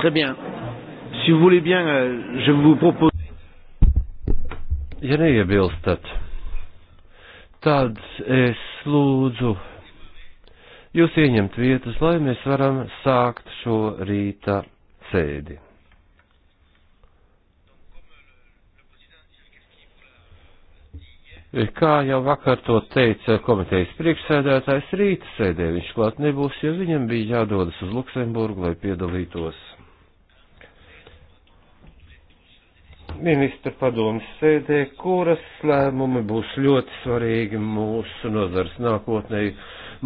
Très bien. Si vous voulez bien, euh, je vous propose. Ja neiebilstat, tad es lūdzu jūs ieņemt vietas, lai mēs varam sākt šo rīta sēdi. Kā jau vakar to teica komitejas priekšsēdētājs, rīta sēdē viņš klāt nebūs, jo viņam bija jādodas uz Luksemburgu, lai piedalītos ministru padomas sēdē, kuras lēmumi būs ļoti svarīgi mūsu nozars nākotnē.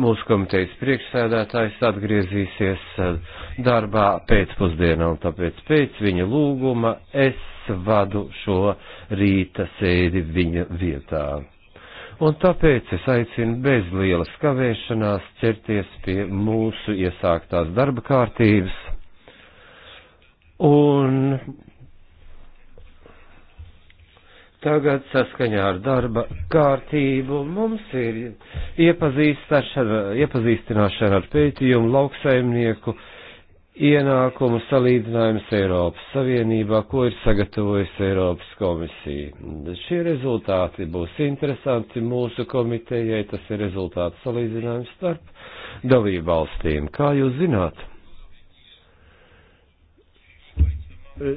Mūsu komitejas priekšsēdētājs atgriezīsies eh, darbā pēcpusdienā, un tāpēc pēc viņa lūguma es vadu šo rīta sēdi viņa vietā. Un tāpēc es aicinu bez lielas kavēšanās ķerties pie mūsu iesāktās darba kārtības. Un Tagad saskaņā ar darba kārtību mums ir iepazīstināšana ar pētījumu lauksaimnieku ienākumu salīdzinājums Eiropas Savienībā, ko ir sagatavojusi Eiropas komisija. Šie rezultāti būs interesanti mūsu komitejai, tas ir rezultātu salīdzinājums starp dalību valstīm. Kā jūs zināt? Eh,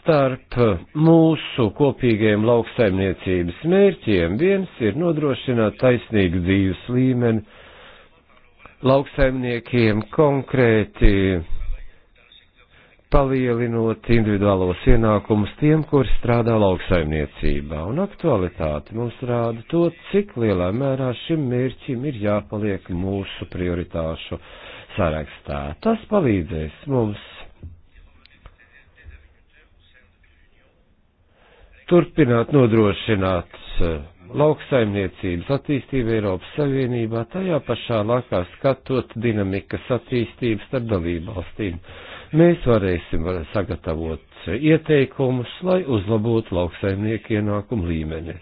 starp mūsu kopīgiem lauksaimniecības mērķiem viens ir nodrošināt taisnīgu dzīves līmeni lauksaimniekiem konkrēti palielinot individuālos ienākumus tiem, kuri strādā lauksaimniecībā, un aktualitāte mums rāda to, cik lielā mērā šim mērķim ir jāpaliek mūsu prioritāšu sarakstā. Tas palīdzēs mums turpināt nodrošināt eh, lauksaimniecības attīstību Eiropas Savienībā, tajā pašā laikā skatot dinamikas attīstības starp dalību valstīm. Mēs varēsim sagatavot eh, ieteikumus, lai uzlabotu lauksaimnieku ienākumu līmeni.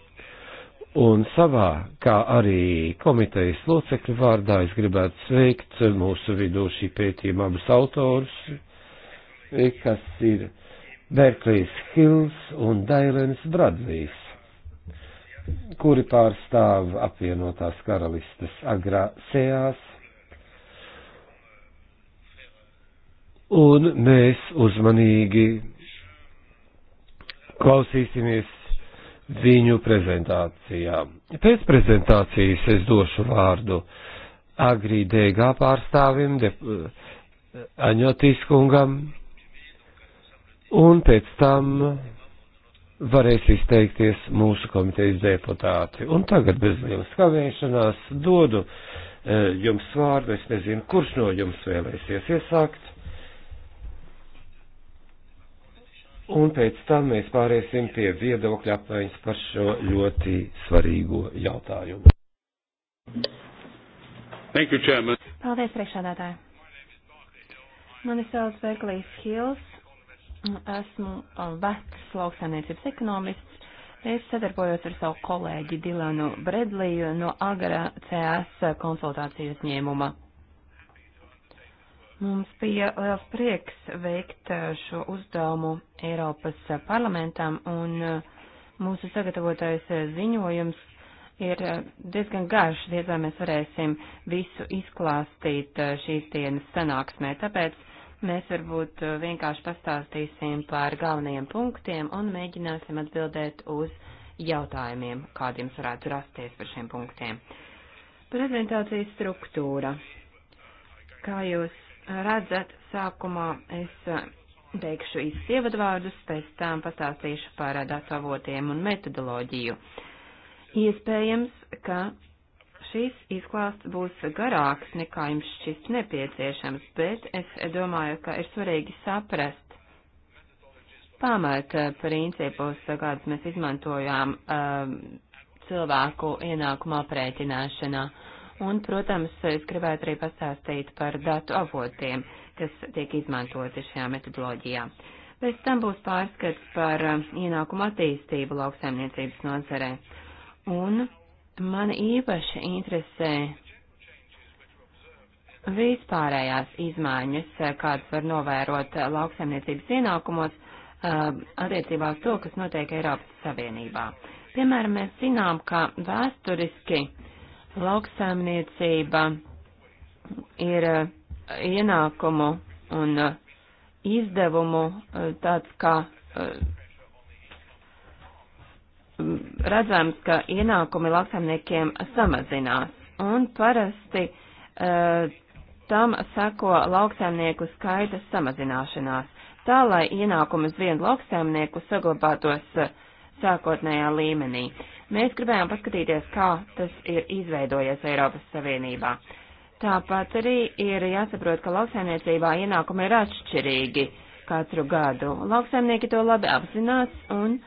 Un savā, kā arī komitejas locekļu vārdā, es gribētu sveikt mūsu vidū šī pētījuma abus autorus, eh, kas ir Berklijs Hills un Dailens Bradlīs, kuri pārstāv apvienotās karalistes agrā sejās. Un mēs uzmanīgi klausīsimies viņu prezentācijā. Pēc prezentācijas es došu vārdu Agrī DG pārstāvim, Aņotīs kungam, Un pēc tam varēs izteikties mūsu komitejas deputāti. Un tagad bez lielas kavēšanās dodu e, jums vārdu. Es nezinu, kurš no jums vēlēsies iesākt. Un pēc tam mēs pāriesim pie viedokļa apmaiņas par šo ļoti svarīgo jautājumu. Thank you, Chairman. Paldies, priekšādātāji. Mani sauc Berglīs Hills Esmu uh, Vēskas lauksaimniecības ekonomists. Es sadarbojos ar savu kolēģi Dilanu Bredliju no Agara CS konsultāciju uzņēmuma. Mums bija liels prieks veikt uh, šo uzdevumu Eiropas parlamentam, un uh, mūsu sagatavotais ziņojums ir diezgan garš, diez vai mēs varēsim visu izklāstīt šīs dienas sanāksmē, tāpēc Mēs varbūt uh, vienkārši pastāstīsim par galvenajiem punktiem un mēģināsim atbildēt uz jautājumiem, kādiem varētu rasties par šiem punktiem. Prezentācijas struktūra. Kā jūs redzat, sākumā es uh, teikšu īsts ievadvārdus, pēc tam pastāstīšu par datavotiem un metodoloģiju. Iespējams, ka Šis izklāsts būs garāks nekā jums šķist nepieciešams, bet es domāju, ka ir svarīgi saprast pamata eh, principus, eh, kādus mēs izmantojām um, cilvēku ienākumu aprēķināšanā. Un, protams, es gribētu arī pastāstīt par datu avotiem, kas tiek izmantoti šajā metodoloģijā. Pēc tam būs pārskats par ienākumu attīstību lauksaimniecības nozarē. Un Mani īpaši interesē vispārējās izmaiņas, kādas var novērot lauksaimniecības ienākumos um, attiecībā uz to, kas notiek Eiropas Savienībā. Piemēram, mēs zinām, ka vēsturiski lauksaimniecība ir uh, ienākumu un uh, izdevumu uh, tāds kā redzams, ka ienākumi lauksaimniekiem samazinās, un parasti uh, tam seko lauksaimnieku skaita samazināšanās, tā lai ienākumi uz vienu lauksaimnieku saglabātos uh, sākotnējā līmenī. Mēs gribējām paskatīties, kā tas ir izveidojies Eiropas Savienībā. Tāpat arī ir jāsaprot, ka lauksaimniecībā ienākumi ir atšķirīgi katru gadu. Lauksaimnieki to labi apzinās un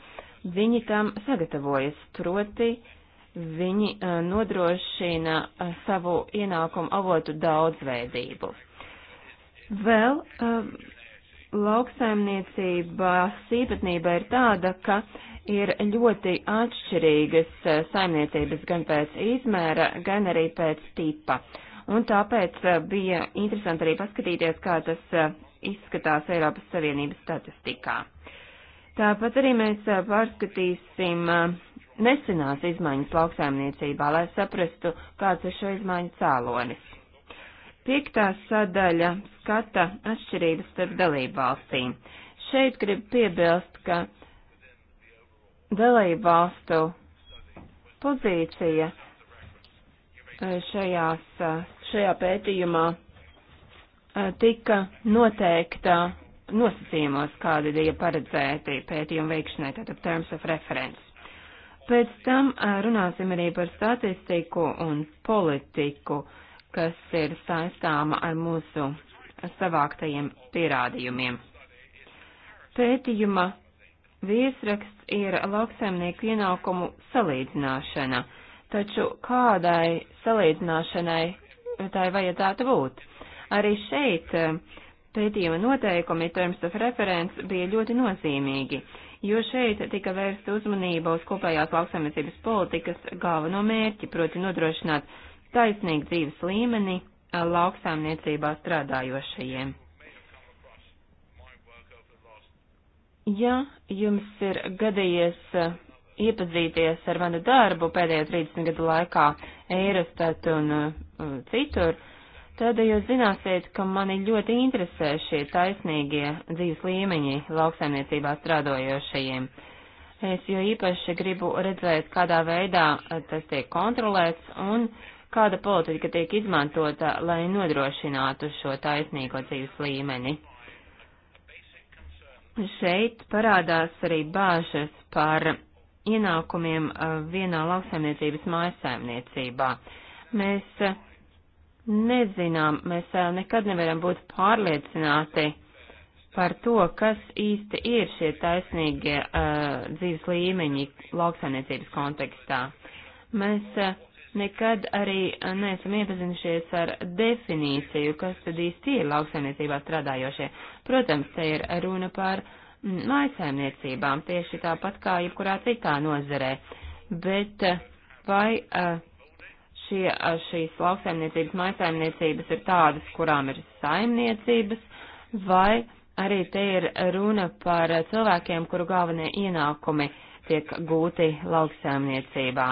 Viņi tam sagatavojas, proti viņi uh, nodrošina uh, savu ienākumu avotu daudzveidību. Vēl uh, lauksaimniecības īpatnība ir tāda, ka ir ļoti atšķirīgas saimniecības gan pēc izmēra, gan arī pēc tipa. Un tāpēc bija interesanti arī paskatīties, kā tas izskatās Eiropas Savienības statistikā. Uh, Tāpat arī mēs pārskatīsim nesenās izmaiņas lauksaimniecībā, lai saprastu, kāds ir šo izmaiņu cēlonis. Piektā sadaļa skata atšķirības starp dalībvalstīm. Šeit grib piebilst, ka dalībvalstu pozīcija šajās, šajā pētījumā tika noteikta nosacījumos, kādi bija paredzēti pētījumu veikšanai, tātad terms of reference. Pēc tam runāsim arī par statistiku un politiku, kas ir saistāma ar mūsu savāktajiem pierādījumiem. Pētījuma viesraksts ir lauksaimnieku ienākumu salīdzināšana, taču kādai salīdzināšanai tai vajadzētu būt? Arī šeit uh, pētījuma noteikumi terms of reference bija ļoti nozīmīgi, jo šeit tika vērsta uzmanība uz kopējās lauksaimniecības politikas galveno mērķi, proti nodrošināt taisnīgu dzīves līmeni lauksaimniecībā strādājošajiem. Ja jums ir gadījies iepazīties ar manu darbu pēdējo 30 gadu laikā Eirostat un uh, citur, uh, tad jūs zināsiet, ka mani ļoti interesē šie taisnīgie dzīves līmeņi lauksaimniecībā strādojošajiem. Es jo īpaši gribu redzēt, kādā veidā eh, tas tiek kontrolēts un kāda politika tiek izmantota, lai nodrošinātu šo taisnīgo dzīves līmeni. Šeit parādās arī bāžas par ienākumiem eh, vienā lauksaimniecības mājasaimniecībā. Mēs uh, nezinām, mēs eh, nekad nevaram būt pārliecināti par to, kas īsti ir šie taisnīgie uh, dzīves līmeņi lauksainiecības kontekstā. Mēs uh, nekad arī neesam iepazinušies ar definīciju, kas tad īsti ir lauksainiecībā strādājošie. Protams, te ir runa par mājsaimniecībām, mm, tieši tāpat kā jebkurā citā nozarē, bet vai uh, šie, eh, šīs lauksaimniecības, maisaimniecības ir tādas, kurām ir saimniecības, vai arī te ir runa par cilvēkiem, kuru galvenie ienākumi tiek gūti lauksaimniecībā.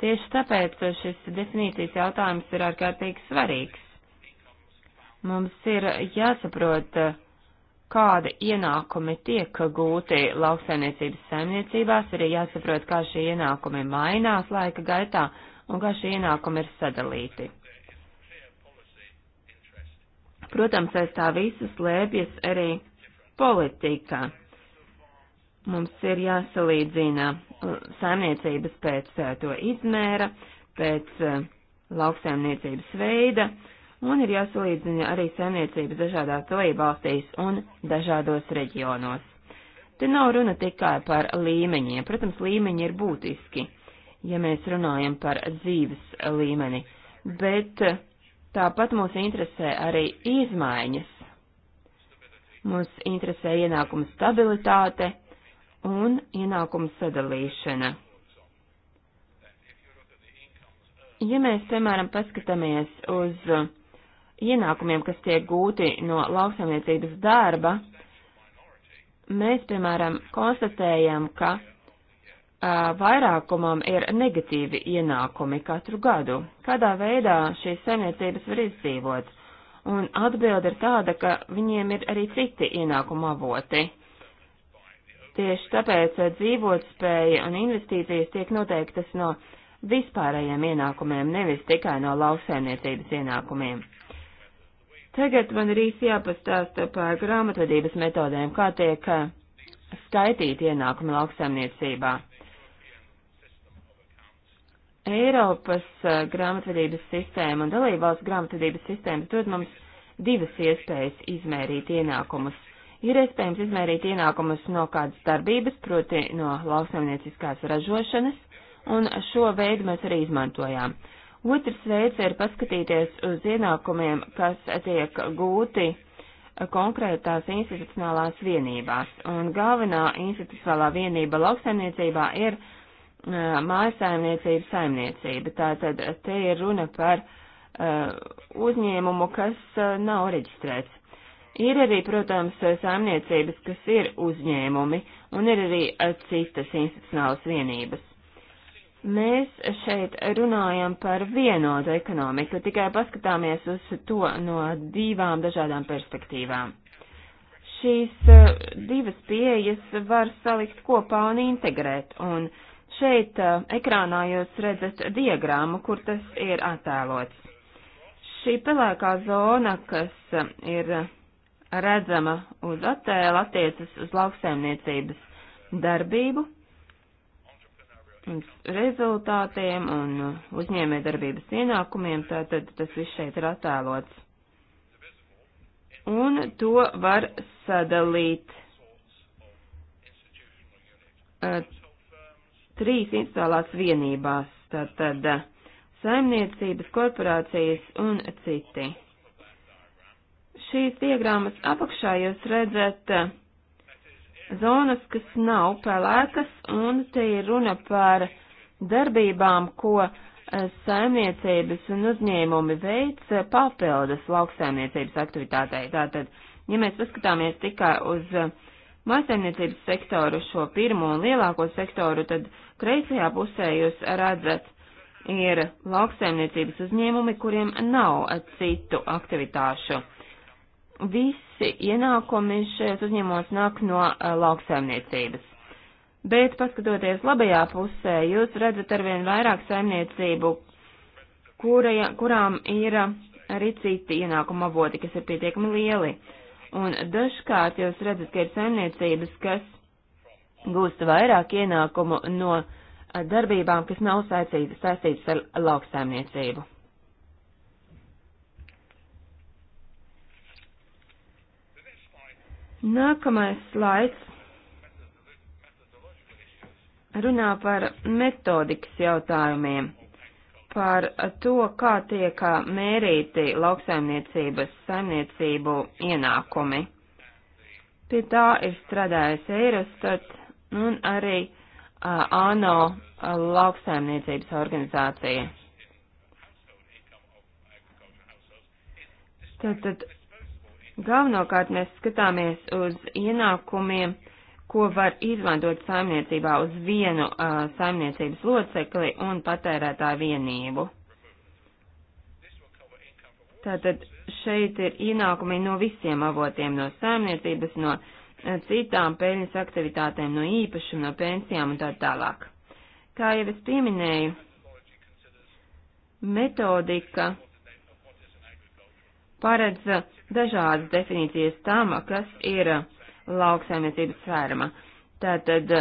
Tieši tāpēc šis definīcijas jautājums ir ārkārtīgi svarīgs. Mums ir jāsaprot, kāda ienākumi tiek gūti lauksaimniecības saimniecībās, arī jāsaprot, kā šie ienākumi mainās laika gaitā un kā šie ienākumi ir sadalīti. Protams, aiz tā visa slēpjas arī politika. Mums ir jāsalīdzina uh, saimniecības pēc uh, to izmēra, pēc uh, lauksaimniecības veida, un ir jāsalīdzina arī saimniecības dažādās dalībvalstīs un dažādos reģionos. Te nav runa tikai par līmeņiem, protams, līmeņi ir būtiski, ja mēs runājam par dzīves līmeni, bet eh, tāpat mūs interesē arī izmaiņas. Mūs interesē ienākuma stabilitāte un ienākuma sadalīšana. Ja mēs, piemēram, paskatāmies uz ienākumiem, kas tiek gūti no lauksaimniecības darba, mēs, piemēram, konstatējam, ka vairākumam ir negatīvi ienākumi katru gadu. Kādā veidā šīs saimniecības var izdzīvot? Un atbilde ir tāda, ka viņiem ir arī citi ienākuma avoti. Tieši tāpēc dzīvotspēja un investīcijas tiek noteiktas no vispārējiem ienākumiem, nevis tikai no lauksaimniecības ienākumiem. Tagad man ir īsti jāpastāsta par grāmatvedības metodēm, kā tiek skaitīti ienākumi lauksaimniecībā. Eiropas uh, grāmatvedības sistēma un dalībvalsts grāmatvedības sistēma dod mums divas iespējas izmērīt ienākumus. Ir iespējams izmērīt ienākumus no kādas darbības, proti no lauksaimnieciskās ražošanas, un šo veidu mēs arī izmantojām. Otrs veids ir paskatīties uz ienākumiem, kas tiek gūti konkrētās institucionālās vienībās, un galvenā institucionālā vienība lauksaimniecībā ir mājasēmniecība saimniecība. Tātad te ir runa par uh, uzņēmumu, kas uh, nav reģistrēts. Ir arī, protams, saimniecības, kas ir uzņēmumi, un ir arī uh, citas institucionālas vienības. Mēs šeit runājam par vienotu ekonomiku, tikai paskatāmies uz to no divām dažādām perspektīvām. Šīs uh, divas pieejas var salikt kopā un integrēt, un uh, Šeit uh, ekrānā jūs redzat diagrammu, kur tas ir attēlots. Šī pelēkā zona, kas uh, ir uh, redzama uz attēla, attiecas uz lauksaimniecības darbību, rezultātiem un uzņēmē darbības ienākumiem, tātad tas viss šeit ir attēlots. Un to var sadalīt trīs institucionālās vienībās, tātad eh, saimniecības, korporācijas un citi. Šīs diagrammas apakšā jūs redzat eh, zonas, kas nav pelēkas, un te ir runa par darbībām, ko eh, saimniecības un uzņēmumi veic papildus lauksaimniecības aktivitātei. Tātad, ja mēs paskatāmies tikai uz mājsaimniecības sektoru, šo pirmo un lielāko sektoru, tad uh, Kreisajā pusē jūs redzat, ir lauksaimniecības uzņēmumi, kuriem nav citu aktivitāšu. Visi ienākumi šajos uzņēmumos nāk no eh, lauksaimniecības. Bet, paskatoties labajā pusē, jūs redzat arvien vairāk saimniecību, kura, kurām ir arī citi ienākuma avoti, kas ir pietiekami lieli. Un dažkārt jūs redzat, ka ir saimniecības, kas gūst vairāk ienākumu no eh, darbībām, kas nav saistītas, saistītas ar lauksaimniecību. Nākamais slaids runā par metodikas jautājumiem, par to, kā tiek eh, mērīti lauksaimniecības saimniecību ienākumi. Pie tā ir strādājis Eirostat, un arī uh, ANO uh, lauksaimniecības organizācija. Tātad galvenokārt mēs skatāmies uz ienākumiem, ko var izmantot saimniecībā uz vienu uh, saimniecības locekli un patērētāju vienību. Tātad šeit ir ienākumi no visiem avotiem, no saimniecības, no uh, citām peļņas aktivitātēm, no īpašuma, no pensijām un tā tālāk. Kā jau es pieminēju, metodika paredz dažādas definīcijas tam, kas ir lauksaimniecības sfērma. Tātad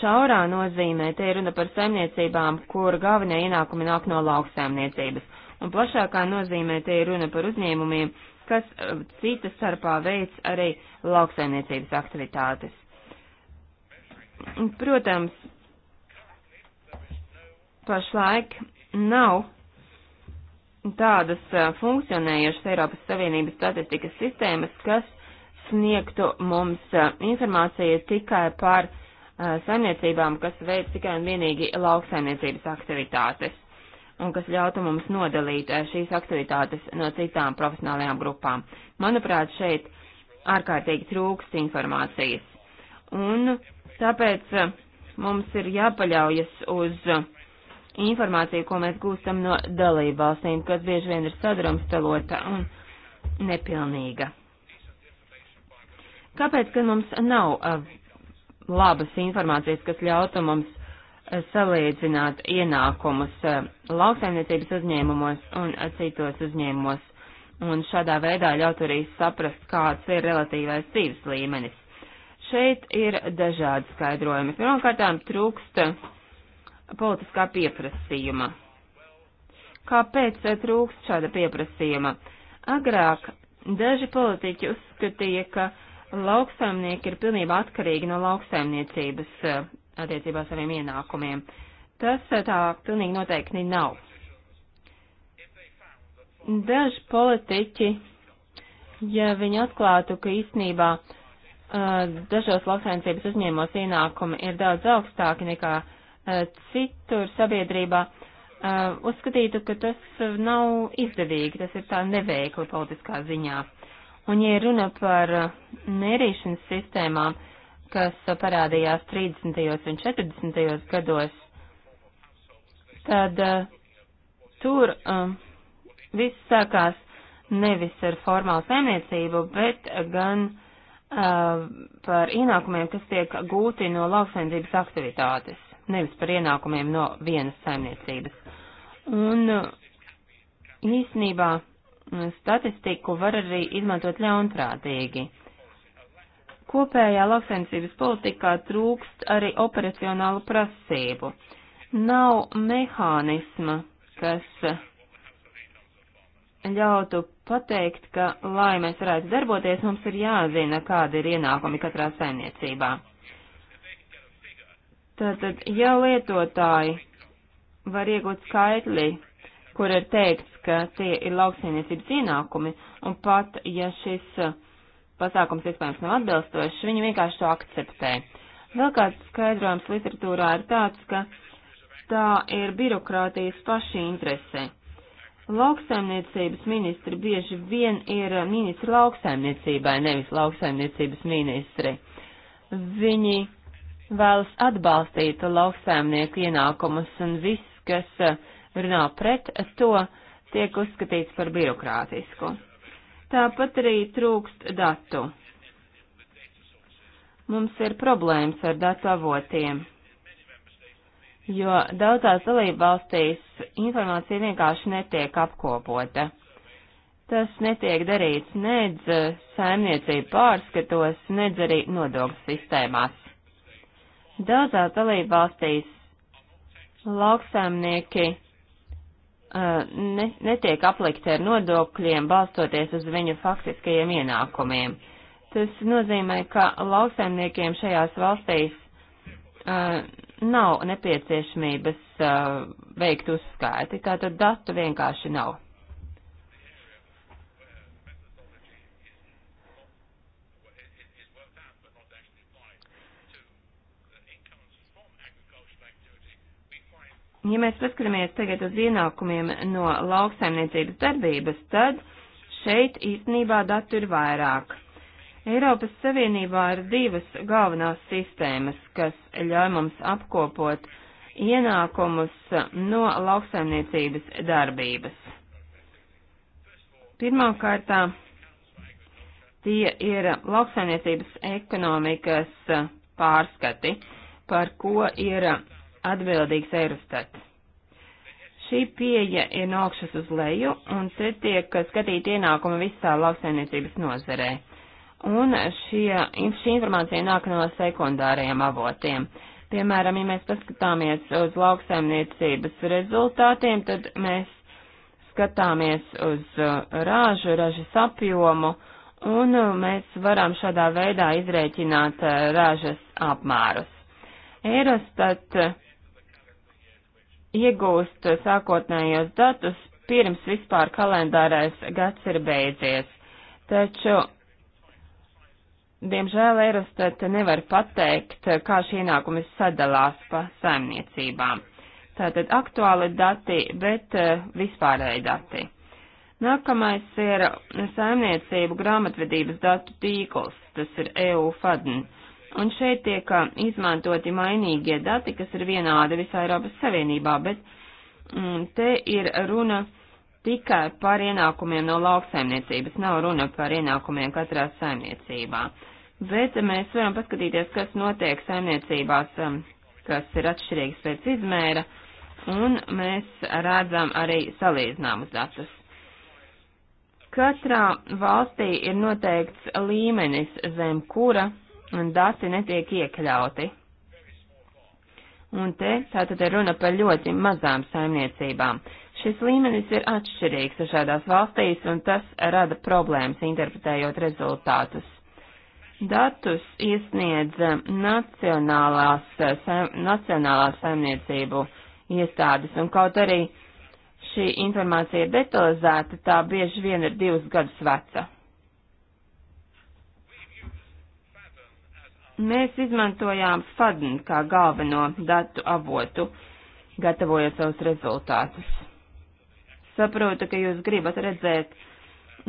šaurā nozīmē te ir runa par saimniecībām, kur galvenie ienākumi nāk no lauksaimniecības, un plašākā nozīmē te ir runa par uzņēmumiem, kas eh, cita starpā veids arī uh, lauksaimniecības aktivitātes. Protams, pašlaik nav tādas funkcionējušas Eiropas Savienības statistikas sistēmas, kas sniegtu mums informāciju tikai par saimniecībām, kas veic tikai un vienīgi lauksaimniecības aktivitātes un kas ļautu mums nodalīt šīs aktivitātes no citām profesionālajām grupām. Manuprāt, šeit ārkārtīgi trūkst informācijas. Un tāpēc eh, mums ir jāpaļaujas uz eh, informāciju, ko mēs gūstam no dalību valstīm, kas bieži vien ir sadrumstalota un nepilnīga. Kāpēc, ka mums nav eh, labas informācijas, kas ļautu mums salīdzināt ienākumus lauksaimniecības uzņēmumos un citos uzņēmumos un šādā veidā ļaut arī saprast, kāds ir relatīvais dzīves līmenis. Šeit ir dažādi skaidrojumi. Pirmkārtām trūkst politiskā pieprasījuma. Kāpēc trūkst šāda pieprasījuma? Agrāk daži politiķi uzskatīja, ka lauksaimnieki ir pilnībā atkarīgi no lauksaimniecības eh, attiecībā saviem ienākumiem. Tas eh, tā pilnīgi noteikti nav. Daži politiķi, ja viņi atklātu, ka īstenībā dažos lauksaimniecības uzņēmos ienākumi ir daudz augstāki nekā citur sabiedrībā, uzskatītu, ka tas nav izdevīgi, tas ir tā neveikli politiskā ziņā. Un, ja runa par mērīšanas sistēmām, kas parādījās 30. un 40. gados, tad tur um, Viss sākās nevis ar formālu saimniecību, bet gan uh, par ienākumiem, kas tiek gūti no lauksaimniecības aktivitātes, nevis par ienākumiem no vienas saimniecības. Un uh, īsnībā statistiku var arī izmantot ļaunprātīgi. Kopējā lauksaimniecības politikā trūkst arī operacionālu prasību. Nav mehānisma, kas uh, ļautu pateikt, ka, lai mēs varētu darboties, mums ir jāzina, kāda ir ienākumi katrā saimniecībā. Tātad, ja lietotāji var iegūt skaitli, kur ir teikts, ka tie ir lauksainiecības ienākumi, un pat, ja šis uh, pasākums iespējams nav atbilstošs, viņi vienkārši to akceptē. Vēl kāds skaidrojums literatūrā ir tāds, ka tā ir birokrātijas paša interese. Lauksaimniecības ministri bieži vien ir ministri lauksaimniecībai, nevis lauksaimniecības ministri. Viņi vēlas atbalstīt lauksaimnieku ienākumus un viss, kas eh, runā pret to, tiek uzskatīts par birokrātisku. Tāpat arī trūkst datu. Mums ir problēmas ar datu avotiem jo daudzās dalībvalstīs informācija vienkārši netiek apkopota. Tas netiek darīts nedz saimniecību pārskatos, nedz arī nodokļu sistēmās. Daudzās dalībvalstīs lauksaimnieki uh, ne, netiek aplikti ar nodokļiem, balstoties uz viņu faktiskajiem ienākumiem. Tas nozīmē, ka lauksaimniekiem šajās valstīs uh, nav nepieciešamības uh, veikt uzskaiti, tātad datu vienkārši nav. Ja mēs paskatāmies tagad uz ienākumiem no lauksaimniecības darbības, tad šeit īstenībā datu ir vairāk. Eiropas Savienībā ir divas galvenās sistēmas, kas ļauj mums apkopot ienākumus no lauksaimniecības darbības. Pirmkārtā tie ir lauksaimniecības ekonomikas pārskati, par ko ir atbildīgs Eirostats šī pieeja ir nokšas uz leju, un te tiek skatīti ienākumi visā lauksainiecības nozarē un šie, šī informācija nāk no sekundāriem avotiem. Piemēram, ja mēs paskatāmies uz lauksaimniecības rezultātiem, tad mēs skatāmies uz uh, rāžu, ražas apjomu, un uh, mēs varam šādā veidā izrēķināt uh, ražas apmērus. Eurostat iegūst sākotnējos datus pirms vispār kalendārais gads ir beidzies, taču Diemžēl Eurostat nevar pateikt, kā šie ienākumi sadalās pa saimniecībām. Tātad aktuāli dati, bet eh, vispārēji dati. Nākamais ir saimniecību grāmatvedības datu tīkls, tas ir EU FADN. Un šeit tiek eh, izmantoti mainīgie dati, kas ir vienādi visā Eiropas Savienībā, bet mm, te ir runa tikai par ienākumiem no lauksaimniecības, nav runa par ienākumiem katrā saimniecībā. Bet mēs varam paskatīties, kas notiek saimniecībās, um, kas ir atšķirīgs pēc izmēra, un mēs redzam arī salīdzināmus datus. Katrā valstī ir noteikts līmenis, zem kura dati netiek iekļauti. Un te tātad ir runa par ļoti mazām saimniecībām. Šis līmenis ir atšķirīgs dažādās valstīs, un tas rada problēmas interpretējot rezultātus. Datus iesniedz nacionālās, saim, nacionālās saimniecību iestādes, un kaut arī šī informācija ir detalizēta, tā bieži vien ir divus gadus veca. Mēs izmantojām FADN kā galveno datu avotu, gatavojot savus rezultātus saprotu, ka jūs gribat redzēt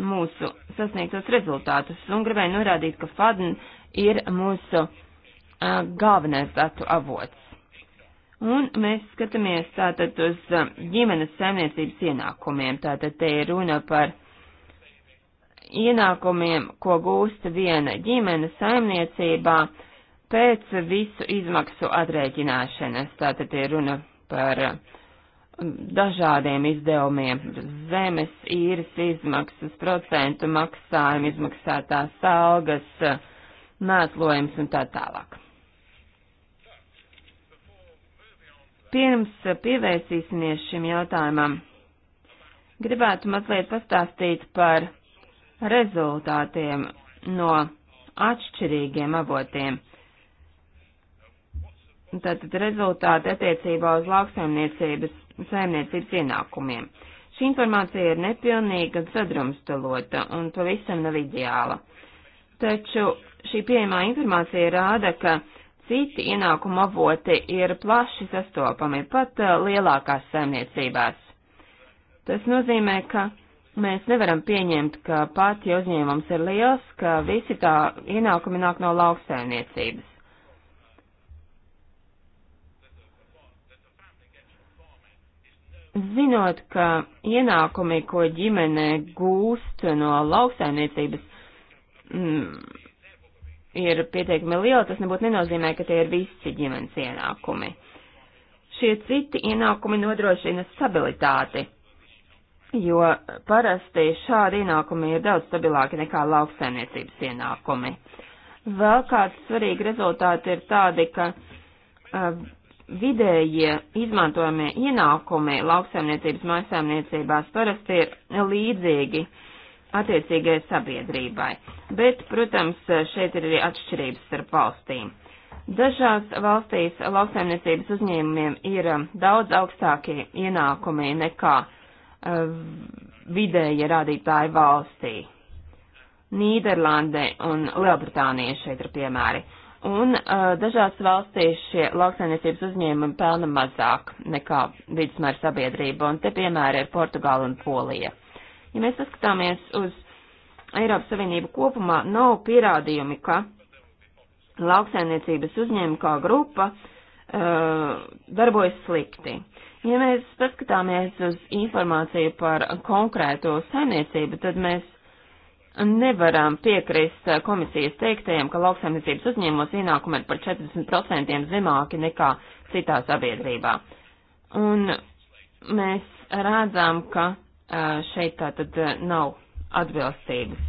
mūsu sasniegtos rezultātus un gribēju norādīt, ka FADN ir mūsu uh, galvenais datu avots. Un mēs skatāmies tātad uz ģimenes saimniecības ienākumiem. Tātad te ir runa par ienākumiem, ko gūsta viena ģimene saimniecībā pēc visu izmaksu atrēķināšanas. Tātad te ir runa par uh, dažādiem izdevumiem - zemes, īres izmaksas, procentu maksājumi, izmaksātās algas, mēslojums un tā tālāk. Pirms pievērsīsimies šim jautājumam, gribētu mazliet pastāstīt par rezultātiem no atšķirīgiem avotiem. Tātad rezultāti attiecībā uz lauksaimniecības saimniecības ienākumiem. Šī informācija ir nepilnīga un sadrumstalota, un pavisam nav ideāla. Taču šī pieejamā informācija rāda, ka citi ienākuma avoti ir plaši sastopami pat eh, lielākās saimniecībās. Tas nozīmē, ka mēs nevaram pieņemt, ka pat, ja uzņēmums ir liels, ka visi tā ienākumi nāk no lauksaimniecības. Zinot, ka ienākumi, ko ģimene gūst no lauksaimniecības, mm, ir pietiekami liela, tas nebūtu nenozīmē, ka tie ir visi ģimenes ienākumi. Šie citi ienākumi nodrošina stabilitāti, jo parasti šādi ienākumi ir daudz stabilāki nekā lauksaimniecības ienākumi. Vēl kāds svarīgi rezultāti ir tādi, ka uh, vidējie izmantojamie ienākumi lauksaimniecības mājsaimniecībās parasti ir līdzīgi attiecīgai sabiedrībai, bet, protams, šeit ir arī atšķirības starp valstīm. Dažās valstīs lauksaimniecības uzņēmumiem ir um, daudz augstākie ienākumi nekā uh, vidēja rādītāja valstī. Nīderlandē un Lielbritānija šeit ir piemēri. Uh, un uh, dažās valstīs šie lauksainiecības uzņēmumi pelna mazāk nekā vidusmēra sabiedrība, un te piemēra ir Portugāla un Polija. Ja mēs paskatāmies uz Eiropas Savienību kopumā, nav pierādījumi, ka lauksainiecības uzņēmumi kā grupa uh, darbojas slikti. Ja mēs paskatāmies uz informāciju par konkrēto saimniecību, tad mēs nevaram piekrist eh, komisijas teiktajam, ka lauksaimniecības uzņēmumos ienākumi ir par 40% zemāki nekā citā sabiedrībā. Un mēs redzam, ka eh, šeit tātad eh, nav atbilstības.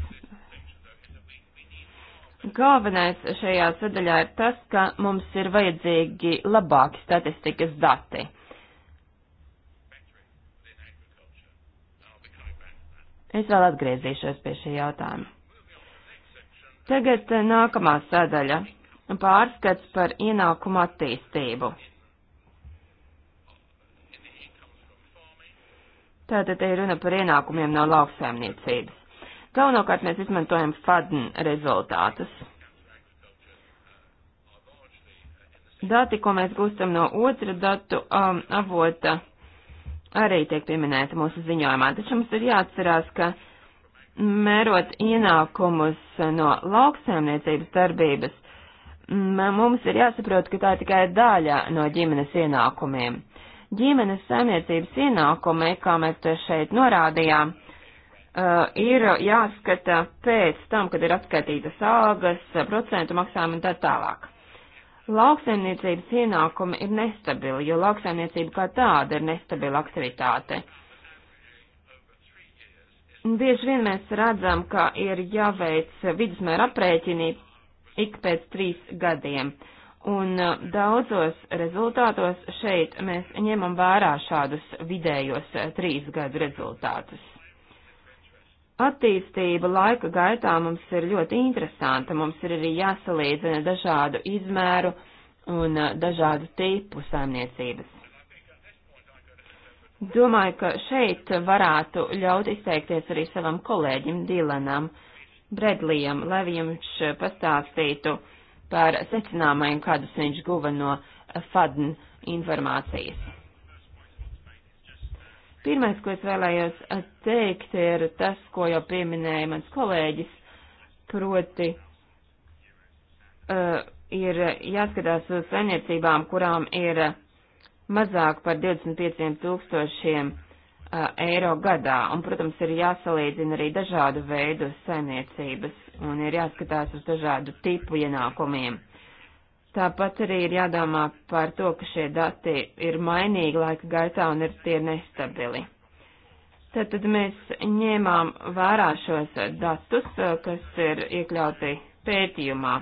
Galvenais šajā sadaļā ir tas, ka mums ir vajadzīgi labāki statistikas dati. Es vēl atgriezīšos pie šī jautājuma. Tagad eh, nākamā sadaļa - pārskats par ienākumu attīstību. Tātad te ir runa par ienākumiem no lauksaimniecības. Galvenokārt mēs izmantojam FADN rezultātus. Dati, ko mēs gūstam no otra datu um, avota, arī tiek pieminēta mūsu ziņojumā, taču mums ir jāatcerās, ka mērot ienākumus no lauksaimniecības darbības, mums ir jāsaprot, ka tā ir tikai daļa no ģimenes ienākumiem. Ģimenes saimniecības ienākumi, kā mēs to šeit norādījām, ir jāskata pēc tam, kad ir atskaitītas algas, procentu maksājumi un tā tālāk lauksaimniecības ienākumi ir nestabili, jo lauksaimniecība kā tāda ir nestabila aktivitāte. Bieži vien mēs redzam, ka ir jāveic vidusmēra aprēķini ik pēc trīs gadiem, un uh, daudzos rezultātos šeit mēs ņemam vērā šādus vidējos uh, trīs gadu rezultātus. Attīstība laika gaitā mums ir ļoti interesanta, mums ir arī jāsalīdzina dažādu izmēru un uh, dažādu tipu saimniecības. Domāju, ka šeit varētu ļaut izteikties arī savam kolēģim Dilanam Bredlijam, lai viņš pastāstītu par secinājumiem, kādus viņš guva no FADN informācijas. Pirmais, ko es vēlējos eh, teikt, ir tas, ko jau pieminēja mans kolēģis, proti uh, ir jāskatās uz saimniecībām, kurām ir mazāk par 25 tūkstošiem uh, eiro gadā. Un, protams, ir jāsalīdzina arī dažādu veidu saimniecības un ir jāskatās uz dažādu tipu ienākumiem. Tāpat arī ir jādomā par to, ka šie dati ir mainīgi laika gaitā un ir tie nestabili. Tātad mēs ņēmām vērā šos datus, kas ir iekļauti pētījumā.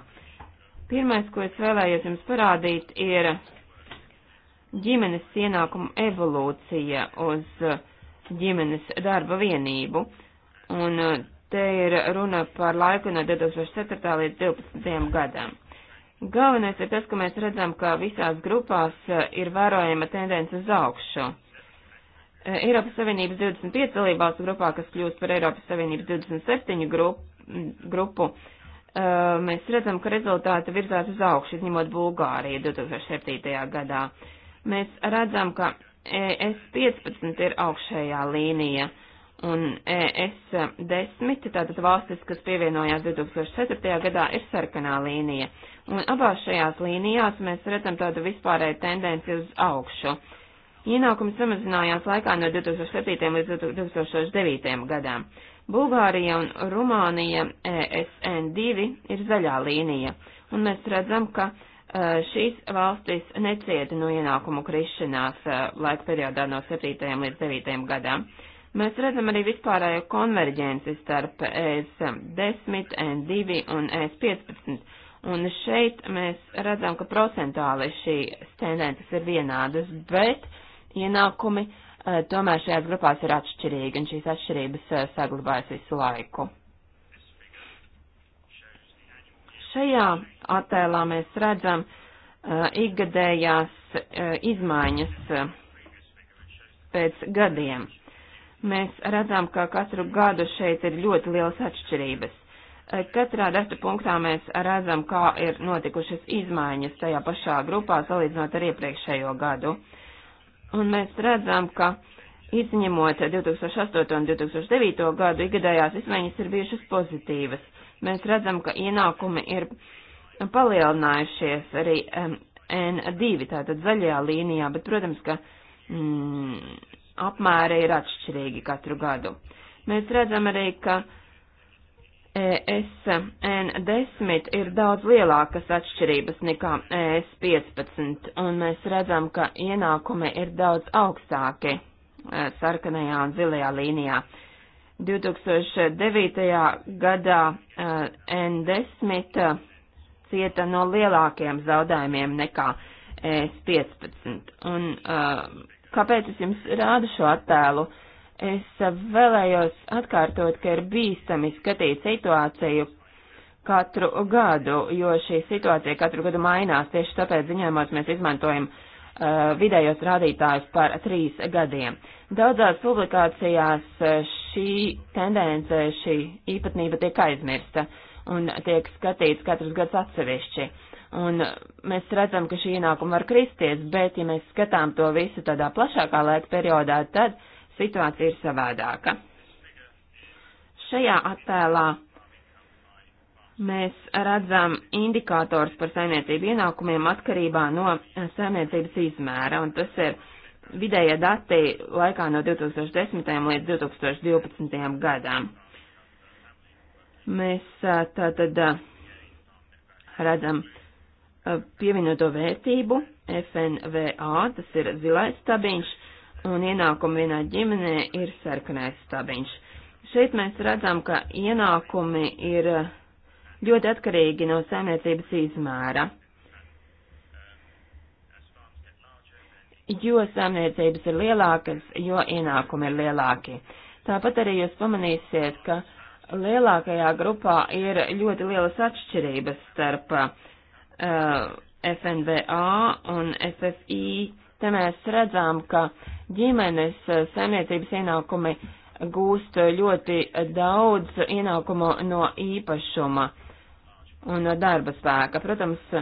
Pirmais, ko es vēlējos jums parādīt, ir ģimenes ienākumu evolūcija uz ģimenes darba vienību. Un eh, te ir runa par laiku no 2004. līdz 2012. gadam. Galvenais ir tas, ka mēs redzam, ka visās grupās eh, ir vērojama tendence uz augšu. Eh, Eiropas Savienības 25 dalībvalstu grupā, kas kļūst par Eiropas Savienības 27 grup, grupu, eh, mēs redzam, ka rezultāti virzās uz augšu, izņemot Bulgāriju 2007. gadā. Mēs redzam, ka ES15 ir augšējā līnija un e ES10, tātad valstis, kas pievienojās 2004. gadā, ir sarkanā līnija Un abās šajās līnijās mēs redzam tādu vispārēju tendenci uz augšu. Ienākumi samazinājās laikā no 2007. līdz 2009. gadam. Bulgārija un Rumānija ESN2 ir zaļā līnija, un mēs redzam, ka e, šīs valstis necieta no ienākumu krišanās e, laika periodā no 7. līdz 9. gadam. Mēs redzam arī vispārējo konverģenci starp e ES10, N2 un ES15 Un šeit mēs redzam, ka procentuāli šīs tendences ir vienādas, bet ienākumi uh, tomēr šajās grupās ir atšķirīgi, un šīs atšķirības uh, saglabājas visu laiku. Šajā attēlā mēs redzam uh, ikgadējās izmaiņas pēc gadiem. Mēs redzam, ka katru gadu šeit ir ļoti liels atšķirības. Eh, katrā data punktā mēs redzam, kā ir notikušas izmaiņas tajā pašā grupā, salīdzinot ar iepriekšējo gadu. Un mēs redzam, ka izņemot 2008 un 2009 gadu, ikgadējās izmaiņas ir bijušas pozitīvas. Mēs redzam, ka ienākumi ir palielinājušies arī um, N2, tātad zaļajā līnijā, bet, protams, ka mm, apmēri ir atšķirīgi katru gadu. Mēs redzam arī, ka uh, E ESN10 ir daudz lielākas atšķirības nekā ES15, un mēs redzam, ka ienākumi ir daudz augstāki e, sarkanajā un zilajā līnijā. 2009. gadā e, N10 cieta no lielākiem zaudējumiem nekā S15. Un kāpēc es jums rādu šo attēlu? Es vēlējos atkārtot, ka ir bīstami skatīt situāciju katru gadu, jo šī situācija katru gadu mainās. Tieši tāpēc ziņojumos mēs izmantojam uh, vidējos rādītājus par trīs gadiem. Daudzās publikācijās uh, šī tendence, šī īpatnība tiek aizmirsta un tiek skatīts katrs gads atsevišķi. Un mēs redzam, ka šī ienākuma var kristies, bet ja mēs skatām to visu tādā plašākā laika periodā, tad uh, situācija ir savādāka. Šajā attēlā mēs redzam indikātors par saimniecību ienākumiem atkarībā no saimniecības izmēra, un tas ir vidējie dati laikā no 2010. līdz 2012. gadām. Mēs tātad redzam pievienoto vērtību FNVA, tas ir zilais stabiņš, un ienākumi vienā ģimenē ir sarkanais stabiņš. Šeit mēs redzam, ka ienākumi ir eh, ļoti atkarīgi no saimniecības izmēra. Jo saimniecības ir lielākas, jo ienākumi ir lielāki. Tāpat arī jūs pamanīsiet, ka lielākajā grupā ir ļoti lielas atšķirības starp uh, eh, FNVA un FFI. Te mēs redzam, ka uh, ģimenes eh, saimniecības ienākumi gūst eh, ļoti daudz ienākumu no īpašuma un no darba spēka. Protams,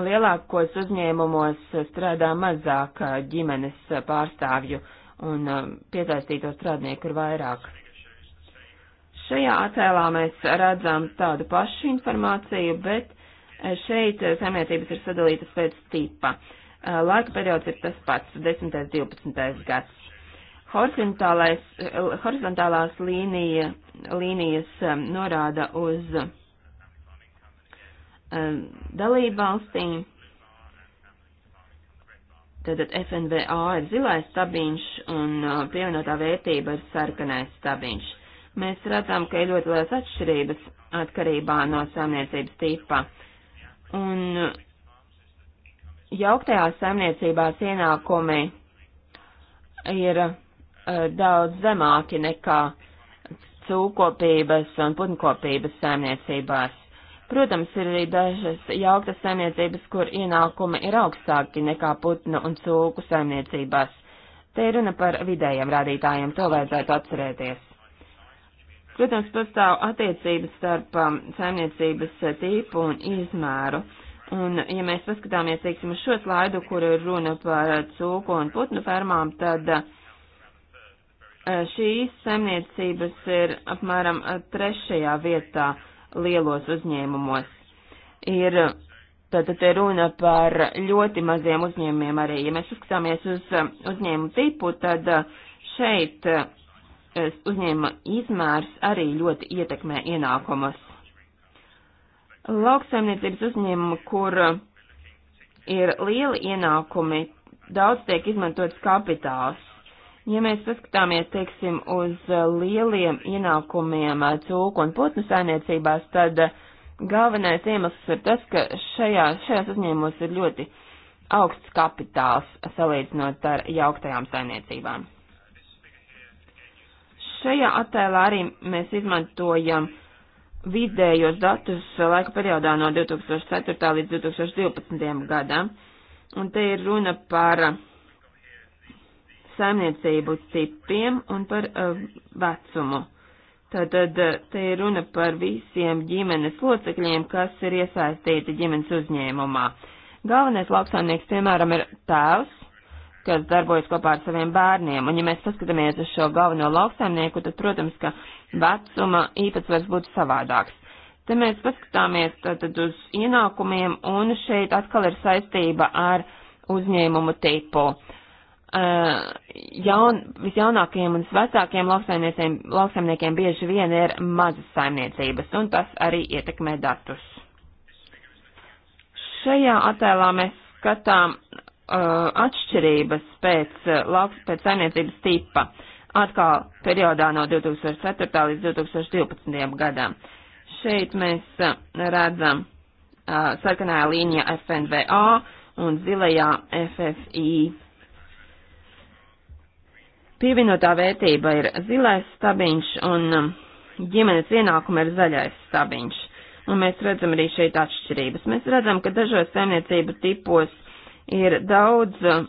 lielākos uzņēmumos strādā mazāk eh, ģimenes pārstāvju un piesaistīto strādnieku ir vairāk. Šajā attēlā mēs redzam tādu pašu informāciju, bet šeit saimniecības ir sadalītas pēc tipa. Uh, Eh, laika periods ir tas pats - 10. 12. gads. Eh, horizontālās līnija, līnijas norāda uz dalību valstīm. Tātad FNVA ir zilais stabiņš un eh, pievienotā vērtība ir sarkanais stabiņš. Mēs redzam, ka ir ļoti lielas atšķirības atkarībā no saimniecības tipa. Un jauktajās saimniecībās ienākumi ir uh, daudz zemāki nekā cūkopības un putnkopības saimniecībās. Protams, ir arī dažas jauktas saimniecības, kur ienākumi ir augstāki nekā putnu un cūku saimniecībās. Te ir runa par vidējiem rādītājiem, to vajadzētu atcerēties. Protams, pastāv attiecības starp um, saimniecības eh, tīpu un izmēru. Un, ja mēs paskatāmies, teiksim, uz šo slaidu, kur ir runa par cūku un putnu fermām, tad eh, šīs saimniecības ir apmēram eh, trešajā vietā lielos uzņēmumos. Ir tātad te runa par ļoti maziem uzņēmumiem arī. Ja mēs uzskatāmies uz eh, uzņēmumu tipu, tad šeit uzņēmuma izmērs arī ļoti ietekmē ienākumus. Lauksaimniecības uzņēmumu, kur uh, ir lieli ienākumi, daudz tiek izmantots kapitāls. Ja mēs paskatāmies, teiksim, uz uh, lieliem ienākumiem uh, cūku un putnu saimniecībās, tad galvenais iemesls ir tas, ka šajā, šajās uzņēmumos ir ļoti augsts kapitāls salīdzinot ar jauktajām saimniecībām. Šajā attēlā arī mēs izmantojam uh, vidējos datus laika periodā no 2004. līdz 2012. gadam. Un te ir runa par uh, saimniecību tipiem un par uh, vecumu. Tātad uh, te ir runa par visiem ģimenes locekļiem, kas ir iesaistīti ģimenes uzņēmumā. Galvenais lauksaimnieks, piemēram, ir tēvs, kas darbojas kopā ar saviem bērniem. Un, ja mēs paskatāmies uz šo galveno lauksaimnieku, tad, protams, ka vecuma īpatsvars būtu savādāks. Te mēs paskatāmies tad uz ienākumiem, un šeit atkal ir saistība ar uzņēmumu tipu. Uh, jaun, visjaunākajiem un vecākajiem lauksaimniekiem bieži vien ir mazas saimniecības, un tas arī ietekmē datus. Šajā attēlā mēs skatām Uh, atšķirības pēc, uh, lauks, pēc saimniecības tipa atkal periodā no 2004. līdz 2012. gadam. Šeit mēs uh, redzam uh, sarkanajā līnijā FNVA un zilajā FFI. Pievienotā vērtība ir zilais stabiņš un um, ģimenes ienākuma ir zaļais stabiņš. Un mēs redzam arī šeit atšķirības. Mēs redzam, ka dažos saimniecību tipos uh, ir daudz uh,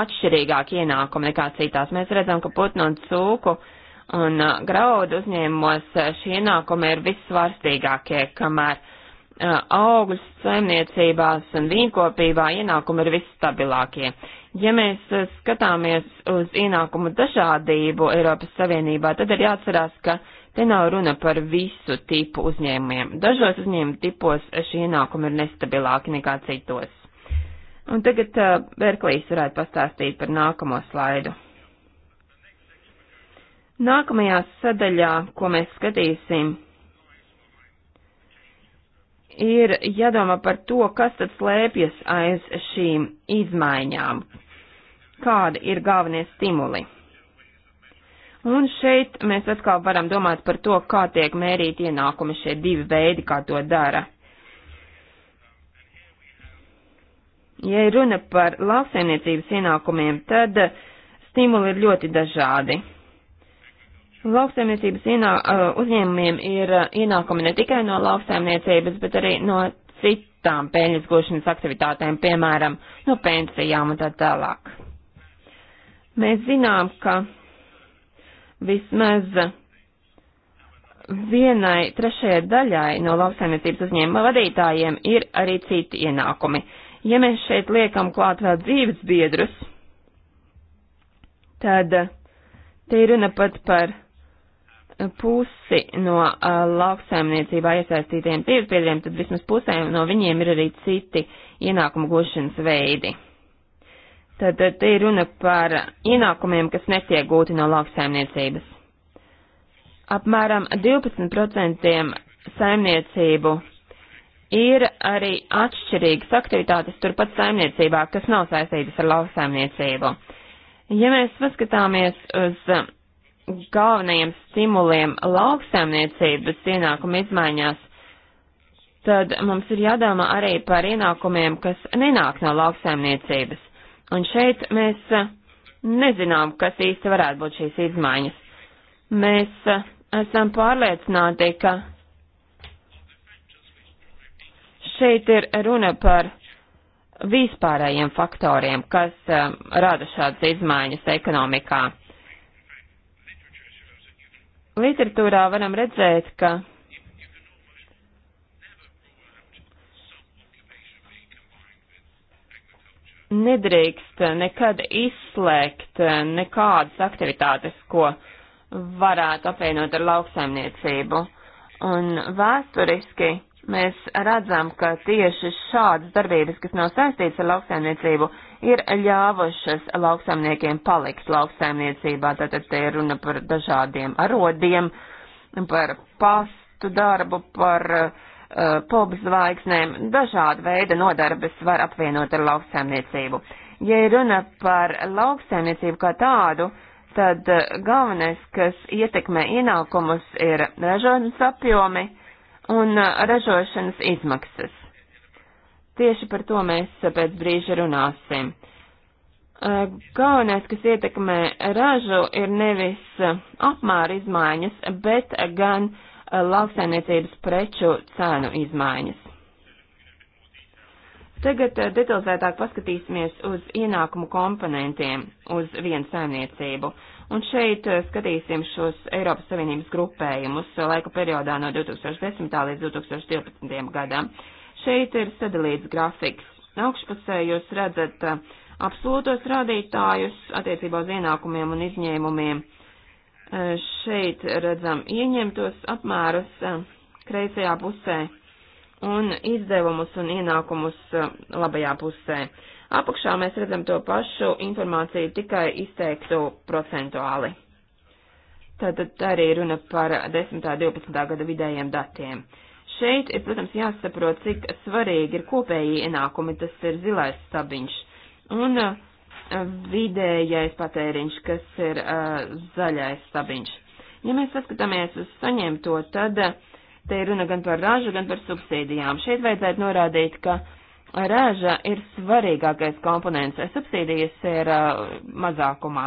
atšķirīgāk ienākumi nekā citās. Mēs redzam, ka putnu un cūku un uh, graudu uzņēmumos uh, šie ienākumi ir vissvarstīgākie, kamēr augļu saimniecībās un vīnkopībā ienākumi ir visstabilākie. Ja mēs skatāmies uz ienākumu dažādību Eiropas Savienībā, tad ir jāatcerās, ka te nav runa par visu tipu uzņēmumiem. Dažos uzņēmumu tipos šie ienākumi ir nestabilāki nekā citos. Un tagad uh, Berklīs varētu pastāstīt par nākamo slaidu. Nākamajā sadaļā, ko mēs skatīsim, ir jādomā par to, kas tad slēpjas aiz šīm izmaiņām, kādi ir galvenie stimuli. Un šeit mēs atkal varam domāt par to, kā tiek mērīti ienākumi šie divi veidi, kā to dara. Ja runa par lauksaimniecības ienākumiem, tad stimuli ir ļoti dažādi. Lauksaimniecības ienā, uh, uzņēmumiem ir uh, ienākumi ne tikai no lauksaimniecības, bet arī no citām peļņas gošanas aktivitātēm, piemēram, no pensijām un tā tālāk. Mēs zinām, ka vismaz vienai trešajai daļai no lauksaimniecības uzņēmuma vadītājiem ir arī citi ienākumi. Ja mēs šeit liekam klāt vēl dzīves biedrus, tad eh, te ir runa pat par pusi no uh, lauksaimniecībā iesaistītajiem tirdzbiedriem, tad vismaz pusē no viņiem ir arī citi ienākumu gūšanas veidi. Tad eh, te ir runa par ienākumiem, kas netiek gūti no lauksaimniecības. Apmēram 12% saimniecību Ir arī atšķirīgas aktivitātes turpat saimniecībā, kas nav saistītas ar lauksaimniecību. Ja mēs paskatāmies uz galvenajiem stimuliem lauksaimniecības ienākuma izmaiņās, tad mums ir jādomā arī par ienākumiem, kas nenāk no lauksaimniecības. Un šeit mēs nezinām, kas īsti varētu būt šīs izmaiņas. Mēs esam pārliecināti, ka Šeit ir runa par vispārējiem faktoriem, kas um, rada šādas izmaiņas ekonomikā. Literatūrā varam redzēt, ka nedrīkst nekad izslēgt uh, nekādas aktivitātes, ko varētu apvienot ar lauksaimniecību. Un vēsturiski mēs redzam, ka tieši šādas darbības, kas nav saistītas ar lauksaimniecību, ir ļāvušas lauksaimniekiem palikt lauksaimniecībā. Tātad te ir runa par dažādiem arodiem, par pastu darbu, par uh, eh, popzvaigznēm. Dažāda veida nodarbes var apvienot ar lauksaimniecību. Ja ir runa par lauksaimniecību kā tādu, tad eh, galvenais, kas ietekmē ienākumus, ir ražošanas apjomi, un uh, ražošanas izmaksas. Tieši par to mēs uh, pēc brīža runāsim. Uh, galvenais, kas ietekmē ražu, ir nevis apmēra izmaiņas, bet gan lauksainiecības preču cēnu izmaiņas. Tagad detalizētāk paskatīsimies uz ienākumu komponentiem uz vienu saimniecību. Uh, Un šeit eh, skatīsim šos Eiropas Savienības grupējumus laika periodā no 2010. līdz 2012. gadam. Šeit ir sadalīts grafiks. Augšpusē jūs redzat eh, absolūtos rādītājus attiecībā uz ienākumiem un izņēmumiem. Eh, šeit redzam ieņemtos apmērus kreisajā pusē un izdevumus un ienākumus labajā pusē. Apakšā mēs redzam to pašu informāciju tikai izteiktu procentuāli. Tātad arī runa par 10. un 12. gada vidējiem datiem. Šeit ir, protams, jāsaprot, cik svarīgi ir kopēji ienākumi, tas ir zilais stabiņš, un uh, vidējais patēriņš, kas ir uh, zaļais stabiņš. Ja mēs paskatāmies uz saņemto, tad uh, te ir runa gan par ražu, gan par subsīdijām. Šeit vajadzētu norādīt, ka uh, Rāža ir svarīgākais komponents, eh, subsīdijas ir uh, mazākumā.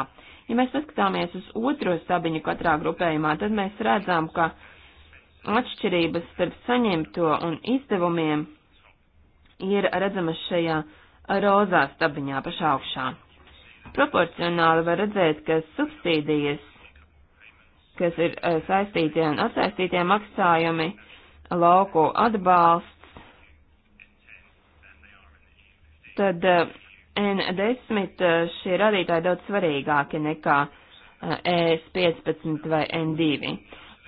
Ja mēs paskatāmies uz otro stabiņu katrā grupējumā, tad mēs redzam, ka atšķirības starp saņemto un izdevumiem ir redzamas šajā rozā stabiņā pašā augšā. Proporcionāli var redzēt, ka subsīdijas, kas ir eh, saistītie un atsaistītie maksājumi, lauku atbalsts, tad eh, N10 eh, šie radītāji daudz svarīgāki nekā ES15 eh, e vai N2.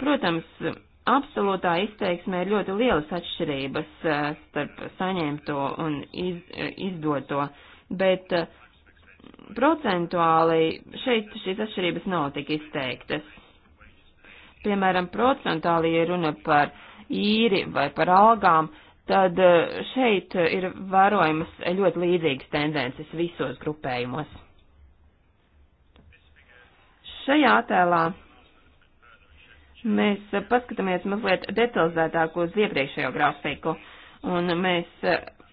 Protams, absolūtā izteiksmē ir ļoti lielas atšķirības starp saņemto un iz, izdoto, bet procentuāli šeit šīs atšķirības nav tik izteiktas. Piemēram, procentuāli, ja runa par īri vai par algām, uh, tad eh, šeit ir vērojamas ļoti līdzīgas tendences visos grupējumos. Šajā attēlā mēs paskatāmies mazliet detalizētāk uz iepriekšējo grafiku, un mēs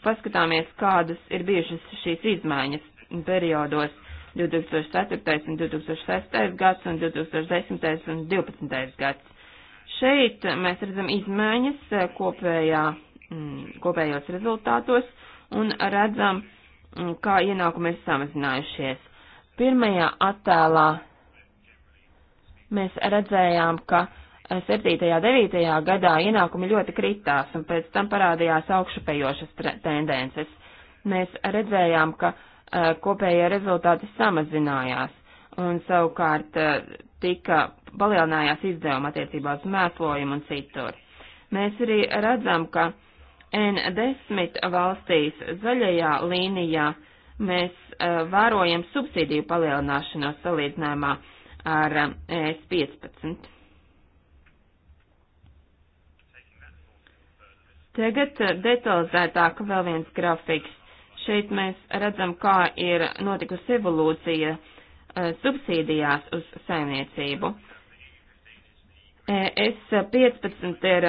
paskatāmies, kādas ir bijušas šīs izmaiņas periodos 2004. un 2006. gads un 2010. un 2012. gads. Šeit mēs redzam izmaiņas kopējā Mm, kopējos rezultātos un redzam, mm, kā ienākumi ir samazinājušies. Pirmajā attēlā mēs redzējām, ka 7. un 9. gadā ienākumi ļoti kritās, un pēc tam parādījās augšupejošas tendences. Mēs redzējām, ka uh, kopējie rezultāti samazinājās, un savukārt uh, tika palielinājās izdevuma attiecībā uz mēslojumu un citur. Mēs arī redzam, ka N10 valstīs zaļajā līnijā mēs uh, vērojam subsīdiju palielināšanos salīdzinājumā ar uh, e, ES15. Tagad detalizētāk vēl viens grafiks. Šeit mēs redzam, kā ir notikusi evolūcija uh, subsīdijās uz saimniecību. ES15 ir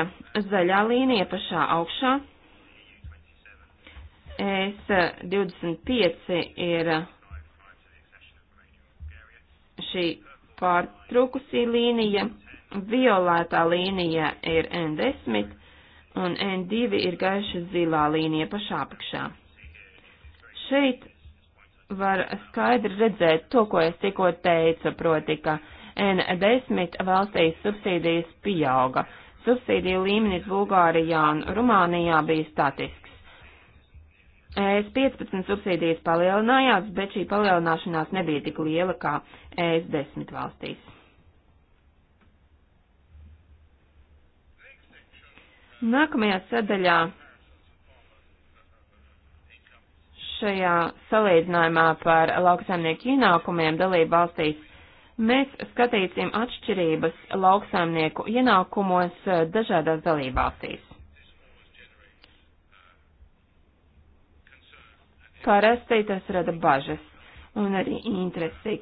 zaļā līnija pašā augšā, ES 25 eh, ir eh, šī pārtrūkusī līnija, violētā līnija ir N10 un N2 ir gaiša zilā līnija pašā apakšā. Šeit var skaidri redzēt to, ko es tikko teicu, proti, ka N10 valstīs subsīdijas pieauga. Subsīdiju līmenis Bulgārijā un Rumānijā bija statisks. ES 15 subsīdijas palielinājās, bet šī palielināšanās nebija tik liela kā ES 10 valstīs. Nākamajā sadaļā šajā salīdzinājumā par lauksaimnieku ienākumiem dalību valstīs mēs skatīsim atšķirības lauksaimnieku ienākumos eh, dažādās dalību valstīs. Parasti tas rada bažas un arī interesi.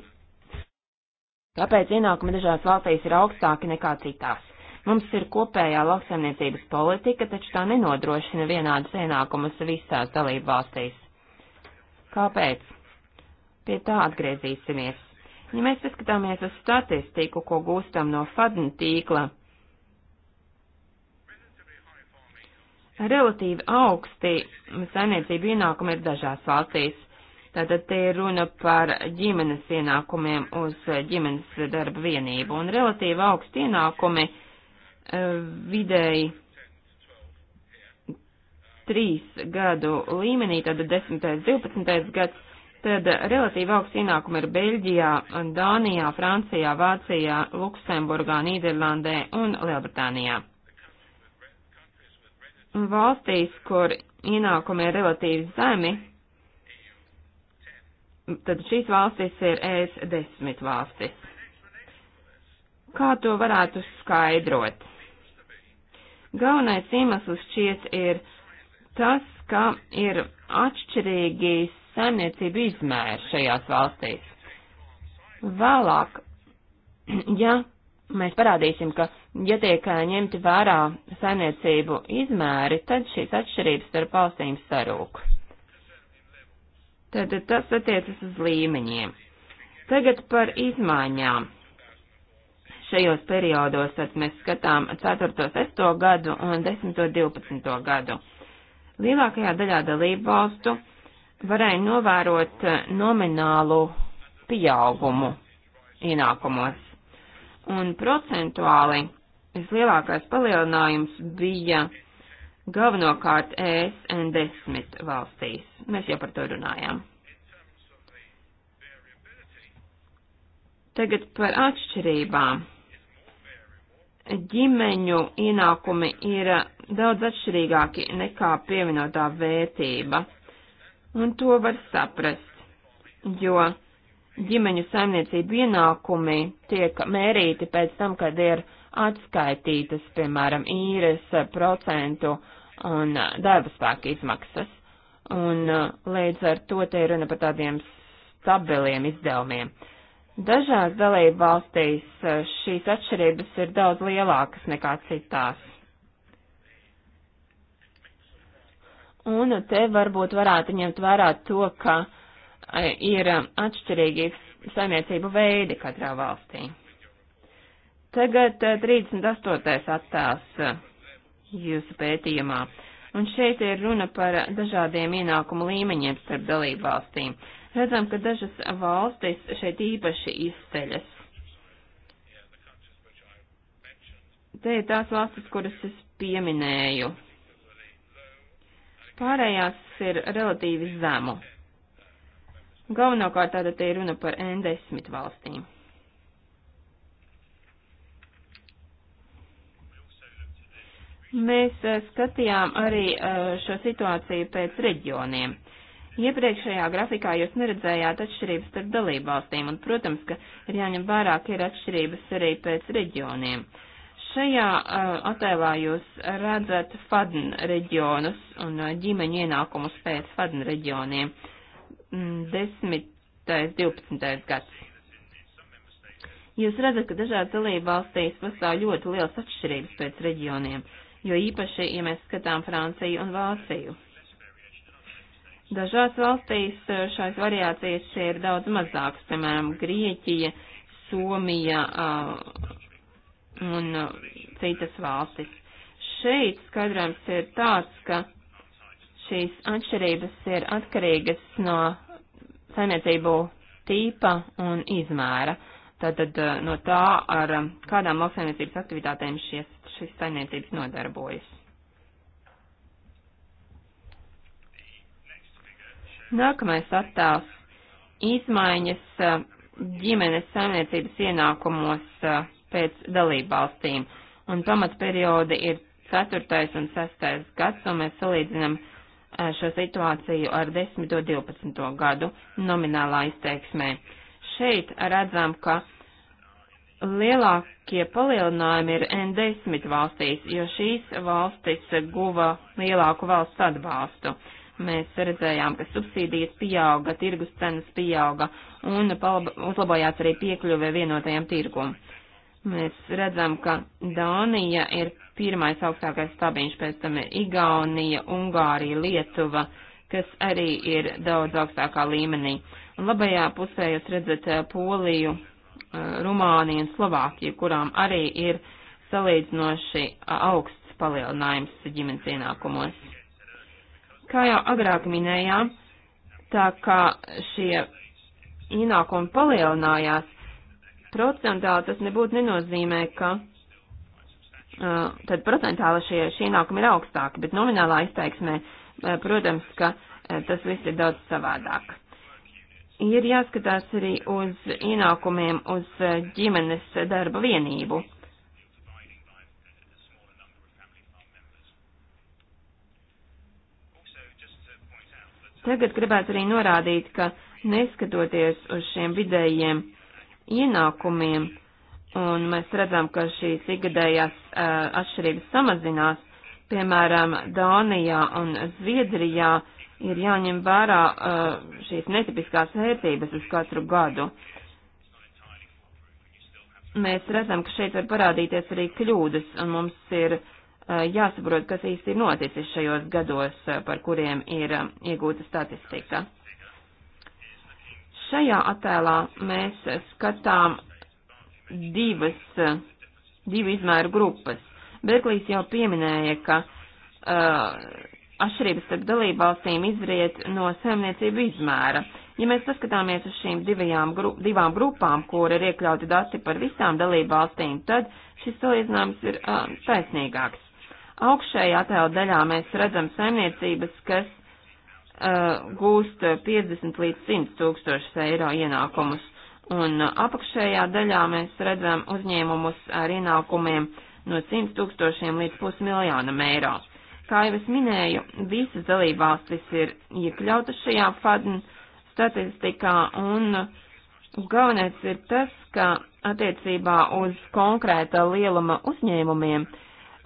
Kāpēc ienākumi dažās valstīs ir augstāki nekā citās? Mums ir kopējā lauksaimniecības politika, taču tā nenodrošina vienādas ienākumus visās dalību valstīs. Kāpēc? Pie tā atgriezīsimies. Ja mēs paskatāmies uz statistiku, ko gūstam no FADN tīkla, Relatīvi augsti saimniecību ienākumi ir dažās valstīs. Tātad te ir runa par ģimenes ienākumiem uz ģimenes darba vienību, un relatīvi augsti ienākumi eh, vidēji trīs gadu līmenī, tad 10. 12. gads, tad relatīvi augsts ienākumi ir Beļģijā, Dānijā, Francijā, Vācijā, Luksemburgā, Nīderlandē un Lielbritānijā valstīs, kur ienākumi ir relatīvi zemi, tad šīs valstis ir ES desmit valstis. Kā to varētu skaidrot? Galvenais iemesls šķiet ir tas, ka ir atšķirīgi saimniecību izmēri šajās valstīs. Vēlāk, ja mēs parādīsim, ka, ja tiek ņemti vērā saimniecību izmēri, tad šīs atšķirības starp valstīm sarūk. Tad tas attiecas uz līmeņiem. Tagad par izmaiņām. Šajos periodos tad mēs skatām 4. 6. gadu un 10. 12. gadu. Lielākajā daļā dalību valstu varēja novērot nominālu pieaugumu ienākumos Un procentuāli vislielākais palielinājums bija galvenokārt ES un desmit valstīs. Mēs jau par to runājām. Tagad par atšķirībām. Ģimeņu ienākumi ir daudz atšķirīgāki nekā pievienotā vērtība, un to var saprast, jo ģimeņu saimniecību ienākumi tiek mērīti pēc tam, kad ir atskaitītas, piemēram, īres eh, procentu un eh, darba spēka izmaksas. Un eh, līdz ar to te ir runa par tādiem stabiliem izdevumiem. Dažās dalību valstīs šīs atšķirības ir daudz lielākas nekā citās. Un te varbūt varētu ņemt vērā to, ka uh, ir um, atšķirīgi saimniecību veidi katrā valstī. Tagad 38. Uh, attēls uh, jūsu pētījumā. Un šeit ir runa par dažādiem ienākumu līmeņiem starp dalību valstīm. Redzam, ka dažas valstis šeit īpaši izceļas. Te ir tās valstis, kuras es pieminēju. Pārējās ir relatīvi zemu Galvenokārt tāda te ir runa par N10 valstīm. Mēs eh, skatījām arī eh, šo situāciju pēc reģioniem. Iepriekšējā grafikā jūs neredzējāt atšķirības starp dalībvalstīm, un, protams, ka ir jāņem vērā, ka ir atšķirības arī pēc reģioniem. Šajā uh, attēlā jūs redzat FADN reģionus un uh, ģimeņu ienākumus pēc FADN reģioniem. Uh, 10. Mm, 12. gads. Jūs redzat, ka dažādas dalībvalstīs pastāv ļoti liels atšķirības pēc reģioniem, jo īpaši, ja mēs skatām Franciju un Vāciju. Dažās valstīs eh, šās variācijas šie ir daudz mazākas, piemēram, Grieķija, Somija eh, un eh, citas valstis. Šeit skaidrojums ir tāds, ka Šīs atšķirības ir atkarīgas no saimniecību tīpa un izmēra. Tātad eh, no tā, ar eh, kādām lauksaimniecības aktivitātēm šies, šis saimniecības nodarbojas. Nākamais attēls - izmaiņas eh, ģimenes saimniecības ienākumos pēc dalībvalstīm. Un pamatperiodi ir 4. un 6. gads, un mēs salīdzinām Eh, šo situāciju ar 10. un 12. gadu nominālā izteiksmē. Šeit redzam, ka lielākie palielinājumi ir N10 valstīs, jo šīs valstis guva lielāku valsts atbalstu. Mēs redzējām, ka subsīdijas pieauga, tirgus cenas pieauga un uzlabojās arī piekļuve vienotajam tirgum. Mēs redzam, ka Dānija ir pirmais augstākais stabiņš, pēc tam ir Igaunija, Ungārija, Lietuva, kas arī ir daudz augstākā līmenī. Un labajā pusē jūs redzat eh, Poliju, eh, Rumāniju un Slovākiju, kurām arī ir salīdzinoši eh, augsts palielinājums ģimenes ienākumos. Kā jau agrāk minējām, tā kā šie ienākumi palielinājās, procentāli tas nebūtu nenozīmē, ka Eh, tad procentāli šie, šie ienākumi ir augstāki, bet nominālā izteiksmē, eh, protams, ka eh, tas viss ir daudz savādāk. Ir jāskatās arī uz ienākumiem uz ģimenes darba vienību. Tagad gribētu arī norādīt, ka neskatoties uz šiem vidējiem ienākumiem, un mēs redzam, ka šīs ikgadējās uh, atšķirības samazinās. Piemēram, Dānijā un Zviedrijā ir jāņem vērā uh, šīs netipiskās vērtības uz katru gadu. Mēs redzam, ka šeit var parādīties arī kļūdas, un mums ir uh, jāsaprot, kas īsti ir noticis šajos gados, uh, par kuriem ir uh, iegūta statistika. Šajā attēlā mēs skatām divas, divu izmēru grupas. Berklīs jau pieminēja, ka uh, atšķirības starp dalībvalstīm izriet no saimniecību izmēra. Ja mēs paskatāmies uz šīm divajām, gru, divām grupām, kur ir iekļauti dati par visām dalībvalstīm, tad šis salīdzinājums ir uh, taisnīgāks. Augšējā attēla daļā mēs redzam saimniecības, kas uh, gūst 50 līdz 100 tūkstošus eiro ienākumus un apakšējā daļā mēs redzam uzņēmumus ar ienākumiem no 100 tūkstošiem līdz pusmiljonam eiro. Kā jau es minēju, visas dalībvalstis ir iekļautas šajā FADN statistikā, un galvenais ir tas, ka attiecībā uz konkrēta lieluma uzņēmumiem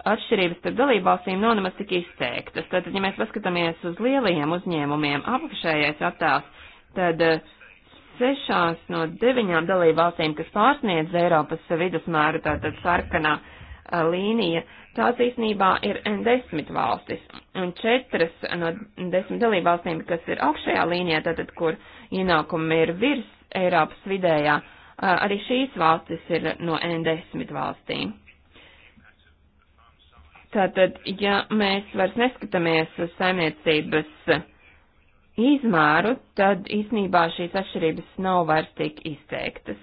atšķirības starp dalībvalstīm nav nemaz tik izteiktas. Tātad, ja mēs paskatāmies uz lielajiem uzņēmumiem, apakšējais attēls, tad uh, sešās no deviņām dalībvalstīm, kas pārsniedz Eiropas vidusmēru, tātad sarkanā līnija, tās īsnībā ir desmit valstis. Un četras no desmit dalībvalstīm, kas ir augšējā līnijā, tātad, kur ienākumi ir virs Eiropas vidējā, arī šīs valstis ir no N10 valstīm. Tātad, ja mēs vairs neskatāmies uz saimniecības izmēru, tad īsnībā šīs atšķirības nav vairs tik izteiktas.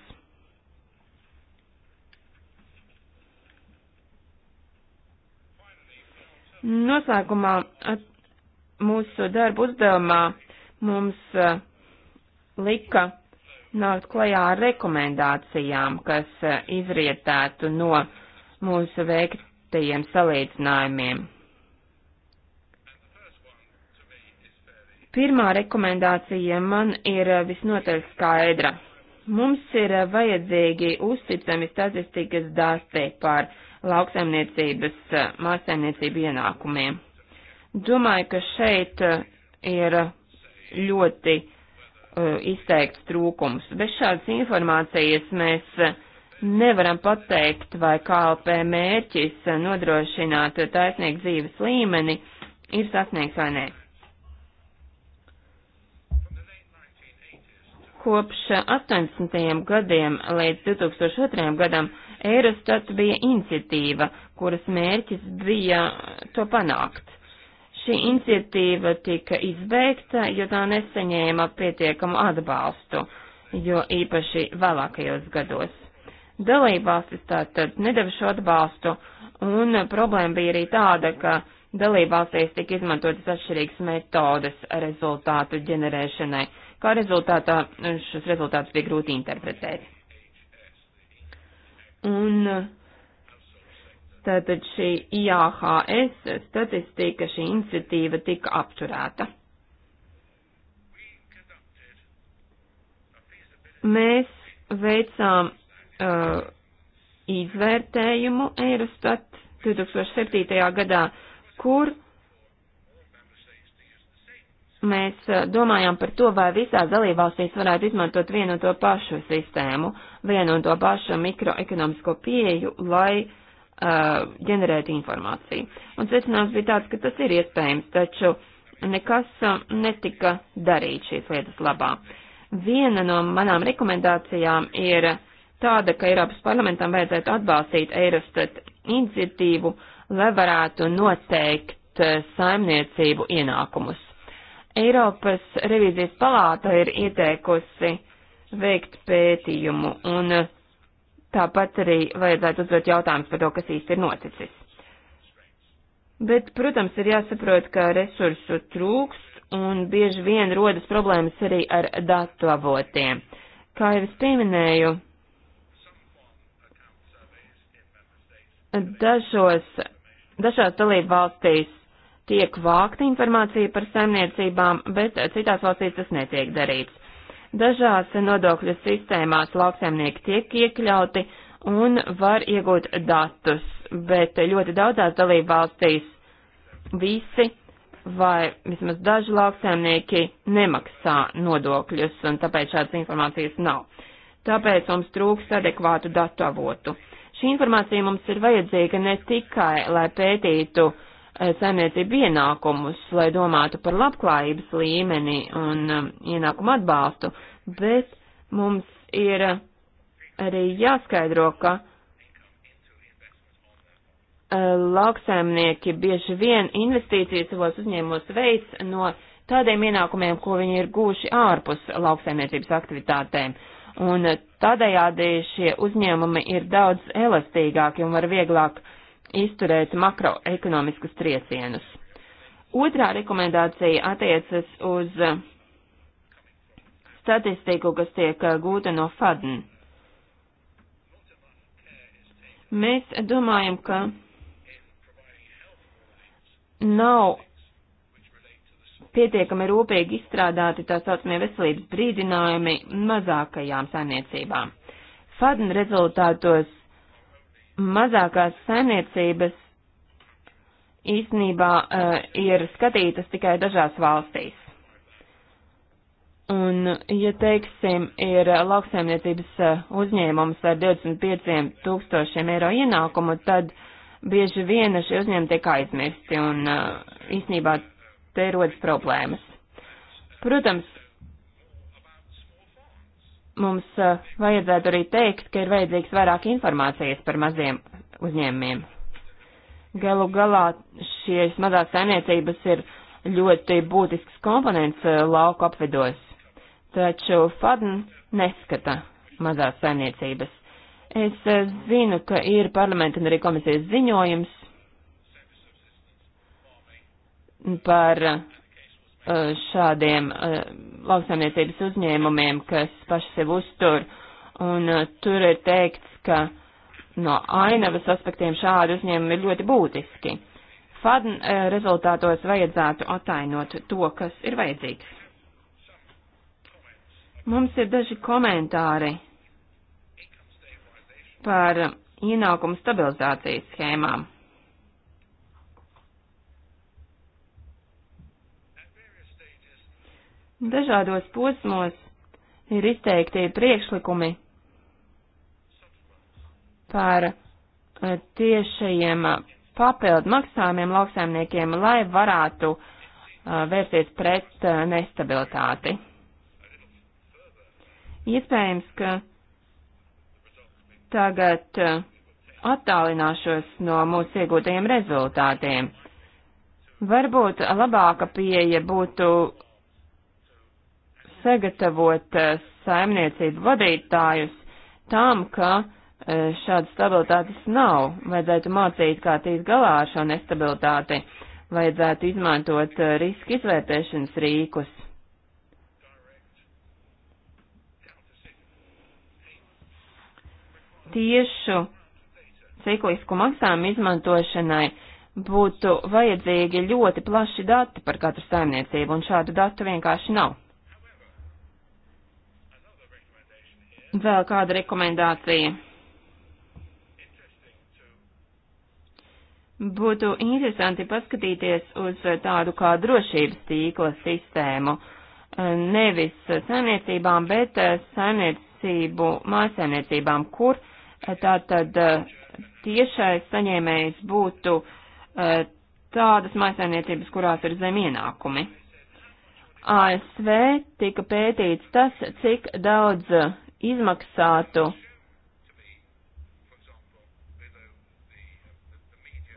Noslēgumā mūsu darba uzdevumā mums eh, lika nākt klajā ar rekomendācijām, kas eh, izrietētu no mūsu veiktajiem salīdzinājumiem. Pirmā rekomendācija man ir eh, visnotaļ skaidra. Mums ir eh, vajadzīgi uzticami statistikas dāstī par lauksaimniecības eh, māksaimniecību ienākumiem. Domāju, ka šeit ir ļoti uh, izteikts trūkums. Bez šādas informācijas mēs nevaram pateikt, vai KLP mērķis nodrošināt taisnīgu dzīves līmeni ir sasniegts vai nē. Kopš 80. gadiem līdz 2002. gadam Eirostat bija iniciatīva, kuras mērķis bija to panākt. Šī iniciatīva tika izbeigta, jo tā nesaņēma pietiekamu atbalstu, jo īpaši vēlākajos gados. Dalībvalstis tātad nedeva šo atbalstu, un problēma bija arī tāda, ka dalībvalstīs tika izmantotas atšķirīgas metodas rezultātu ģenerēšanai kā rezultātā šos rezultātus bija grūti interpretēt. Un tātad šī IAHS statistika, šī iniciatīva tika apturēta. Mēs veicām uh, izvērtējumu Eurostat 2007. gadā, kur mēs eh, domājām par to, vai visās dalībvalstīs varētu izmantot vienu un to pašu sistēmu, vienu un to pašu mikroekonomisko pieeju, lai uh, ģenerētu informāciju. Un secinājums bija tāds, ka tas ir iespējams, taču nekas uh, netika darīt šīs lietas labā. Viena no manām rekomendācijām ir tāda, ka Eiropas parlamentam vajadzētu atbalstīt Eirostat iniciatīvu, lai varētu noteikt saimniecību ienākumus Eiropas revīzijas palāta ir ieteikusi veikt pētījumu, un eh, tāpat arī vajadzētu uzdot jautājumus par to, kas īsti ir noticis. Bet, protams, ir jāsaprot, ka resursu trūks, un bieži vien rodas problēmas arī ar datu avotiem. Kā jau es pieminēju, dažos, dažās dalību valstīs tiek vākta informācija par saimniecībām, bet citās valstīs tas netiek darīts. Dažās nodokļu sistēmās lauksaimnieki tiek iekļauti un var iegūt datus, bet ļoti daudzās dalību valstīs visi vai vismaz daži lauksaimnieki nemaksā nodokļus, un tāpēc šādas informācijas nav. Tāpēc mums trūks adekvātu datu avotu. Šī informācija mums ir vajadzīga ne tikai, lai pētītu uh, Eh, saimniecību ienākumus, lai domātu par labklājības līmeni un eh, ienākumu atbalstu, bet mums ir eh, arī jāskaidro, ka lauksaimnieki bieži vien investīcijas savos uzņēmumos veids no tādiem ienākumiem, ko viņi ir gūši ārpus lauksaimniecības aktivitātēm. Un tādējādi šie uzņēmumi ir daudz elastīgāki un var vieglāk uh, izturēt makroekonomiskus triecienus. Otrā rekomendācija attiecas uz statistiku, kas tiek eh, gūta no FADN. Mēs domājam, ka nav pietiekami rūpīgi izstrādāti tā saucamie veselības brīdinājumi mazākajām saimniecībām. FADN rezultātos mazākās saimniecības īstenībā uh, ir skatītas tikai dažās valstīs. Un, ja teiksim, ir lauksaimniecības eh, uzņēmums ar 25 tūkstošiem eiro ienākumu, tad bieži viena šie uzņēmumi tiek aizmirsti un eh, īsnībā te rodas problēmas. Protams, mums vajadzētu arī teikt, ka ir vajadzīgs vairāk informācijas par maziem uzņēmumiem. Galu galā šīs mazās saimniecības ir ļoti būtisks komponents lauku apvidos, taču FADN neskata mazās saimniecības. Es zinu, ka ir parlamenta un arī komisijas ziņojums par Eh, šādiem eh, lauksaimniecības uzņēmumiem, kas paši sev uztur, un eh, tur ir teikts, ka no ainavas aspektiem šādi uzņēmumi ir ļoti būtiski. FADN rezultātos vajadzētu atainot to, kas ir vajadzīgs. Mums ir daži komentāri par ienākumu stabilizācijas schēmām. Dažādos posmos ir izteiktie priekšlikumi par eh, tiešajiem eh, papildu maksājumiem lauksaimniekiem, lai varētu eh, vērsties pret nestabilitāti. Iespējams, ka tagad attālināšos no mūsu iegūtajiem rezultātiem. Varbūt labāka pieeja būtu sagatavot eh, saimniecību vadītājus tam, ka eh, šādas stabilitātes nav. Vajadzētu mācīt, kā tīt galā ar šo nestabilitāti. Vajadzētu izmantot eh, riska izvērtēšanas rīkus. Tiešu ciklisku maksājumu izmantošanai būtu vajadzīgi ļoti plaši dati par katru saimniecību, un šādu datu vienkārši nav. Vēl kāda rekomendācija? Būtu interesanti paskatīties uz tādu kā drošības tīkla sistēmu. Nevis saimniecībām, bet saimniecību mājasaimniecībām, kur tātad tiešais saņēmējs būtu tādas mājasaimniecības, kurās ir zem ienākumi. ASV tika pētīts tas, cik daudz izmaksātu,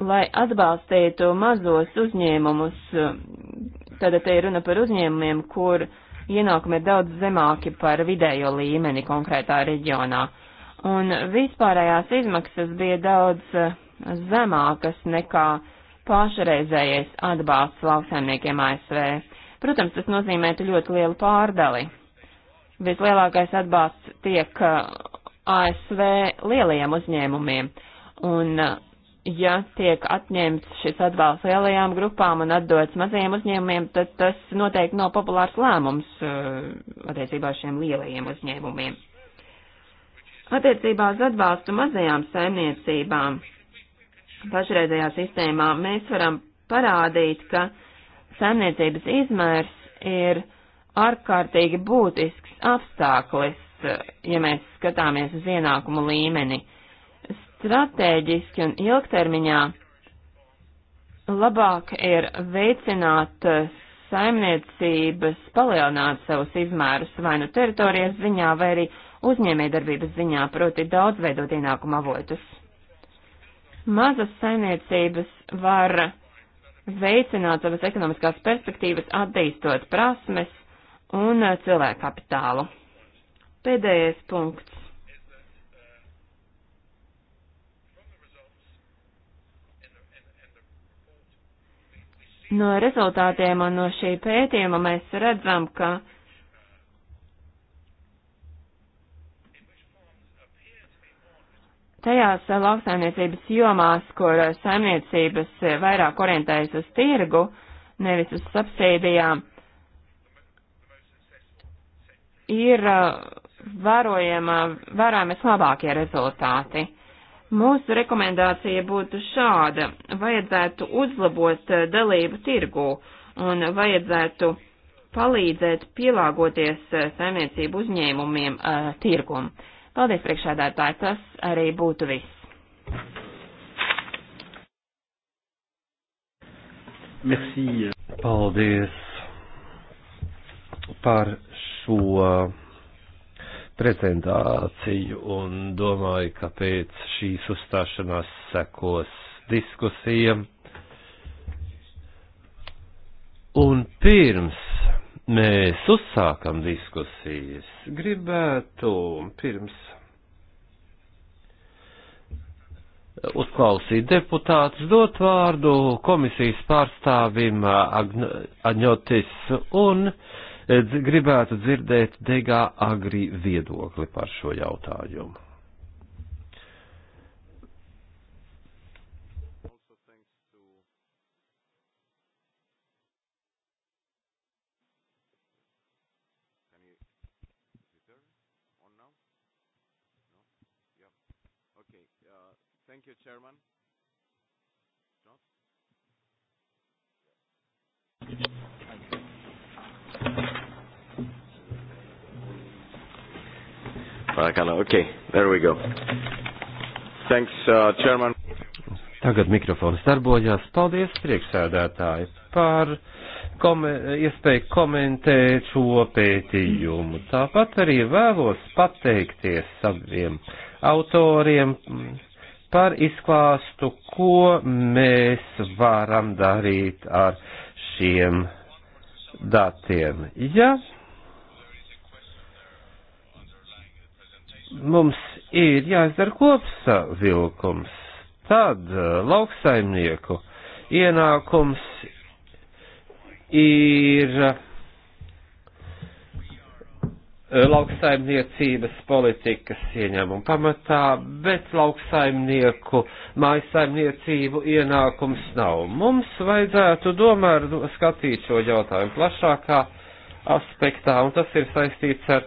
lai atbalstītu mazos uzņēmumus. Tātad te ir runa par uzņēmumiem, kur ienākumi ir daudz zemāki par vidējo līmeni konkrētā reģionā. Un vispārējās izmaksas bija daudz eh, zemākas nekā pašreizējais atbalsts lauksaimniekiem ASV. Protams, tas nozīmētu ļoti lielu pārdali vislielākais atbalsts tiek eh, ASV lielajiem uzņēmumiem. Un, eh, ja tiek atņemts šis atbalsts lielajām grupām un atdots mazajiem uzņēmumiem, tad tas noteikti nav populārs lēmums eh, attiecībā uz šiem lielajiem uzņēmumiem. Attiecībā uz atbalstu mazajām saimniecībām pašreizējā sistēmā mēs varam parādīt, ka saimniecības izmērs ir ārkārtīgi būtisks apstāklis, ja mēs skatāmies uz ienākumu līmeni. Stratēģiski un ilgtermiņā labāk ir veicināt saimniecības, palielināt savus izmērus vai nu teritorijas ziņā, vai arī uzņēmējdarbības ziņā, proti daudz veidot ienākumu avotus. Mazas saimniecības var veicināt savas ekonomiskās perspektīvas, attīstot prasmes, un eh, cilvēku kapitālu. Pēdējais punkts. No rezultātiem un no šī pētījuma mēs redzam, ka tajās lauksaimniecības jomās, kur saimniecības vairāk orientējas uz tirgu, nevis uz subsīdijām, ir uh, vērojamies uh, labākie rezultāti. Mūsu rekomendācija būtu šāda. Vajadzētu uzlabot uh, dalību tirgu un vajadzētu palīdzēt pielāgoties saimniecību uzņēmumiem uh, tirgum. Paldies, priekšādātāji, tas arī būtu viss. Merci. Paldies par šo prezentāciju un domāju, ka pēc šīs uzstāšanās sekos diskusija. Un pirms mēs uzsākam diskusijas, gribētu pirms uzklausīt deputātus, dot vārdu komisijas pārstāvim Agnotis un uh, gribētu dzirdēt Degā Agri viedokli par šo jautājumu. Παρακαλώ, okay, there we go. Thanks, uh, chairman. Tagad mikrofons darbojas. Paldies, priekšsēdētāji, par kome, iespēju komentēt šo pētījumu. Tāpat arī vēlos pateikties saviem autoriem par izklāstu, ko mēs varam darīt ar šiem datiem. Ja mums ir jāizdara kopsavilkums. Tad eh, lauksaimnieku ienākums ir eh, lauksaimniecības politikas ieņēmuma pamatā, bet lauksaimnieku mājasaimniecību ienākums nav. Mums vajadzētu domāt, skatīt šo jautājumu plašākā aspektā, un tas ir saistīts ar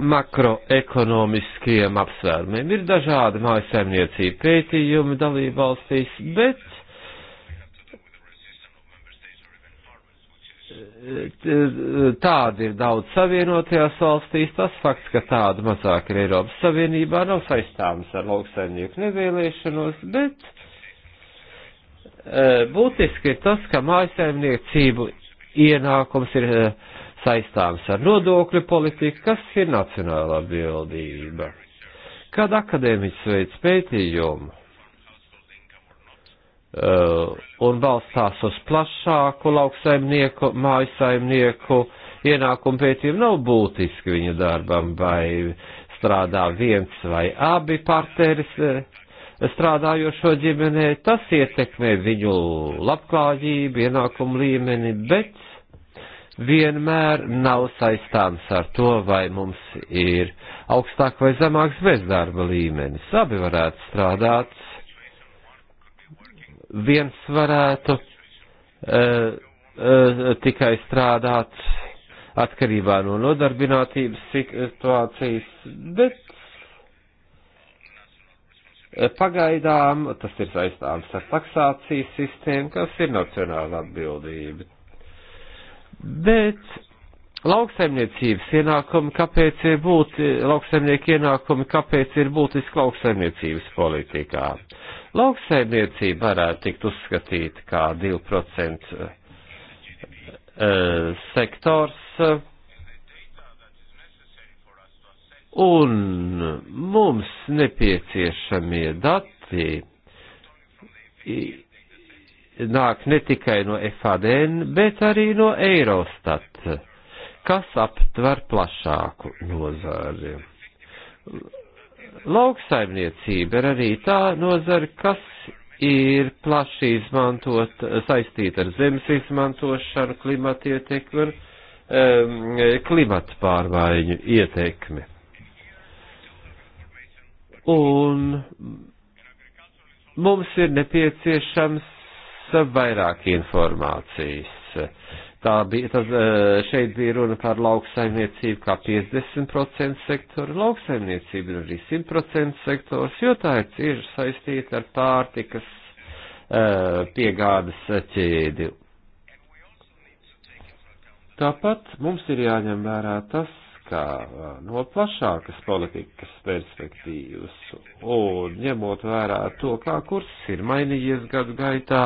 makroekonomiskiem apsvērumiem. Ir dažādi mājasaimniecība pētījumi dalību valstīs, bet eh, tādi ir daudz savienotajās valstīs. Tas fakts, ka tāda mazāk ir Eiropas Savienībā, nav saistāms ar lauksaimnieku nevēlēšanos, bet eh, būtiski ir tas, ka mājasaimniecību ienākums ir uh, saistāms ar nodokļu politiku, kas ir nacionāla atbildība. Kad akadēmiķis veids pētījumu uh, un balstās uz plašāku lauksaimnieku, mājasaimnieku, ienākumu pētījumu nav būtiski viņa darbam, vai strādā viens vai abi partneris eh, strādājošo ģimenē, tas ietekmē viņu labklājību, ienākumu līmeni, bet vienmēr nav saistāms ar to, vai mums ir augstāk vai zemāks bezdarba līmenis. Abi varētu strādāt, viens varētu uh, uh, tikai strādāt atkarībā no nodarbinātības situācijas, bet Pagaidām tas ir saistāms ar taksācijas sistēmu, kas ir nacionāla atbildība. Bet lauksaimniecības ienākumi, kāpēc ir būti, lauksaimnieki ienākumi, kāpēc ir būtiski lauksaimniecības politikā? Lauksaimniecība varētu tikt uzskatīta kā 2% eh, eh, sektors. Un mums nepieciešamie dati nāk ne tikai no FADN, bet arī no Eirostat, kas aptver plašāku nozari. Lauksaimniecība ir arī tā nozara, kas ir plaši izmantot, saistīta ar zemes izmantošanu, klimata ietekmi un um, klimata pārmaiņu ietekmi. Un mums ir nepieciešams vairāk informācijas. Tā bija, tad eh, šeit bija runa par lauksaimniecību kā 50% sektoru, lauksaimniecību ir arī 100% sektors, jo tā ir cieši saistīta ar pārtikas eh, piegādes ķēdi. Tāpat mums ir jāņem vērā tas, ka no plašākas politikas perspektīvas un ņemot vērā to, kā kurs ir mainījies gadu gaitā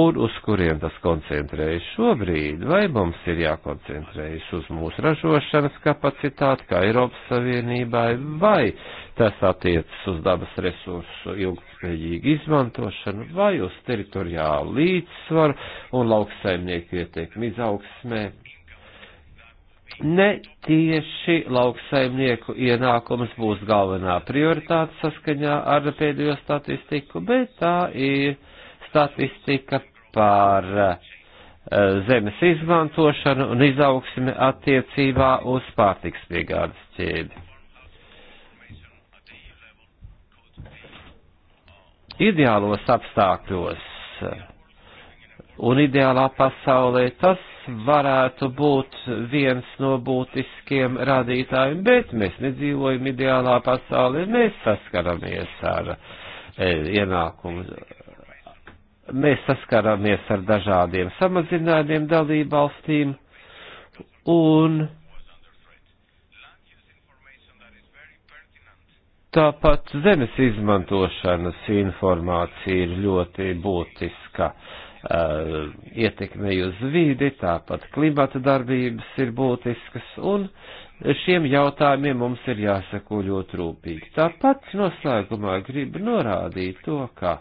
un uz kuriem tas koncentrējas šobrīd, vai mums ir jākoncentrējas uz mūsu ražošanas kapacitāti kā Eiropas Savienībai, vai tas attiecas uz dabas resursu ilgspējīgu izmantošanu, vai uz teritoriālu līdzsvaru un lauksaimnieku ieteikumu izaugsmē Ne tieši lauksaimnieku ienākums būs galvenā prioritāte saskaņā ar pēdējo statistiku, bet tā ir statistika par eh, zemes izmantošanu un izaugsmi attiecībā uz pārtiks piegādes ķēdi. Ideālos apstākļos un ideālā pasaulē tas varētu būt viens no būtiskiem rādītājiem, bet mēs nedzīvojam ideālā pasaulē, mēs saskaramies ar e, ienākumu. Mēs saskaramies ar dažādiem samazinājumiem dalībvalstīm un tāpat zemes izmantošanas informācija ir ļoti būtiska. Uh, uh, ietekmei uz vidi, tāpat klimata darbības ir būtiskas, un šiem jautājumiem mums ir jāsako ļoti rūpīgi. Tāpat noslēgumā gribu norādīt to, ka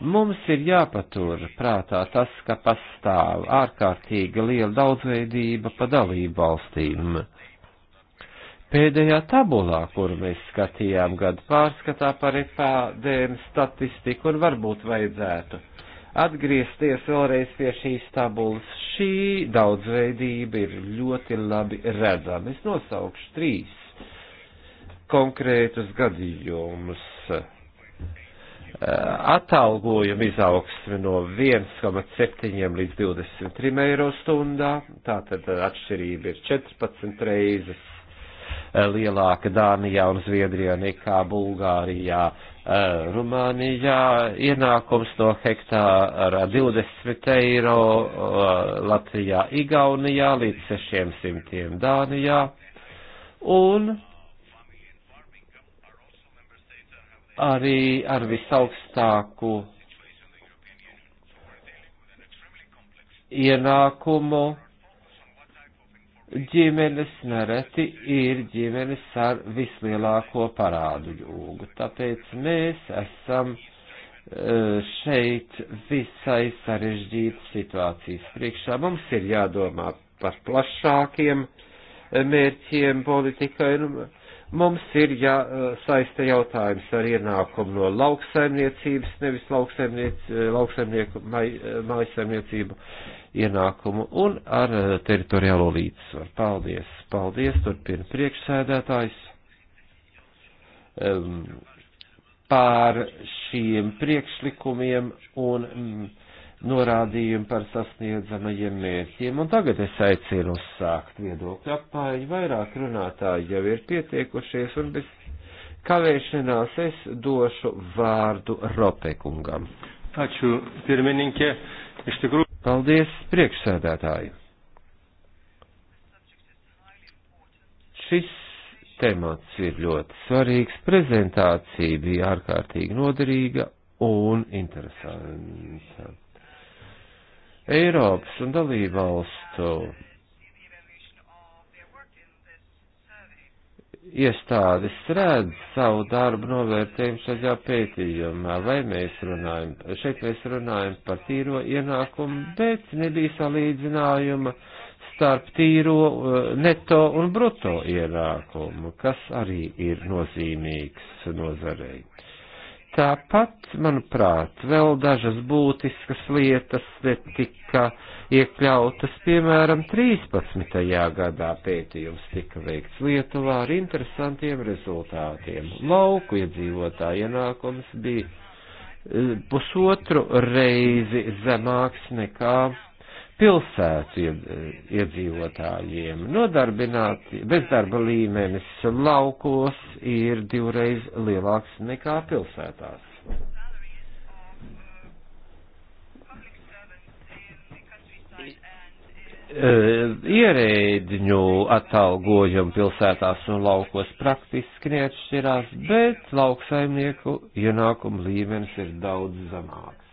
mums ir jāpatur prātā tas, ka pastāv ārkārtīga liela daudzveidība pa dalību valstīm. Pēdējā tabulā, kuru mēs skatījām gadu pārskatā par epādēm statistiku un varbūt vajadzētu uh, atgriezties vēlreiz pie šīs tabulas. Šī daudzveidība ir ļoti labi redzama. Es nosaukšu trīs konkrētus gadījumus. Eh, atalgojuma izaugsme no 1,7 līdz 23 eiro stundā, tātad eh, atšķirība ir 14 reizes eh, lielāka Dānijā un Zviedrijā nekā Bulgārijā Eh, Rumānijā ienākums no hektāra 20 eiro, eh, Latvijā, Igaunijā līdz 600 Dānijā. Un arī ar visaugstāku ienākumu ģimenes nereti ir ģimenes ar vislielāko parādu jūgu. Tāpēc mēs esam e, šeit visai sarežģītas situācijas priekšā. Mums ir jādomā par plašākiem e, mērķiem politikai. Nu, mums ir jāsaista e, jautājums ar ienākumu no lauksaimniecības, nevis lauksaimnieku mājasaimniecību ienākumu un ar eh, teritoriālo līdzsvaru. Paldies, paldies, turpina priekšsēdētājs. Um, pār šiem priekšlikumiem un mm, norādījumu par sasniedzamajiem mērķiem. Un tagad es aicinu uzsākt viedokļu apmaiņu. Vairāk runātāji jau ir pietiekušies un bez kavēšanās es došu vārdu Ropekungam. Ačiū, pirmininkė. Iš tikrųjų. Paldies, priekšsēdētāji. Šis temats ir ļoti svarīgs, prezentācija bija ārkārtīgi noderīga un interesanta. Eiropas un dalībvalstu iestādes redz savu darbu novērtējumu šajā pētījumā, vai mēs runājam, šeit mēs runājam par tīro ienākumu, bet nebija salīdzinājuma starp tīro eh, neto un bruto ienākumu, kas arī ir nozīmīgs nozarei. Tāpat, manuprāt, vēl dažas būtiskas lietas tika iekļautas, piemēram, 13. gadā pētījums tika veikts Lietuvā ar interesantiem rezultātiem. Lauku iedzīvotāja ienākums bija eh, pusotru reizi zemāks nekā pilsētu iedzīvotājiem. Nodarbināti bezdarba līmenis laukos ir divreiz lielāks nekā pilsētās. Uh, ierēģiņu atalgojumi pilsētās un laukos praktiski neatšķirās, bet lauksaimnieku ienākumu līmenis ir daudz zemāks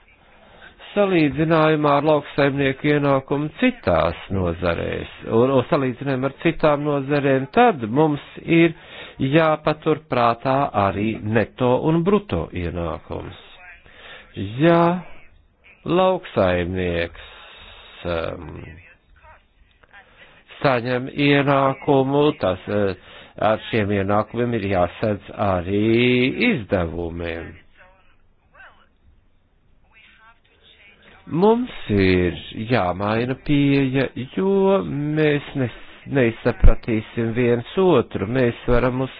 salīdzinājumā ar lauksaimnieku ienākumu citās nozarēs un, un salīdzinājumu ar citām nozarēm, tad mums ir jāpatur prātā arī neto un bruto ienākums. Ja lauksaimnieks um, saņem ienākumu, tas uh, ar šiem ienākumiem ir jāsadz arī izdevumiem Mums ir jāmaina pieeja, jo mēs nes, nesapratīsim viens otru. Mēs varam uz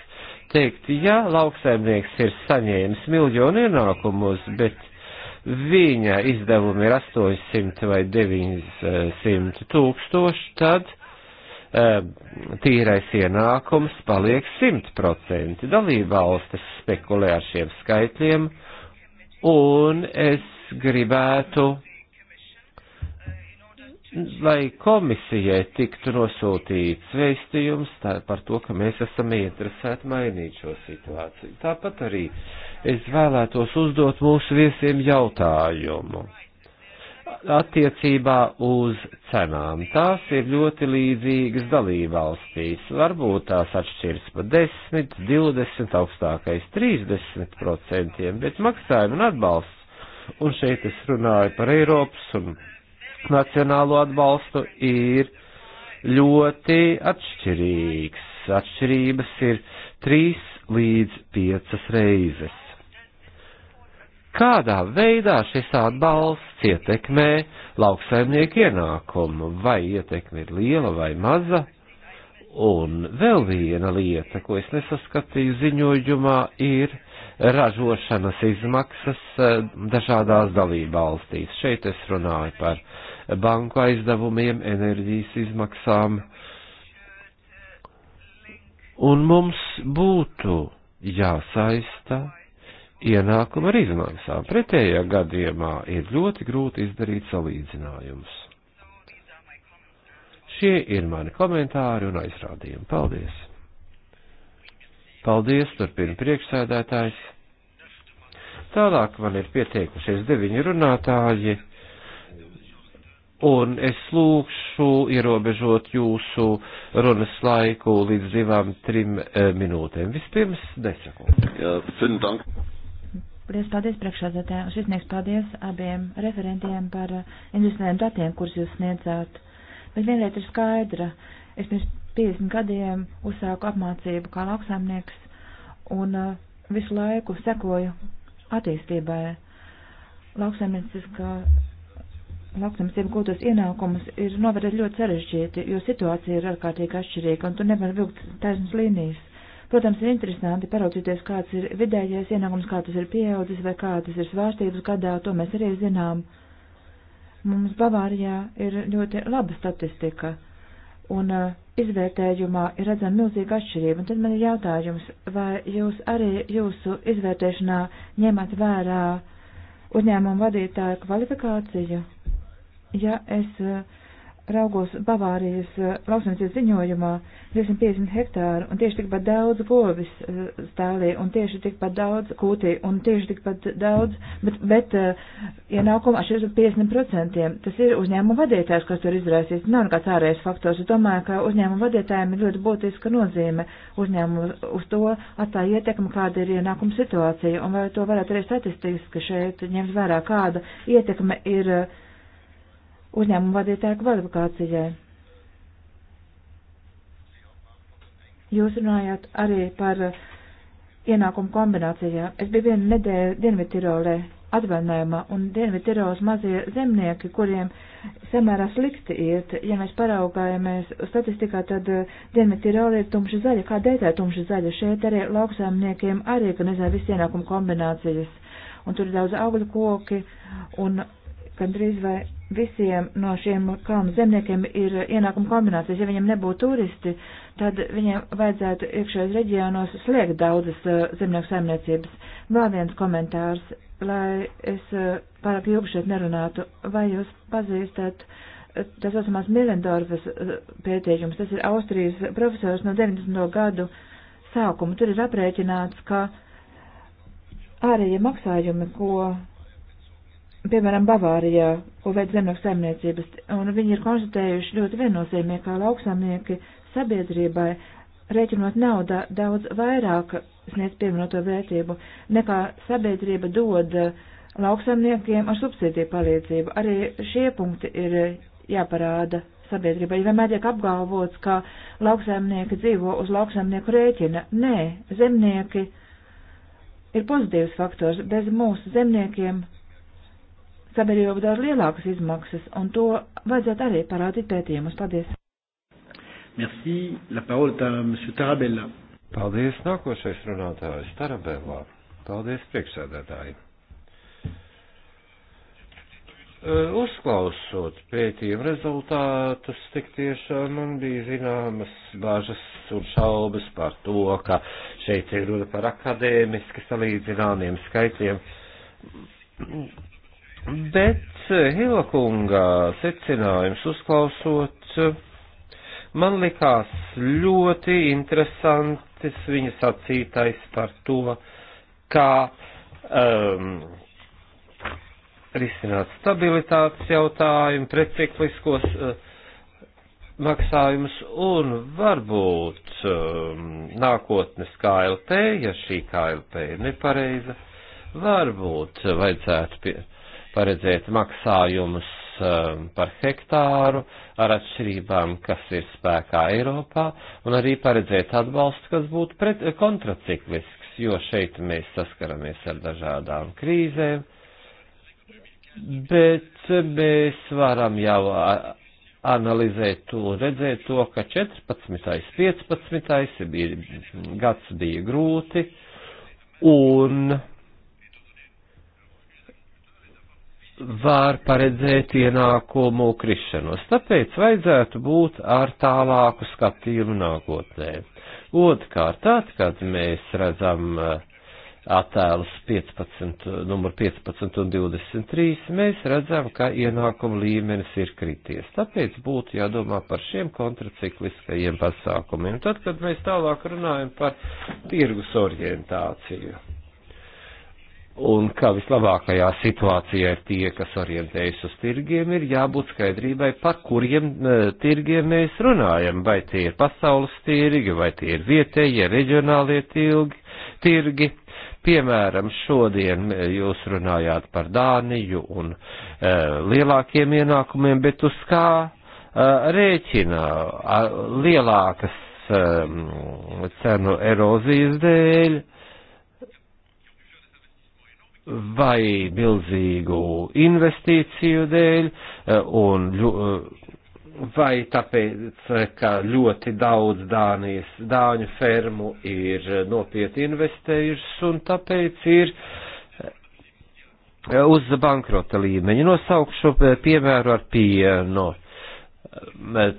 teikt, ja lauksaimnieks ir saņēmis miljonu ienākumus, bet viņa izdevumi ir 800 vai 900 tūkstoši, tad eh, tīrais ienākums paliek 100%. Dalībvalstis spekulē ar šiem skaitļiem, un es gribētu lai komisijai tiktu nosūtīts vēstījums tā, par to, ka mēs esam ieinteresēti mainīt šo situāciju. Tāpat arī es vēlētos uzdot mūsu viesiem jautājumu attiecībā uz cenām. Tās ir ļoti līdzīgas dalībvalstīs. Varbūt tās atšķiras pa 10, 20, augstākais 30 procentiem, bet maksājumi un atbalsts, un šeit es runāju par Eiropas un nacionālo atbalstu ir ļoti atšķirīgs. Atšķirības ir 3 līdz 5 reizes. Kādā veidā šis atbalsts ietekmē lauksaimnieku ienākumu? Vai ietekme ir liela vai maza? Un vēl viena lieta, ko es nesaskatīju ziņojumā, ir ražošanas izmaksas eh, dažādās dalībvalstīs. Šeit es runāju par uh, banku aizdevumiem, enerģijas izmaksām. Un mums būtu jāsaista ienākuma ar izmaksām. Pretējā gadījumā ir ļoti grūti izdarīt salīdzinājumus. Šie ir mani komentāri un aizrādījumi. Paldies! Paldies, turpina priekšsēdētājs. Tālāk man ir pieteikušies deviņi runātāji un es lūkšu ierobežot jūsu runas laiku līdz divām, trim e, minūtēm. Vispirms nesakot. Jā, fintank. Liels paldies priekšādātē, un šis nieks paldies abiem referentiem par eh, interesantiem datiem, kurus jūs sniedzāt. Bet viena lieta ir skaidra. Es pirms 50 gadiem uzsāku apmācību kā lauksaimnieks un uh, visu laiku sekoju attīstībai. Lauksaimnieciskā lauksamniecību gūtos ienākumus ir novērtēt ļoti sarežģīti, jo situācija ir ārkārtīgi atšķirīga un tu nevar vilkt taisnas līnijas. Protams, ir interesanti paraudzīties, kāds ir vidējais ienākums, kā tas ir pieaudzis vai kādas ir svārstības gadā, to mēs arī zinām. Mums Bavārijā ir ļoti laba statistika, un uh, izvērtējumā ir redzama milzīga atšķirība, un tad man ir jautājums, vai jūs arī jūsu izvērtēšanā ņemat vērā uzņēmumu vadītāju kvalifikāciju? Ja es eh, raugos Bavārijas eh, lauksaimniecības ziņojumā 250 hektāru un tieši tikpat daudz govis eh, stālī un tieši tikpat daudz kūtī un tieši tikpat daudz, bet, bet ienākuma ja atšķiras par 50%. Tas ir uzņēmuma vadītājs, kas tur izraisīs. Nav nekāds ārējais faktors. Es domāju, ka uzņēmuma vadītājiem ir ļoti būtiska nozīme uzņēmumu uz to atstāja ietekmi, kāda ir ienākuma situācija un vai to varētu arī statistiski šeit ņemt vērā, kāda ietekme ir. Uh, uzņēmuma vadītāja kvalifikācijai. Jūs runājāt arī par uh, ienākumu kombinācijām. Es biju vienu nedēļu Dienvidtirolē atvaļinājumā, un Dienvidtirolas mazie zemnieki, kuriem samērā slikti iet, ja mēs paraugājamies statistikā, tad uh, Dienvidtirola ir tumši zaļa. Kādēļ tā ir tumši zaļa? Šeit arī lauksaimniekiem arī, ka nezinu, visi ienākumu kombinācijas, un tur ir daudz augļu koki, un gandrīz vai visiem no šiem kalnu zemniekiem ir ienākuma kombinācijas. Ja viņiem nebūtu turisti, tad viņiem vajadzētu iekšējos reģionos slēgt daudzas eh, zemnieku saimniecības. Vēl viens komentārs, lai es eh, pārāk ilgi šeit nerunātu. Vai jūs pazīstat eh, tas saucamās Milendorfas pētījums? Tas ir Austrijas profesors no 90. gadu sākuma. Tur ir aprēķināts, ka ārējie maksājumi, ko piemēram, Bavārijā, ko veids zemnieku saimniecības, un viņi ir konstatējuši ļoti viennozīmīgi, kā lauksamnieki sabiedrībai, rēķinot naudu daudz vairāk sniedz pievienoto vērtību, nekā sabiedrība dod lauksamniekiem ar subsīdiju palīdzību. Arī šie punkti ir jāparāda sabiedrībai. Vienmēr tiek apgalvots, ka lauksamnieki dzīvo uz lauksamnieku rēķina. Nē, zemnieki ir pozitīvs faktors. Bez mūsu zemniekiem sabiedrība daudz lielākas izmaksas, un to vajadzētu arī parādīt pētījumus. Paldies! Merci, la parole est à M. Tarabella. Paldies, nākošais runātājs Tarabellā. Paldies, priekšsēdētāji. Eh, uzklausot pētījumu rezultātus, tik tiešām man bija zināmas bažas un šaubas par to, ka šeit ir runa par akadēmiski salīdzināmiem skaitļiem Bet eh, Hilakunga secinājums uzklausot, man likās ļoti interesantis viņa sacītais par to, kā um, risināt stabilitātes jautājumu, precikliskos uh, eh, maksājums un varbūt um, nākotnes KLP, ja šī KLP ir nepareiza, varbūt vajadzētu pie, paredzēt maksājumus um, par hektāru ar atšķirībām, kas ir spēkā Eiropā, un arī paredzēt atbalstu, kas būtu pret, kontraciklisks, jo šeit mēs saskaramies ar dažādām krīzēm, bet mēs varam jau analizēt to un redzēt to, ka 14. 15. Bija, gads bija grūti, un var paredzēt ienākumu krišanos. Tāpēc vajadzētu būt ar tālāku skatījumu nākotnē. Otkārt, tad, kad mēs redzam eh, attēlus 15, numur 15 un 23, mēs redzam, ka ienākuma līmenis ir krities. Tāpēc būtu jādomā par šiem kontracikliskajiem pasākumiem. Tad, kad mēs tālāk runājam par tirgus orientāciju un ka vislabākajā situācijā ir tie, kas orientējas uz tirgiem, ir jābūt skaidrībai, par kuriem e, tirgiem mēs runājam, vai tie ir pasaules tirgi, vai tie ir vietējie, reģionālie tilgi, tirgi. Piemēram, šodien e, jūs runājāt par Dāniju un e, lielākiem ienākumiem, bet uz kā e, rēķina a, lielākas e, cenu erozijas dēļ? E, vai milzīgu investīciju dēļ, eh, un, eh, vai tāpēc, ka ļoti daudz Dānijas, Dāņu fermu ir nopietni investējušas, un tāpēc ir eh, uz bankrota līmeņa. Nosaukšu piemēru ar pienu.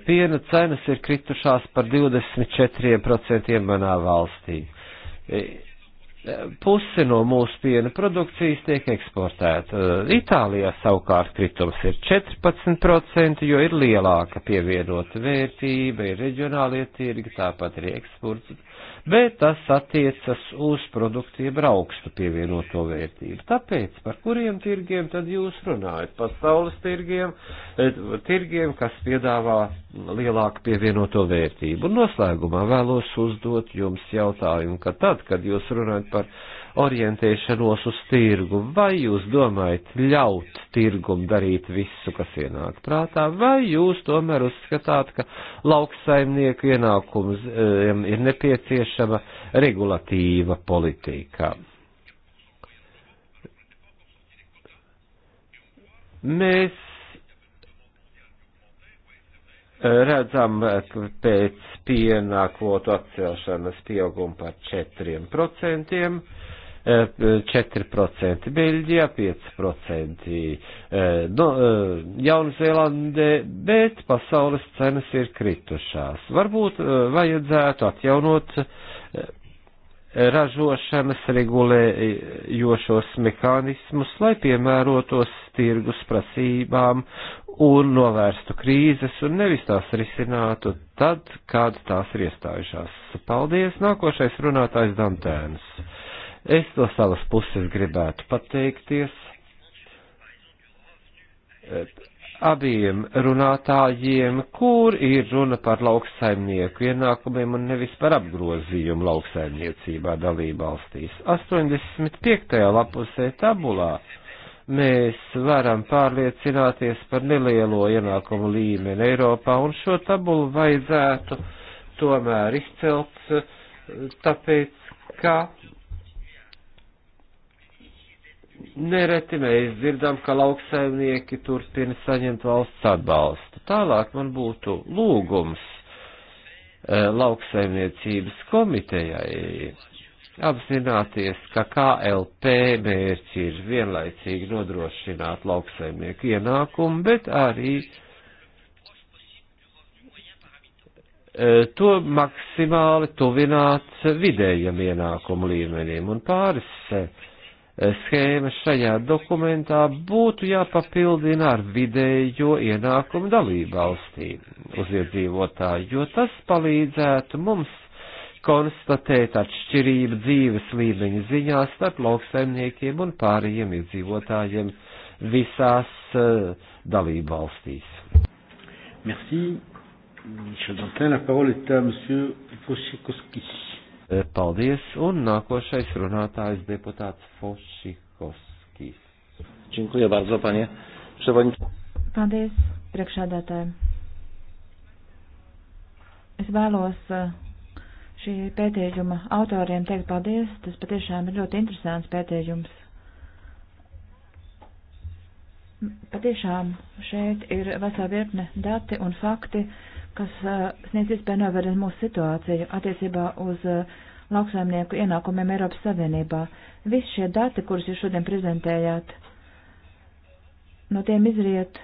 Piena cenas ir kritušās par 24% manā valstī pusi no mūsu piena produkcijas tiek eksportēta. Eh, Itālijā savukārt kritums ir 14%, jo ir lielāka pievienota vērtība, ir reģionālie tirgi, tāpat arī eksports bet tas attiecas uz produktiem ar augstu pievienoto vērtību. Tāpēc par kuriem tirgiem tad jūs runājat? Pasaules tirgiem, eh, tirgiem, kas piedāvā lielāku pievienoto vērtību. Un noslēgumā vēlos uzdot jums jautājumu, ka tad, kad jūs runājat par orientēšanos uz tirgu, vai jūs domājat ļaut tirgum darīt visu, kas ienāk prātā, vai jūs tomēr uzskatāt, ka lauksaimnieku ienākums um, ir nepieciešama regulatīva politika? Mēs redzam pēc piena kvotu atcelšanas pieauguma par 4%, 4%, Beļģijā 5%, eh, no, eh, Jaunzēlandē, bet pasaules cenas ir kritušās. Varbūt eh, vajadzētu atjaunot ražošanas regulējošos mehānismus, lai piemērotos tirgus prasībām un novērstu krīzes un nevis tās risinātu tad, kad tās ir iestājušās. Paldies! Nākošais runātājs Dantēns. Es no savas puses gribētu pateikties abiem runātājiem, kur ir runa par lauksaimnieku ienākumiem un nevis par apgrozījumu lauksaimniecībā dalībvalstīs. 85. lapusē tabulā mēs varam pārliecināties par nelielo ienākumu līmeni Eiropā, un šo tabulu vajadzētu tomēr izcelt, tāpēc, ka nereti mēs dzirdam, ka lauksaimnieki turpina saņemt valsts atbalstu. Tālāk man būtu lūgums eh, lauksaimniecības komitejai apzināties, ka KLP mērķi ir vienlaicīgi nodrošināt lauksaimnieku ienākumu, bet arī eh, to maksimāli tuvināt vidējam ienākumu līmenim un pāris eh, Eh, schēmas šajā dokumentā būtu jāpapildina ar vidējo ienākumu dalību valstī uz iedzīvotāju, jo tas palīdzētu mums konstatēt atšķirību dzīves līmeņa ziņā starp lauksaimniekiem un pārējiem iedzīvotājiem visās uh, dalību valstīs. Merci. Michel Dantin, la parole est à monsieur Wojciechowski. Eh, paldies, un nākošais runātājs deputāts Fošikovskis. Činkuja bardzo, panie. Ševaņ. Paldies, priekšādātāji. Es vēlos eh, šī pētījuma autoriem teikt paldies. Tas patiešām ir ļoti interesants pētījums. Patiešām šeit ir vesela virkne dati un fakti kas sniedz iespēju novērtēt mūsu situāciju attiecībā uz lauksaimnieku ienākumiem Eiropas Savienībā. Visi šie dati, kurus jūs šodien prezentējāt, no tiem izriet,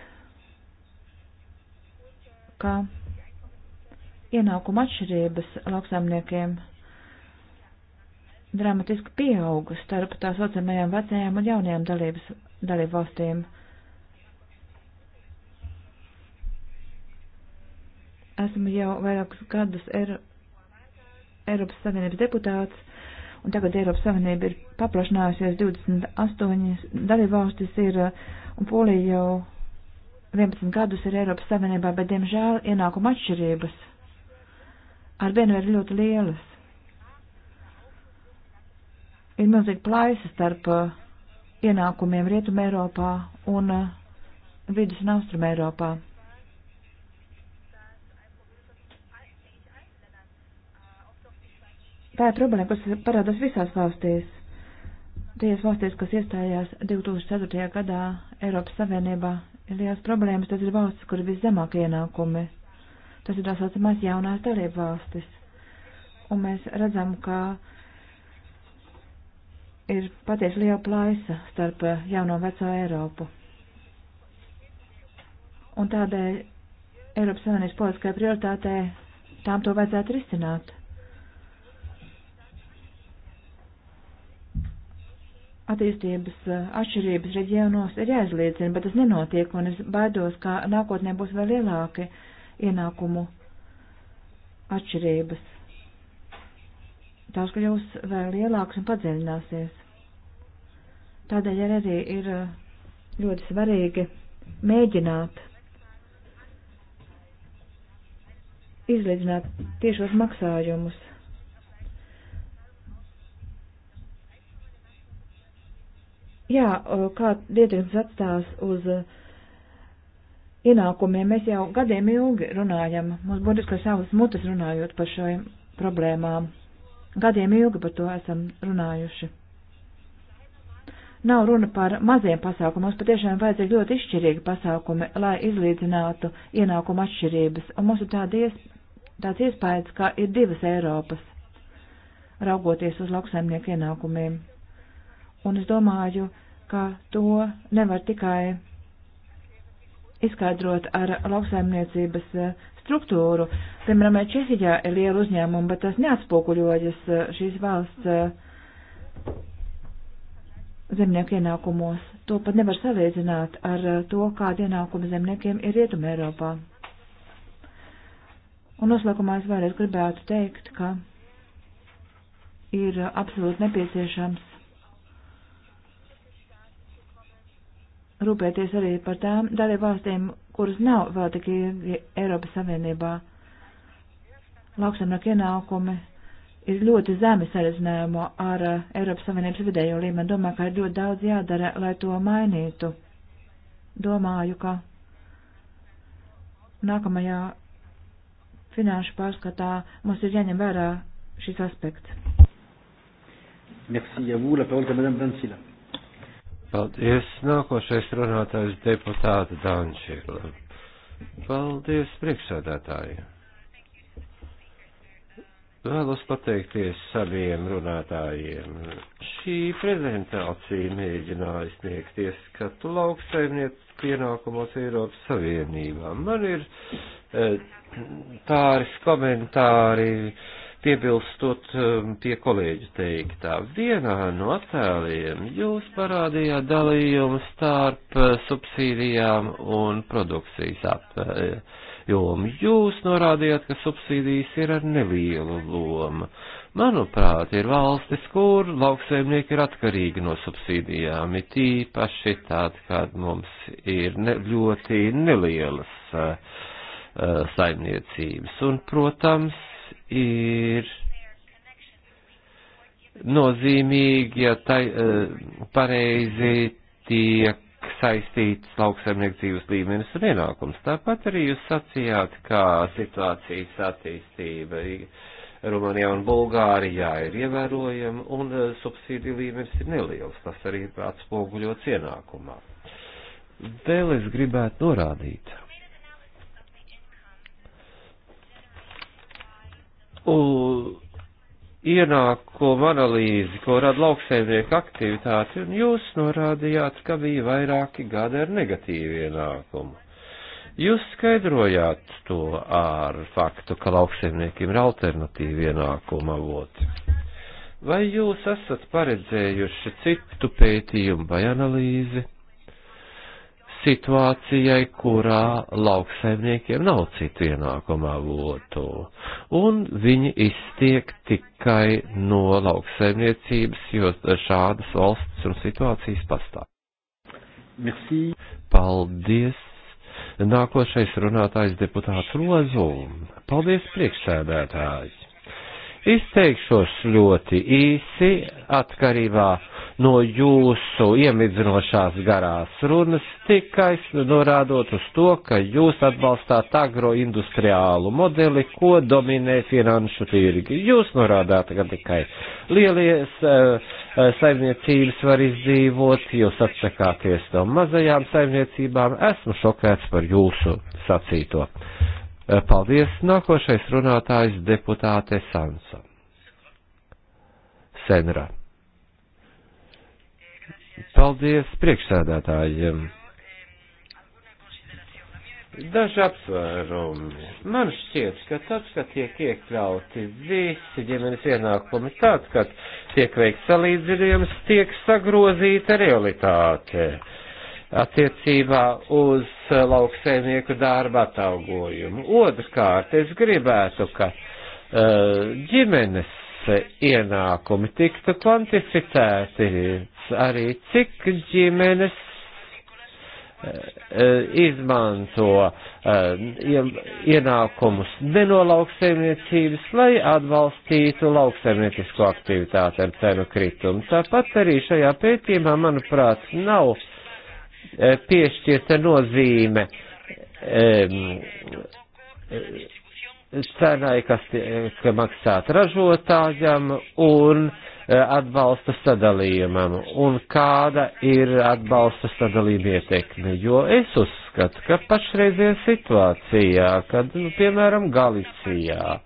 ka ienākuma atšķirības lauksaimniekiem dramatiski pieauga starp tā saucamajām vecajām un jaunajām dalības, dalību valstīm. Esmu jau vairākus gadus Eiro, Eiropas Savienības deputāts, un tagad Eiropas Savienība ir paplašinājusies 28 dalībvalstis ir, un Polija jau 11 gadus ir Eiropas Savienībā, bet, diemžēl, ienākuma atšķirības ar vienu ir ļoti lielas. Ir milzīgi plaisa starp uh, ienākumiem Rietumē Eiropā un uh, Vidus un Austrum Eiropā. Tā ir problēma, kas parādās visās valstīs. Tajās valstīs, kas iestājās 2004. gadā Eiropas Savienībā, ir liels problēmas. Tas ir valstis, kur ir viszemākie ienākumi. Tas ir tā saucamās jaunās dalību valstis. Un mēs redzam, ka ir patiesi liela plaisa starp jauno un veco Eiropu. Un tādēļ Eiropas Savienības politiskajai prioritātei tām to vajadzētu risināt. attīstības eh, atšķirības reģionos ir jāizliecina, bet tas nenotiek, un es baidos, ka nākotnē būs vēl lielāki ienākumu atšķirības. Tās kļūs vēl lielākas un padziļināsies. Tādēļ arī ir eh, ļoti svarīgi mēģināt izlīdzināt tiešos maksājumus. jā, uh, kā ietekmes atstās uz uh, ienākumiem, mēs jau gadiem ilgi runājam, mums būtiski savas mutes runājot par šajām problēmām. Gadiem ilgi par to esam runājuši. Nav runa par maziem pasākumiem, mums patiešām vajadzīgi ļoti izšķirīgi pasākumi, lai izlīdzinātu ienākumu atšķirības, un mums ir tāda ies, tāds iespējas, ka ir divas Eiropas, raugoties uz lauksaimnieku ienākumiem. Un es domāju, ka to nevar tikai izskaidrot ar lauksaimniecības eh, struktūru. Piemēram, Čehijā ir liela uzņēmuma, bet tas neatspoguļojas eh, šīs valsts eh, zemnieku ienākumos. To pat nevar salīdzināt ar to, kāda ienākuma zemniekiem ir Rietumē Eiropā. Un noslēgumā es vēlreiz gribētu teikt, ka ir absolūti nepieciešams rūpēties arī par tām dalību valstīm, kuras nav vēl tik ilgi Eiropas Savienībā. Lauksamnieku ienākumi ir ļoti zemi sarežģinājumu ar uh, Eiropas Savienības vidējo līmeni. Domāju, ka ir ļoti daudz jādara, lai to mainītu. Domāju, ka nākamajā finanšu pārskatā mums ir jāņem vērā šis aspekts. Merci à vous. La parole est à Madame Dancila. Paldies. Nākošais runātājs deputāta Dančila. Paldies, priekšsādātāji. Vēlos pateikties saviem runātājiem. Šī prezentācija mēģināja sniegt ieskatu lauksaimniecības pienākumos Eiropas Savienībā. Man ir e, pāris komentāri. E, piebilstot pie um, kolēģu teiktā. Vienā no attēliem jūs parādījāt dalījumu starp uh, subsīdijām un produkcijas apjomu. Jūs norādījāt, ka subsīdijas ir ar nelielu lomu. Manuprāt, ir valstis, kur lauksaimnieki ir atkarīgi no subsīdijām, it īpaši tād, kad mums ir ne, ļoti nelielas uh, uh saimniecības. Un, protams, ir nozīmīgi, ja tai, e, pareizi tiek saistīts lauksaimniecības līmenis un ienākums. Tāpat arī jūs sacījāt, kā situācijas attīstība Rumānijā un Bulgārijā ir ievērojama un e, subsīdiju līmenis ir neliels. Tas arī atspoguļots ienākumā. Vēl es gribētu norādīt, un ienākumu analīzi, ko rada lauksaimnieku aktivitāti, un jūs norādījāt, ka bija vairāki gadi ar negatīvu ienākumu. Jūs skaidrojāt to ar faktu, ka lauksaimniekiem ir alternatīvi ienākuma avoti. Vai jūs esat paredzējuši citu pētījumu vai analīzi? situācijai, kurā lauksaimniekiem nav citu ienākumu avotu, un viņi iztiek tikai no lauksaimniecības, jo šādas valsts un situācijas pastāv. Merci. Paldies! Nākošais runātājs deputāts Lozum. Paldies, priekšsēdētājs! Izteikšos ļoti īsi atkarībā no jūsu iemidzinošās garās runas, tikai norādot uz to, ka jūs atbalstāt agroindustriālu modeli, ko dominē finanšu tirgi. Jūs norādāt, ka tikai lielies eh, saimniecības var izdzīvot, jūs atsakāties no mazajām saimniecībām. Esmu šokēts par jūsu sacīto. Eh, paldies. Nākošais runātājs deputāte Sansa. Senra. Paldies priekšsēdētājiem. Daži apsvērumi. Man šķiet, ka tad, kad tiek iekļauti visi ģimenes ienākumi, tad, kad tiek veikts salīdzinājums, tiek sagrozīta realitāte. Uh, attiecībā uz eh, lauksaimnieku darba atalgojumu. Otrkārt, es gribētu, ka eh, ģimenes ienākumi tiktu kvantificēti arī, cik ģimenes eh, izmanto ienākumus nenolauksaimniecības, lai atbalstītu lauksaimniecisko aktivitāti ar cenu kritumu. Tāpat arī šajā pētījumā, manuprāt, nav uh, Eh, piešķirta nozīme cenai, kas tiek maksāt ražotājam un eh, atbalsta sadalījumam un kāda ir atbalsta sadalījuma ietekme, jo es uzskatu, ka pašreizajā situācijā, kad, nu, piemēram, Galicijā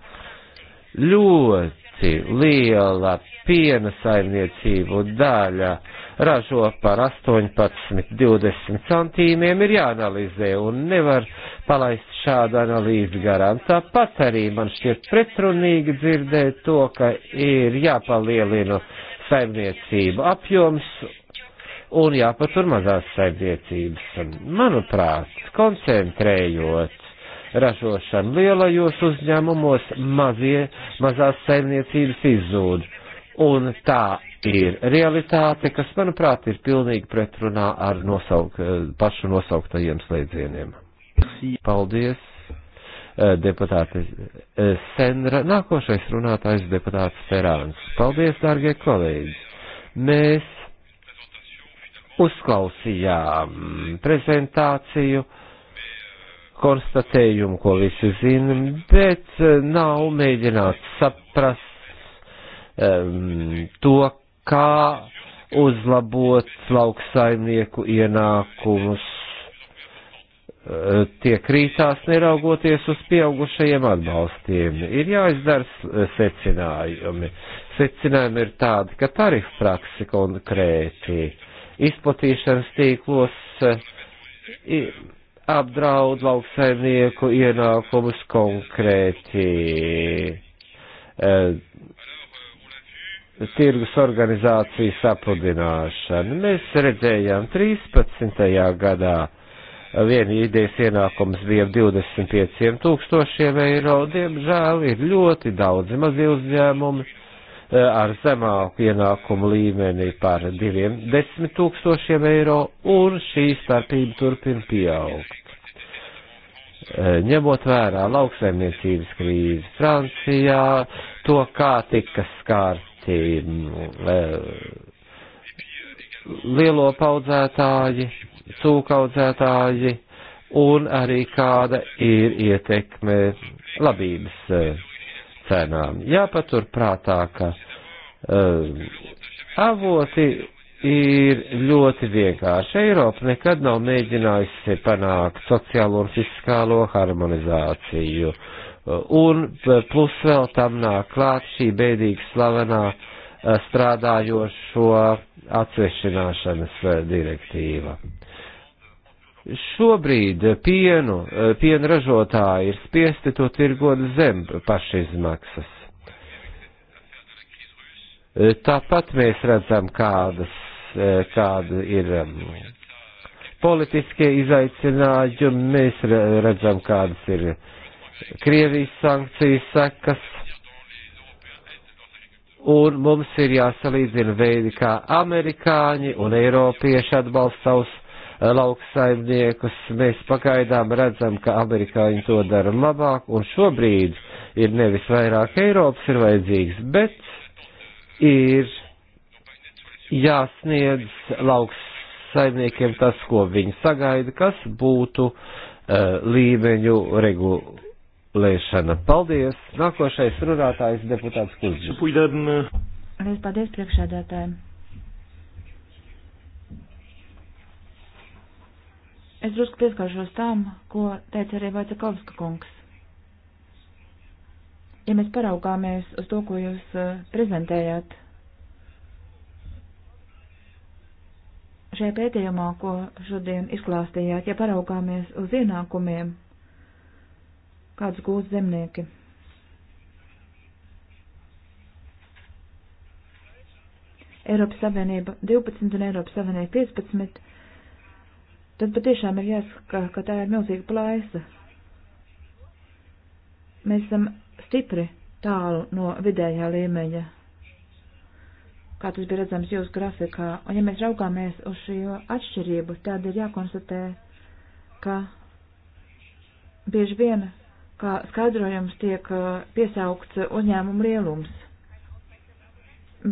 ļoti liela piena saimniecību daļa uh, ražo par 18, 20 centīmiem, ir jāanalizē un nevar palaist šādu analīzi garām. Tāpat arī man šķiet pretrunīgi dzirdēt to, ka ir jāpalielina saimniecību apjoms un jāpatur mazās saimniecības. Manuprāt, koncentrējot ražošanu lielajos uzņēmumos, mazie, mazās saimniecības izzūd. Un tā ir realitāte, kas, manuprāt, ir pilnīgi pretrunā ar nosauk, eh, pašu nosauktajiem slēdzieniem. Paldies, eh, deputāte eh, Senra. Nākošais runātājs deputāts Ferāns. Paldies, dārgie kolēģi. Mēs uzklausījām prezentāciju konstatējumu, ko visi zina, bet nav mēģināts saprast, um, to, kā uzlabot lauksaimnieku ienākumus. Eh, Tie krītās neraugoties uz pieaugušajiem atbalstiem. Ir jāizdara secinājumi. Secinājumi ir tādi, ka tarifu praksi konkrēti izplatīšanas tīklos eh, apdraud lauksaimnieku ienākumus konkrēti. Eh, tirgus organizācijas apludināšanu. Mēs redzējām 13. gadā viena idejas ienākums bija 25 tūkstošiem eiro. Diemžēl ir ļoti daudzi mazi uzņēmumi eh, ar zemāku ienākumu līmeni par diviem desmit tūkstošiem eiro, un šī starpība turpina pieaugt. Eh, ņemot vērā lauksaimniecības krīzi Francijā, to, kā tika skārs visi e, lielo paudzētāji, cūkaudzētāji un arī kāda ir ietekme labības e, cenām. Jāpatur prātā, ka e, avoti ir ļoti vienkārši. Eiropa nekad nav mēģinājusi panākt sociālo un fiskālo harmonizāciju. Uh, Uh, un plus vēl tam nāk klāt šī bēdīgi slavenā uh, strādājošo atsvešināšanas uh, direktīva. Šobrīd pienu, piena ražotāji ir spiesti to tirgot zem pašizmaksas. Tāpat mēs redzam, kādas, kāda ir um, politiskie izaicinājumi, mēs redzam, kādas ir uh, Krievijas sankcijas sekas, un mums ir jāsalīdzina veidi, kā amerikāņi un eiropieši atbalsta savus eh, lauksaimniekus. Mēs pagaidām redzam, ka amerikāņi to dara labāk, un šobrīd ir nevis vairāk Eiropas ir vajadzīgs, bet ir jāsniedz lauksaimniekiem tas, ko viņi sagaida, kas būtu uh, līmeņu regulējums lēšana. Paldies! Nākošais runātājs deputāts Kuzģis. Paldies, paldies priekšādātājiem! Es drusku pieskāršos tam, ko teica arī Vaicekovska kungs. Ja mēs paraugāmies uz to, ko jūs uh, prezentējāt šajā pētījumā, ko šodien izklāstījāt, ja paraugāmies uz ienākumiem, kādus gūst zemnieki. Eiropas Savienība 12 un Eiropas Savienība 15, tad patiešām ir jāsaka, ka tā ir milzīga plaisa. Mēs esam stipri tālu no vidējā līmeņa, kā tas bija redzams jūsu grafikā, un ja mēs raugāmies uz šo atšķirību, tad ir jākonstatē, ka bieži viena kā skaidrojums tiek uh, piesaukts uzņēmumu lielums.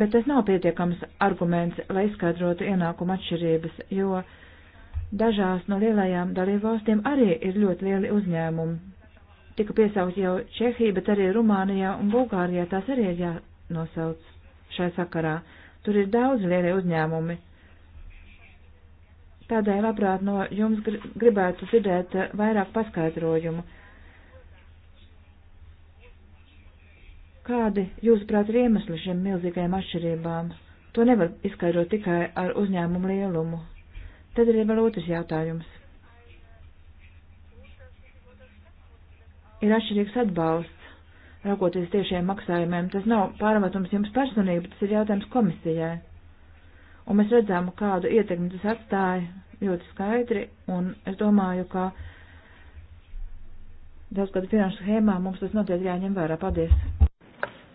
Bet tas nav pietiekams arguments, lai izskaidrotu ienākumu atšķirības, jo dažās no lielajām dalībvalstīm arī ir ļoti lieli uzņēmumi. Tika piesaukt jau Čehija, bet arī Rumānijā un Bulgārijā tās arī ir jānosauc šai sakarā. Tur ir daudz lielie uzņēmumi. Tādēļ labprāt no jums gribētu dzirdēt uh, vairāk paskaidrojumu Kādi, jūsuprāt, ir iemesli šiem milzīgajām atšķirībām? To nevar izskaidrot tikai ar uzņēmumu lielumu. Tad ir vēl otrs jautājums. Ir atšķirīgs atbalsts, raugoties tiešiem maksājumiem. Tas nav pārmetums jums personīgi, tas ir jautājums komisijai. Un mēs redzam, kādu ietekmi tas atstāja ļoti skaidri, un es domāju, ka daudz kādu finanšu schēmā mums tas noteikti jāņem vērā. Paldies!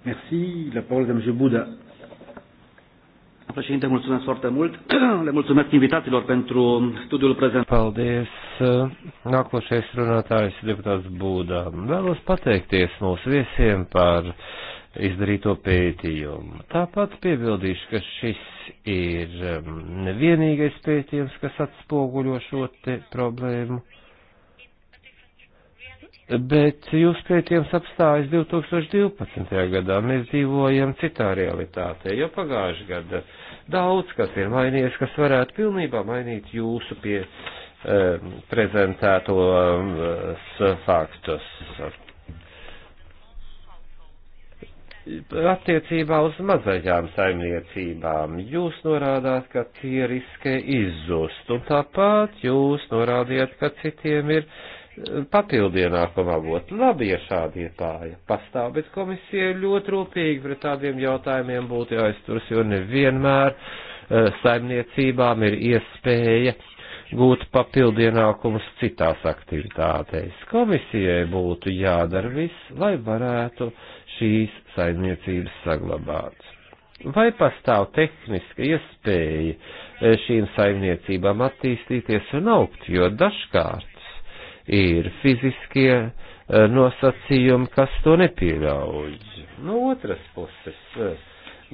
Merci. La parole est à M. Buda. Președinte, mulțumesc foarte mult. Le mulțumesc invitațiilor pentru studiul prezent. Paldies. Nākošais runātājs deputāts Būda. Vēlos pateikties mūsu viesiem par izdarīto pētījumu. Tāpat piebildīšu, ka šis ir nevienīgais mm, pētījums, kas atspoguļo šo te problēmu bet jūs pētījums apstājas 2012. gadā. Mēs dzīvojam citā realitātē, jo pagājuši gada daudz kas ir mainījies, kas varētu pilnībā mainīt jūsu pie um, prezentēto um, faktus. Attiecībā uz mazajām saimniecībām jūs norādāt, ka tie riskē izzust, un tāpat jūs norādījāt, ka citiem ir uh, papildienākuma avot. Labi, ja šādi ir pāja pastāv, bet komisija ļoti rūpīgi pret tādiem jautājumiem būtu jāizturas, jo nevienmēr eh, saimniecībām ir iespēja gūt papildienākumus citās aktivitātēs. Komisijai būtu jādara viss, lai varētu šīs saimniecības saglabāt. Vai pastāv tehniska iespēja eh, šīm saimniecībām attīstīties un augt, jo dažkārt ir fiziskie eh, nosacījumi, kas to nepieļauj. No otras puses, eh,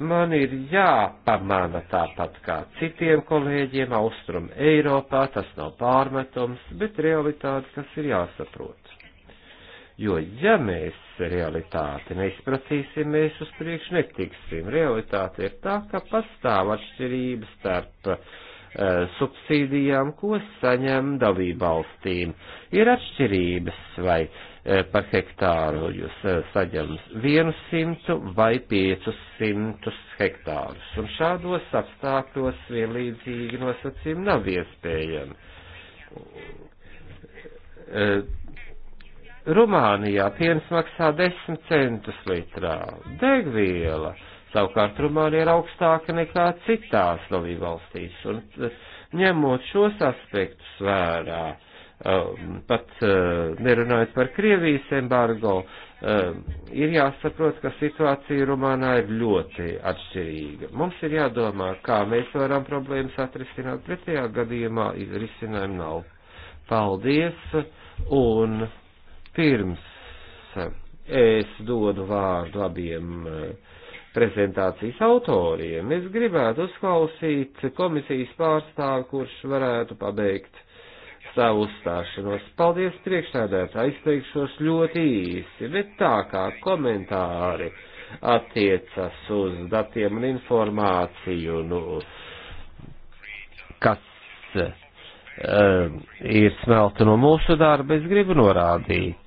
man ir jāpamana tāpat kā citiem kolēģiem Austrum Eiropā, tas nav pārmetums, bet realitāte, kas ir jāsaprot. Jo, ja mēs realitāti neizpratīsim, mēs uz priekšu netiksim. Realitāte ir tā, ka pastāv atšķirības starp uh, Eh, subsīdijām, ko saņem dalībvalstīm. Ir atšķirības, vai eh, par hektāru jūs eh, saņemat 100 vai 500 hektārus. Un šādos apstākļos vienlīdzīgi nosacījumi nav iespējami. Rumānijā piens maksā 10 centus litrā, degviela Savukārt Rumānija ir augstāka nekā citās dalībvalstīs. Un eh, ņemot šos aspektus vērā, um, pat uh, nerunājot par Krievijas embargo, um, ir jāsaprot, ka situācija Rumānā ir ļoti atšķirīga. Mums ir jādomā, kā mēs varam problēmas atrisināt, pretējā gadījumā risinājumu nav. Paldies! Un pirms eh, es dodu vārdu abiem uh, prezentācijas autoriem. Es gribētu uzklausīt komisijas pārstāvu, kurš varētu pabeigt savu uzstāšanos. Paldies priekšsēdētāji, izteikšos ļoti īsi, bet tā kā komentāri attiecas uz datiem un informāciju, nu, kas um, ir smelta no mūsu darba, es gribu norādīt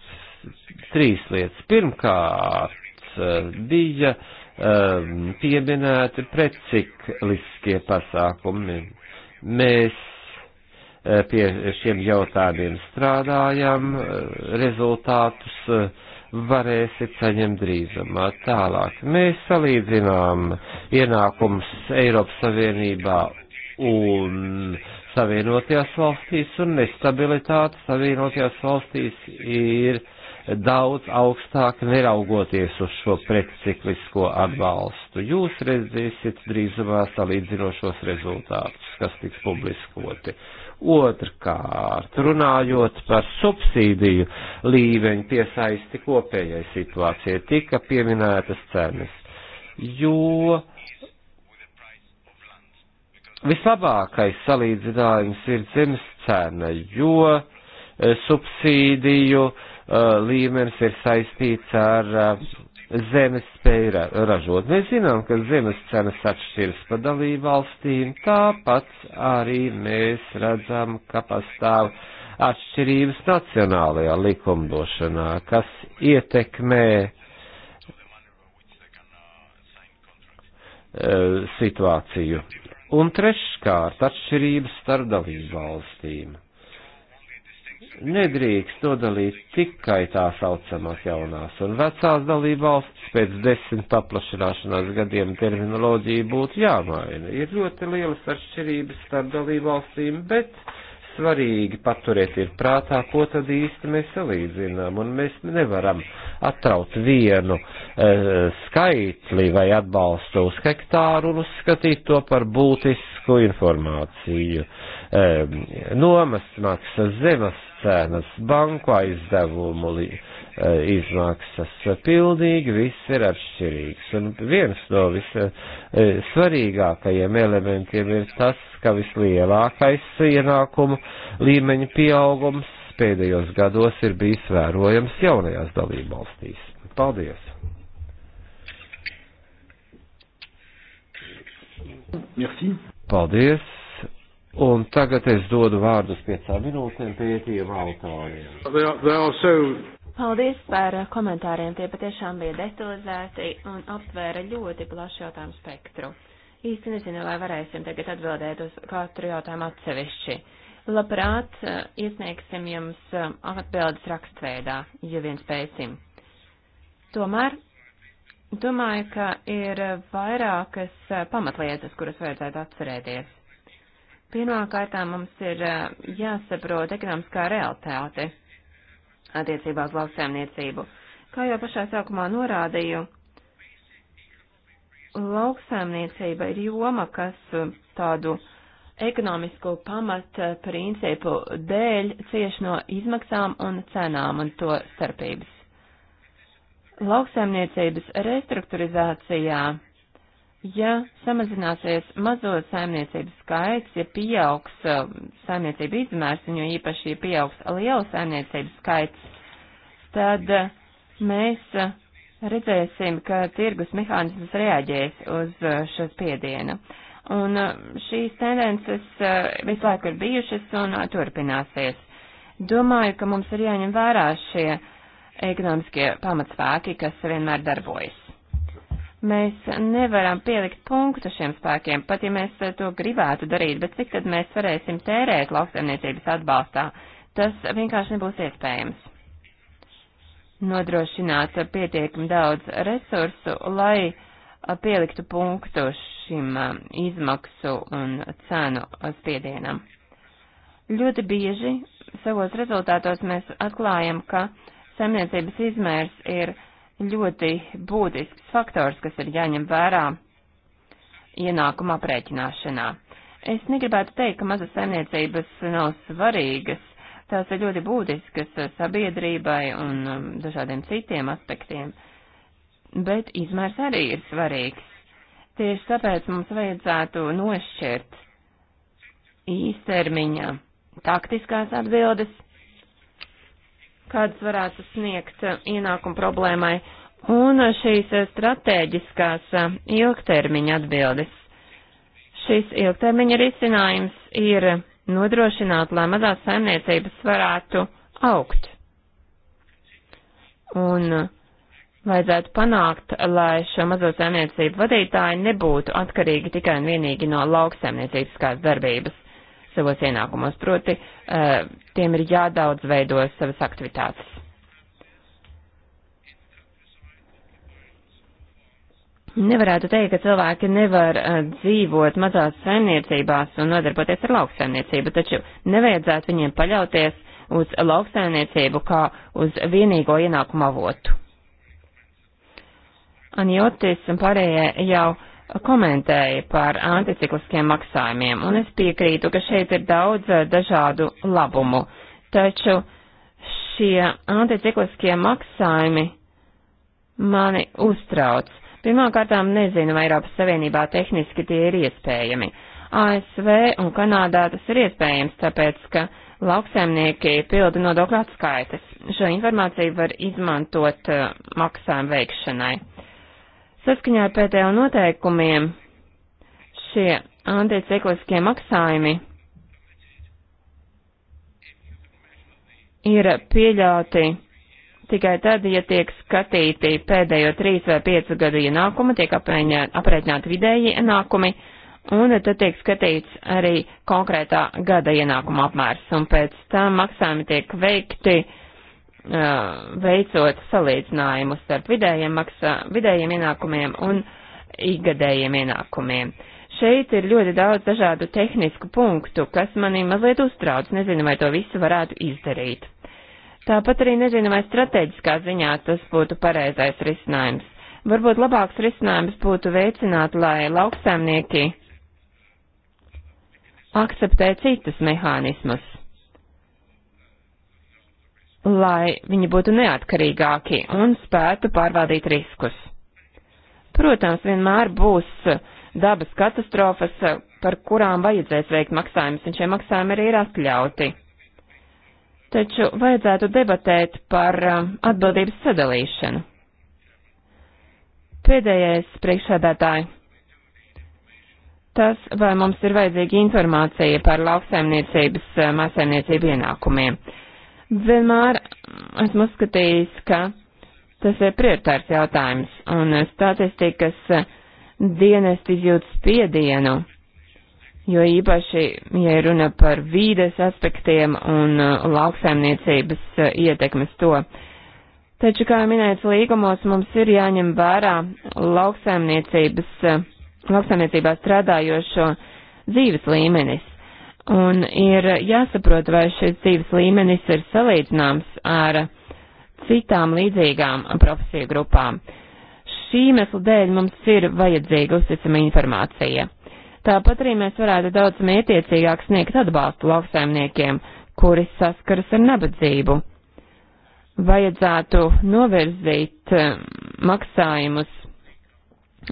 trīs lietas. Pirmkārt, bija uh, um, pieminēti precikliskie pasākumi. Mēs uh, pie šiem jautājumiem strādājam, uh, rezultātus uh, varēsit saņemt drīzumā. Tālāk mēs salīdzinām ienākumus Eiropas Savienībā un Savienotajās valstīs, un nestabilitāte Savienotajās valstīs ir daudz augstāk, neraugoties uz šo pretciklisko atbalstu. Jūs redzēsiet drīzumā salīdzinošos rezultātus, kas tiks publiskoti. Otrkārt, runājot par subsīdiju līmeņu piesaisti kopējai situācijai, tika pieminētas cenas, jo vislabākais salīdzinājums ir zemes cena, jo subsīdiju uh, Uh, līmenis ir saistīts ar uh, zemes spēju ražot. Mēs zinām, ka zemes cenas atšķiras pa dalību valstīm, tāpat arī mēs redzam, ka pastāv atšķirības nacionālajā likumdošanā, kas ietekmē uh, situāciju. Un treškārt atšķirības starp dalību valstīm nedrīkst nodalīt tikai tā saucamās jaunās un vecās dalībvalstis. Pēc desmit paplašanāšanās gadiem terminoloģija būtu jāmaina. Ir ļoti lielas atšķirības starp dalībvalstīm, bet svarīgi paturēt ir prātā, ko tad īsti mēs salīdzinām, un mēs nevaram atraut vienu e, skaitli vai atbalstu uz hektāru un uzskatīt to par būtisku informāciju. E, nomas maksas, zemes cenas, banku aizdevumu eh, izmaksas. Pilnīgi viss ir atšķirīgs. Un viens no vissvarīgākajiem eh, elementiem ir tas, ka vislielākais ienākumu līmeņa pieaugums pēdējos gados ir bijis vērojams jaunajās dalībvalstīs. Paldies! Merci. Paldies! Un tagad es dodu vārdus piecām minūtēm pētījuma autoriem. Paldies par komentāriem, tie patiešām bija detalizēti un aptvēra ļoti plašu jautājumu spektru. Īsti nezinu, vai varēsim tagad atbildēt uz katru jautājumu atsevišķi. Labprāt, iesniegsim jums um, atbildes rakstveidā, ja vien spēsim. Tomēr domāju, ka ir vairākas uh, pamatlietas, kuras vajadzētu atcerēties. Pirmkārt, mums ir eh, jāsaprot ekonomiskā realitāte attiecībā uz lauksaimniecību. Kā jau pašā sākumā norādīju, lauksaimniecība ir joma, kas eh, tādu ekonomisko pamata eh, principu dēļ cieš no izmaksām un cenām un to starpības. Lauksaimniecības restruktūrizācijā Ja samazināsies mazo saimniecību skaits, ja pieaugs uh, saimniecību izmērs, un jo īpaši, ja pieaugs liela saimniecību skaits, tad uh, mēs uh, redzēsim, ka tirgus mehānisms reaģēs uz šo spiedienu. Un šīs tendences visu laiku ir bijušas un turpināsies. Domāju, ka mums ir jāņem vērā šie ekonomiskie pamatspēki, kas vienmēr darbojas. Mēs nevaram pielikt punktu šiem spēkiem, pat ja mēs eh, to gribētu darīt, bet cik tad mēs varēsim tērēt lauksaimniecības atbalstā, tas vienkārši nebūs iespējams nodrošināt pietiekami daudz resursu, lai eh, pieliktu punktu šim eh, izmaksu un cenu spiedienam. Ļoti bieži savos rezultātos mēs atklājam, ka saimniecības izmērs ir ļoti būtisks faktors, kas ir jāņem vērā ienākuma aprēķināšanā. Es negribētu teikt, ka mazas saimniecības nav svarīgas. Tās ir ļoti būtiskas sabiedrībai un um, dažādiem citiem aspektiem, bet izmērs arī ir svarīgs. Tieši tāpēc mums vajadzētu nošķirt īstermiņa taktiskās atbildes kādas varētu sniegt uh, ienākumu problēmai, un uh, šīs uh, stratēģiskās ilgtermiņa atbildes. Šis ilgtermiņa risinājums ir nodrošināt, lai mazās saimniecības varētu augt. Un vajadzētu panākt, lai šo mazo saimniecību vadītāji nebūtu atkarīgi tikai un vienīgi no lauksaimniecības kādas darbības savos ienākumos, proti eh, tiem ir jādaudz veido savas aktivitātes. Nevarētu teikt, ka cilvēki nevar eh, dzīvot mazās saimniecībās un nodarboties ar lauksaimniecību, taču nevajadzētu viņiem paļauties uz lauksaimniecību kā uz vienīgo ienākumu avotu. Anjotis un pārējie jau uh, komentēja par anticikliskiem maksājumiem, un es piekrītu, ka šeit ir daudz eh, dažādu labumu, taču šie anticikliskie maksājumi mani uztrauc. Pirmkārtām nezinu, vai Eiropas Savienībā tehniski tie ir iespējami. ASV un Kanādā tas ir iespējams, tāpēc, ka lauksaimnieki pilda nodokļu atskaites. Šo informāciju var izmantot eh, maksājumu veikšanai. Uh, Saskaņā ar PTO noteikumiem šie anticikliskie maksājumi ir pieļauti tikai tad, ja tiek skatīti pēdējo trīs vai piecu gadu ienākumi, tiek aprēķināti vidēji ienākumi, un tad tiek skatīts arī konkrētā gada ienākuma apmērs, un pēc tam maksājumi tiek veikti uh, veicot salīdzinājumu starp vidējiem, maksā, vidējiem ienākumiem un ikgadējiem ienākumiem. Šeit ir ļoti daudz dažādu tehnisku punktu, kas manī mazliet uztrauc, nezinu, vai to visu varētu izdarīt. Tāpat arī nezinu, vai strateģiskā ziņā tas būtu pareizais risinājums. Varbūt labāks risinājums būtu veicināt, lai lauksaimnieki akceptē citus mehānismus, lai viņi būtu neatkarīgāki un spētu pārvaldīt riskus. Protams, vienmēr būs dabas katastrofas, par kurām vajadzēs veikt maksājumus, un šie maksājumi arī ir atļauti. Taču vajadzētu debatēt par um, atbildības sadalīšanu. Pēdējais priekšsēdētāji. Tas, vai mums ir vajadzīga informācija par lauksaimniecības, uh, māsaimniecību ienākumiem. Uh, Vienmēr esmu uzskatījis, ka tas ir prioritārs jautājums, un statistikas dienest izjūt spiedienu, jo īpaši, ja runa par vīdes aspektiem un uh, lauksaimniecības uh, ietekmes to. Taču, kā minēts līgumos, mums ir jāņem vērā lauksaimniecības, uh, lauksaimniecībā strādājošo dzīves līmenis. Un ir jāsaprot, vai šis dzīves līmenis ir salīdzināms ar citām līdzīgām profesiju grupām. Šī mesla dēļ mums ir vajadzīga uzticama informācija. Tāpat arī mēs varētu daudz mētiecīgāk sniegt atbalstu lauksaimniekiem, kuri saskaras ar nabadzību. Vajadzētu novirzīt eh, maksājumus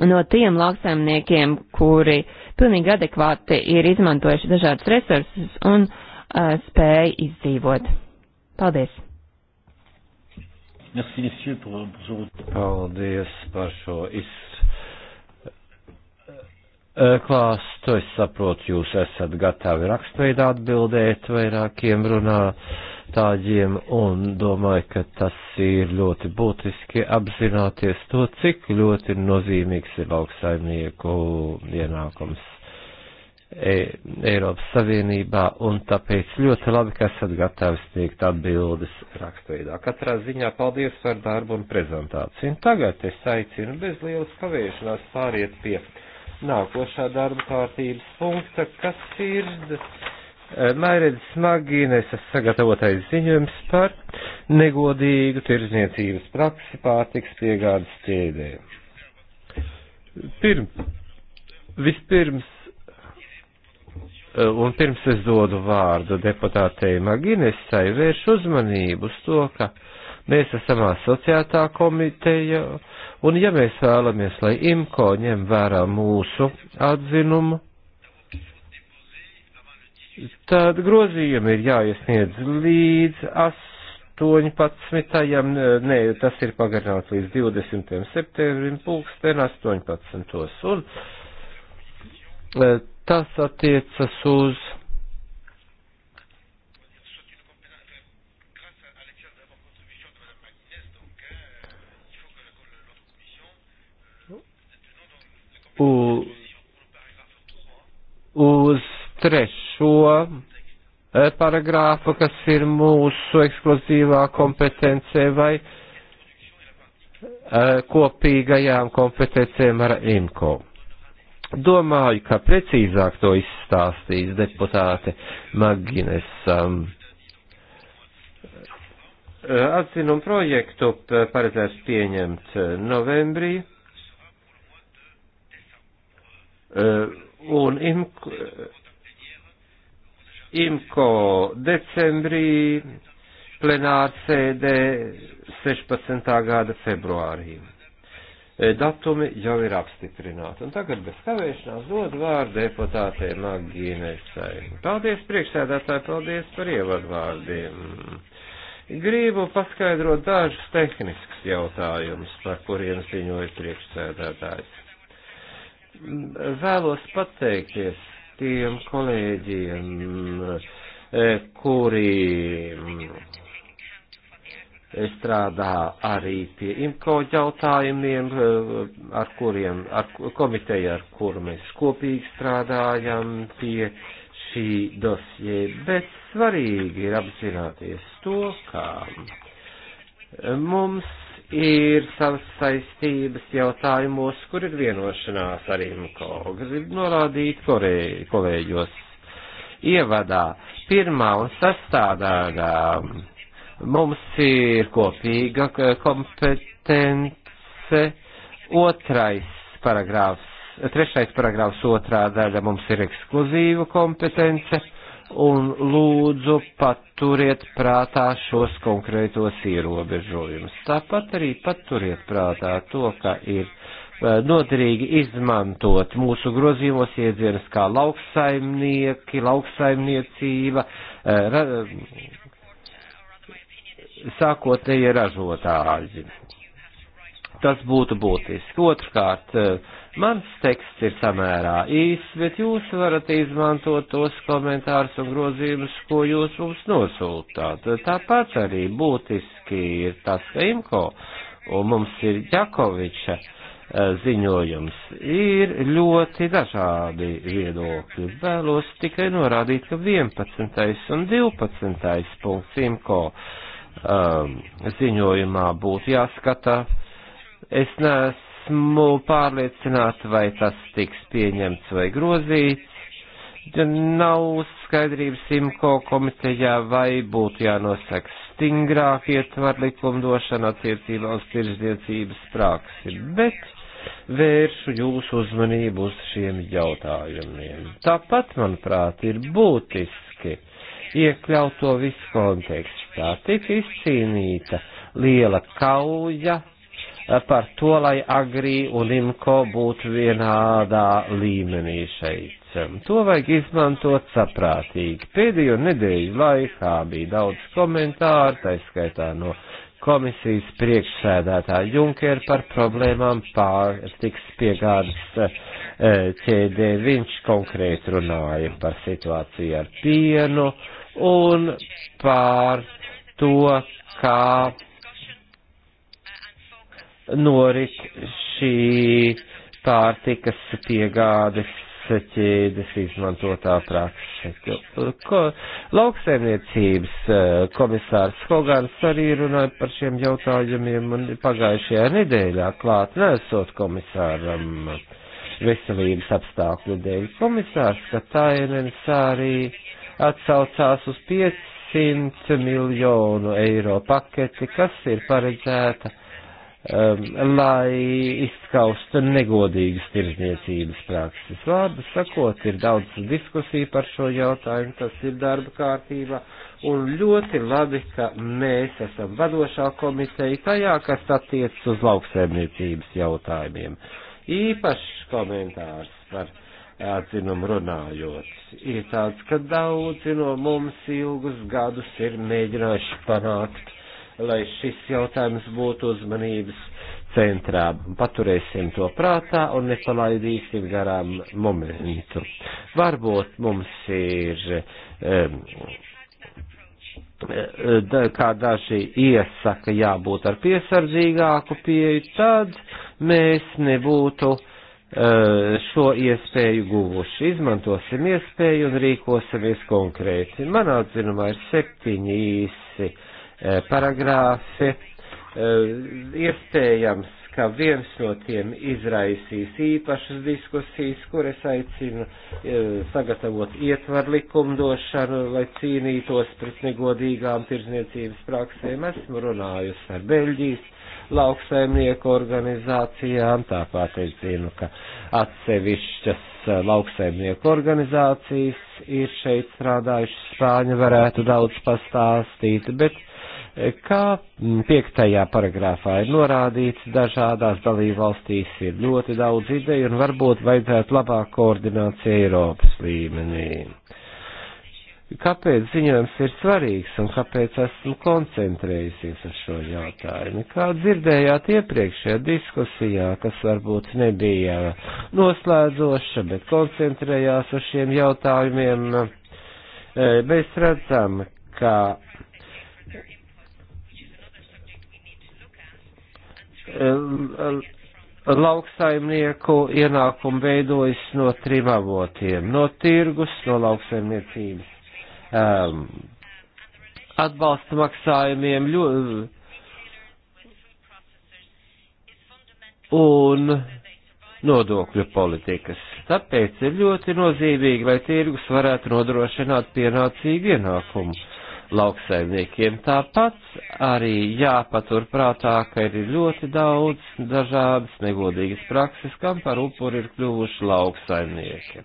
no tiem lauksaimniekiem, kuri uh, pilnīgi adekvāti ir izmantojuši dažādas resursus un uh, eh, spēja izdzīvot. Paldies! Merci, messieurs, pour, pour... Paldies par šo iz... Eh, klāstu. Es saprotu, jūs esat gatavi rakstveidā atbildēt vairākiem runā vēlētājiem, un domāju, ka tas ir ļoti būtiski apzināties to, cik ļoti nozīmīgs ir lauksaimnieku ienākums. E, Eiropas Savienībā, un tāpēc ļoti labi, ka esat gatavi sniegt atbildes rakstveidā. Katrā ziņā paldies par darbu un prezentāciju. Un tagad es aicinu bez lielas kavēšanās pāriet pie nākošā darba kārtības punkta, kas ir Eh, Mairedz Smagīnes sagatavotais ziņojums par negodīgu tirzniecības praksi pārtiks piegādes ķēdē. Pirms, vispirms, eh, un pirms es dodu vārdu deputātei Maginesai, vērš uzmanību uz to, ka mēs esam asociētā komiteja, un ja mēs vēlamies, lai IMKO ņem vērā mūsu atzinumu, Tad grozījumi ir jāiesniedz līdz 18. Nē, tas ir pagarināts līdz 20. septembrim, pulksten 18. Un e, tas attiecas uz. uz treš, šo eh, paragrāfu, kas ir mūsu ekskluzīvā kompetencē vai eh, kopīgajām kompetencēm ar IMCO. Domāju, ka precīzāk to izstāstīs deputāte Magines. Um, eh, atzinumu projektu paredzēts pieņemt novembrī. Un IMCO decembrī, plenārsēdē 16. gada februārī. E, datumi jau ir apstiprināti. Un tagad bez kavēšanās dod vārdu deputātei Magīnesai. Paldies priekšsēdētāji, paldies par ievadvārdiem. Gribu paskaidrot dažus tehniskus jautājumus, par kuriem ziņoja priekšsēdētājs. Vēlos pateikties tiem kolēģiem, eh, kuri eh, strādā arī pie imko jautājumiem, eh, ar kuriem, ar komiteju, ar kuru mēs kopīgi strādājam pie šī dosie, bet svarīgi ir apzināties to, kā mums ir savas saistības jautājumos, kur ir vienošanās arī MKO, kas ir norādīt kolēģos ievadā. Pirmā un sastādā mums ir kopīga kompetence, otrais paragrāfs, trešais paragrāfs otrā daļa mums ir ekskluzīva kompetence un lūdzu paturiet prātā šos konkrētos ierobežojumus. Tāpat arī paturiet prātā to, ka ir e, noderīgi izmantot mūsu grozījumos iedzienas kā lauksaimnieki, lauksaimniecība, e, ra, e, sākotnēji ražotāji. Tas būtu būtiski. Otrkārt, Mans teksts ir samērā īss, bet jūs varat izmantot tos komentārus un grozījumus, ko jūs mums nosūtāt. Tāpat arī būtiski ir tas, ka Imko un mums ir Ďakoviča e, ziņojums. Ir ļoti dažādi viedokļi. Vēlos tikai norādīt, ka 11. un 12. punkts Imko um, ziņojumā būtu jāskata. Es neesmu Neesmu pārliecināta, vai tas tiks pieņemts vai grozīts. Nav skaidrības Simko komitejā, vai būtu jānosaka stingrāk ietvar likumdošana attiecībā uz tirdzniecības praksi, bet vēršu jūsu uzmanību uz šiem jautājumiem. Tāpat, manuprāt, ir būtiski iekļaut to visu kontekstā. Tik izcīnīta liela kauja par to, lai agrī un imko būtu vienādā līmenī šeit. To vajag izmantot saprātīgi. Pēdējo nedēļu laikā bija daudz komentāru, taiskaitā no komisijas priekšsēdētāja Junkera par problēmām pārtiks piegādes e, ķēdē. Viņš konkrēti runāja par situāciju ar pienu un par to, kā norit šī pārtikas piegādes ķēdes izmantotā prakse. Ko, lauksaimniecības eh, komisārs Hogans arī runāja par šiem jautājumiem un pagājušajā nedēļā klāt nesot komisāram veselības apstākļu dēļ. Komisārs Katainens arī atsaucās uz 500 miljonu eiro paketi, kas ir paredzēta Um, lai izskaustu negodīgas tirdzniecības prakses. Vārdu sakot, ir daudz diskusiju par šo jautājumu, tas ir darba kārtībā, un ļoti labi, ka mēs esam vadošā komiteja tajā, kas attiec uz lauksēmniecības jautājumiem. Īpašs komentārs par atzinumu runājot ir tāds, ka daudzi no mums ilgus gadus ir mēģinājuši panākt lai šis jautājums būtu uzmanības centrā. Paturēsim to prātā un nepalaidīsim garām momentu. Varbūt mums ir. Um, kā daži iesaka, jābūt ar piesardzīgāku pieeju, tad mēs nebūtu eh, šo iespēju guvuši. Izmantosim iespēju un rīkosimies konkrēti. Manā atzinumā ir septiņi īsi Eh, paragrāfi. Eh, iespējams, ka viens no tiem izraisīs īpašas diskusijas, kur es aicinu eh, sagatavot ietvaru likumdošanu, lai cīnītos pret negodīgām tirzniecības praksēm. Esmu runājusi ar Beļģijas lauksaimnieku organizācijām, tāpat es zinu, ka atsevišķas lauksaimnieku organizācijas ir šeit strādājušas, Spāņa varētu daudz pastāstīt, bet Kā piektajā paragrāfā ir norādīts, dažādās dalībvalstīs ir ļoti daudz ideju un varbūt vajadzētu labāk koordinācija Eiropas līmenī. Kāpēc ziņojums ir svarīgs un kāpēc esmu koncentrējusies uz šo jautājumu? Kā dzirdējāt iepriekšējā diskusijā, kas varbūt nebija noslēdzoša, bet koncentrējās uz šiem jautājumiem, mēs redzam, ka lauksaimnieku ienākumu veidojas no trim avotiem - no tirgus, no lauksaimniecības um, atbalsta maksājumiem. Ļo, un nodokļu politikas. Tāpēc ir ļoti nozīmīgi, lai tirgus varētu nodrošināt pienācīgu ienākumu lauksaimniekiem. Tāpat arī jāpaturprātā, ka ir ļoti daudz dažādas negodīgas prakses, kam par upuri ir kļuvuši lauksaimnieki.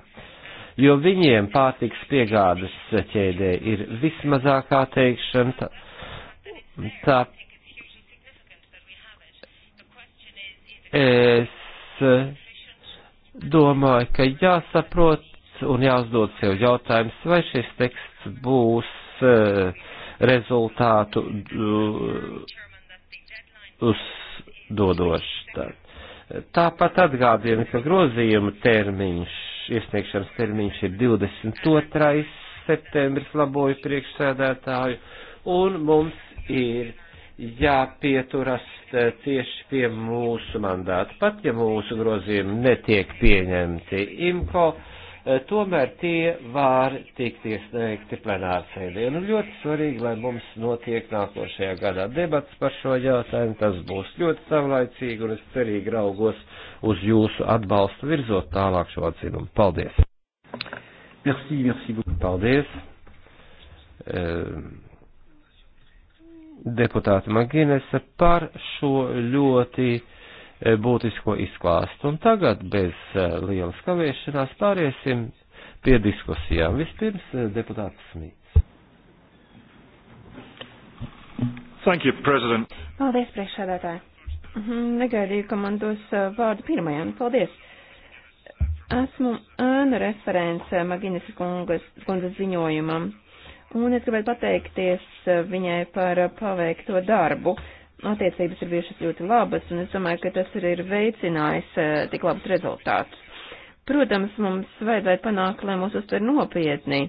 Jo viņiem pārtiks piegādes ķēdē ir vismazākā teikšana. Tā, tā es domāju, ka jāsaprot un jāuzdod sev jautājums, vai šis teksts būs Eh, rezultātu eh, uzdodoši. Tāpat atgādina, ka grozījuma termiņš, iesniegšanas termiņš ir 22. septembris, laboju priekšsēdētāju, un mums ir jāpieturas eh, tieši pie mūsu mandāta. Pat ja mūsu grozījumi netiek pieņemti, IMCO Eh, tomēr tie var tikt iesniegti plenāra sēdē. Un ļoti svarīgi, lai mums notiek nākošajā gadā debats par šo jautājumu, tas būs ļoti savlaicīgi, un es cerīgi raugos uz jūsu atbalstu virzot tālāk šo atzinumu. Paldies! Merci, merci beaucoup. Paldies! Eh, deputāte Maginese par šo ļoti E, būtisko izklāstu. Un tagad bez e, lielas kavēšanās pāriesim pie diskusijām. Vispirms e, deputāts Smits. Thank you, President. Paldies, priekšsēdētāji. Mhm, negaidīju, ka man dos vārdu pirmajam. Paldies. Esmu ēnu referents Maginas kundzes ziņojumam, un es gribētu pateikties viņai par paveikto darbu. Uh, attiecības ir bijušas ļoti labas, un es domāju, ka tas arī ir veicinājis eh, tik labus rezultātus. Protams, mums vajadzēja panākt, lai mūs uztver nopietni.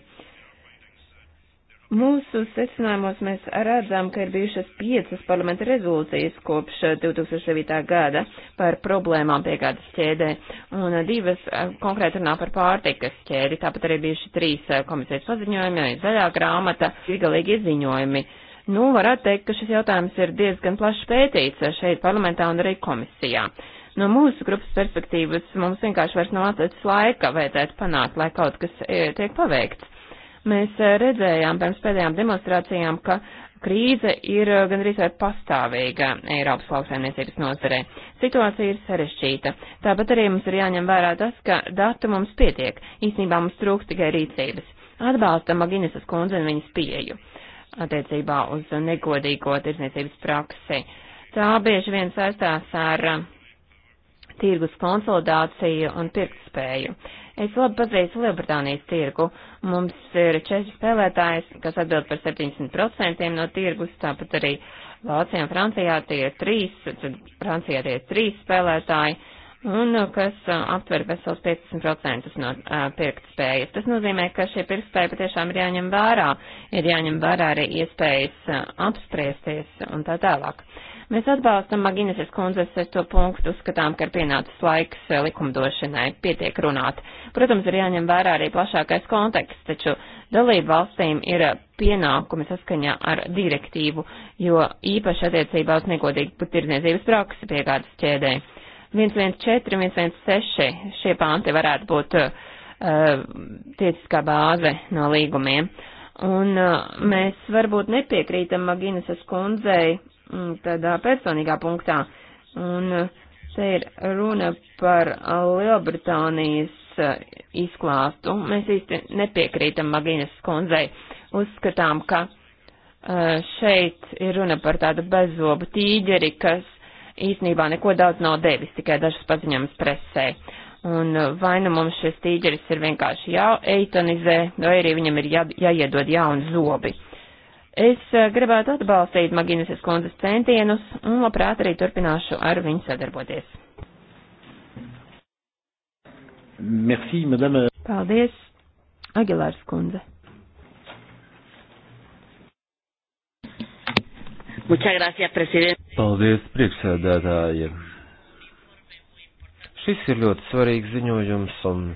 Mūsu secinājumos mēs redzam, ka ir bijušas piecas parlamenta rezolūcijas kopš 2009. Eh, gada par problēmām piegādas ķēdē, un eh, divas konkrēti runā par pārtikas ķēdi, tāpat arī bijuši trīs komisijas paziņojumi, zaļā grāmata, vigalīgi izziņojumi. Uh, Nu, varētu teikt, ka šis jautājums ir diezgan plaši pētīts šeit parlamentā un arī komisijā. No mūsu grupas perspektīvas mums vienkārši vairs nav atlicis laika vajadzētu panākt, lai kaut kas e, tiek paveikts. Mēs e, redzējām pirms pēdējām demonstrācijām, ka krīze ir e, gandrīz vai pastāvīga Eiropas lauksaimniecības nozarē. Situācija ir sarešķīta. Tāpat arī mums ir jāņem vērā tas, ka datu mums pietiek. Īsnībā mums trūkst tikai rīcības. Atbalstam Maginisas kundzi un viņas pieeju attiecībā uz negodīgo tirsniecības praksi. Tā bieži vien saistās ar um, tirgus konsolidāciju un pirktspēju. Es labi pazīstu Lielbritānijas tirgu. Mums ir četri spēlētāji, kas atbild par 70% no tirgus, tāpat arī Vācijā un Francijā tie ir trīs, tad Francijā tie ir trīs spēlētāji. Uh, un uh, kas uh, aptver vesels 15% no uh, pirktspējas. Tas nozīmē, ka šie pirktspēja patiešām ir jāņem vērā, ir jāņem vērā arī iespējas apspriesties un tā tālāk. Mēs atbalstam Magineses kundzes sesto punktu, uzskatām, ka ir pienācis laiks likumdošanai, pietiek runāt. Protams, ir jāņem vērā arī plašākais konteksts, taču dalību valstīm ir pienākumi saskaņā ar direktīvu, jo īpaši attiecībā uz negodīgu tirdzniecības praksi piegādas ķēdēji. 114, 116 šie panti varētu būt uh, tiesiskā bāze no līgumiem. Un uh, mēs varbūt nepiekrītam Maginas kundzei mm, tādā personīgā punktā. Un uh, te ir runa par Lielbritānijas uh, izklāstu. Mēs īsti nepiekrītam Maginas kundzei. Uzskatām, ka uh, šeit ir runa par tādu bezobu tīģeri, kas īsnībā neko daudz nav devis, tikai dažas paziņojumas presē. Un uh, vai nu mums šis tīģeris ir vienkārši jāeitonizē, vai arī viņam ir jā, jāiedod jauni zobi. Es uh, gribētu atbalstīt Magineses kundzes centienus un labprāt arī turpināšu ar viņu sadarboties. Merci, madame. Paldies, Agilārs kundze. Muchas gracias, prezident. Paldies, priekšsēdētāji. Šis ir ļoti svarīgs ziņojums, un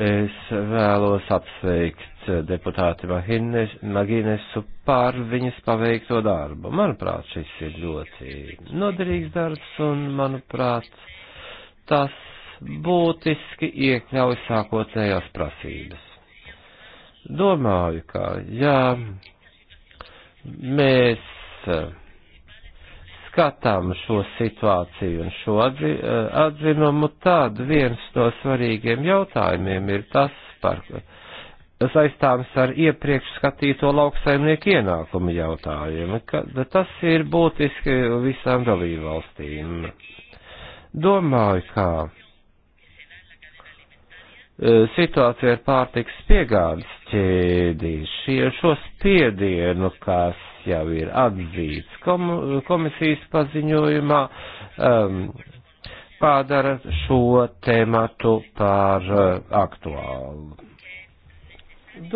es vēlos apsveikt deputāti Magīnesu par viņas paveikto darbu. Manuprāt, šis ir ļoti noderīgs darbs, un manuprāt, tas būtiski iekļauj sākotnējās prasības. Domāju, ka, ja mēs skatām šo situāciju un šo atzi, eh, atzinumu, tad viens no svarīgiem jautājumiem ir tas par saistāms ar iepriekš skatīto lauksaimnieku ienākumu jautājumu. Ka, tas ir būtiski visām dalībvalstīm. Domāju, kā E, situācija ar pārtiks piegādes ķēdī, šie, šo spiedienu, kas jau ir atzīts kom, komisijas paziņojumā, um, pādara šo tematu par uh, aktuālu.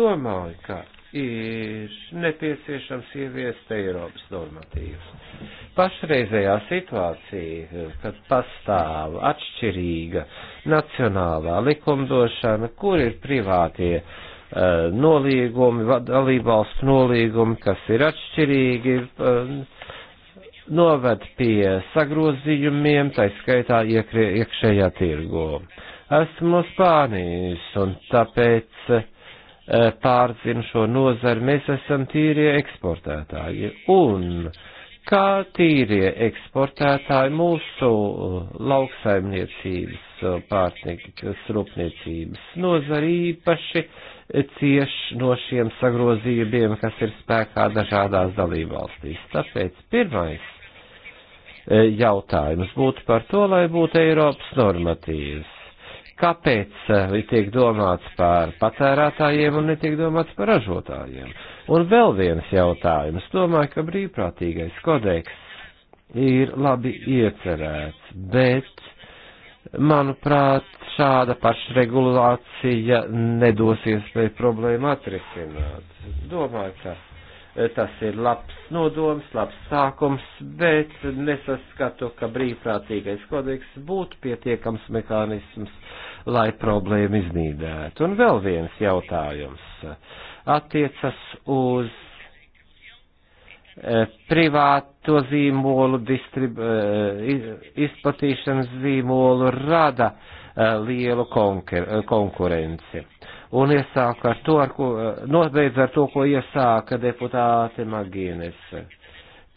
Domāju, ka ir nepieciešams ieviest Eiropas normatīvas. Pašreizējā situācija, kad pastāv atšķirīga nacionālā likumdošana, kur ir privātie uh, nolīgumi, dalībvalstu nolīgumi, kas ir atšķirīgi, uh, noved pie sagrozījumiem, tā skaitā iekrie, iekšējā tirgo. Esmu no Spānijas, un tāpēc uh, Eh, pārzina šo nozari, mēs esam tīrie eksportētāji. Un kā tīrie eksportētāji mūsu eh, lauksaimniecības, eh, pārtikas rūpniecības nozari īpaši cieš no šiem sagrozījumiem, kas ir spēkā dažādās dalībvalstīs. Tāpēc pirmais jautājums būtu par to, lai būtu Eiropas normatīvas kāpēc eh, tiek domāts par patērētājiem un netiek domāts par ražotājiem. Un vēl viens jautājums. Domāju, ka brīvprātīgais kodeks ir labi iecerēts, bet, manuprāt, šāda pašregulācija nedosies vai problēma atrisināt. Domāju, ka Eh, tas ir labs nodoms, labs sākums, bet nesaskatu, ka brīvprātīgais kodeks būtu pietiekams mehānisms, lai problēmu iznīdētu. Un vēl viens jautājums eh, attiecas uz eh, privāto zīmolu distribu, izplatīšanas zīmolu rada lielu konkurenci un iesāka ar to, ar ko, nobeidz ar to, ko iesāka deputāte Magīnes,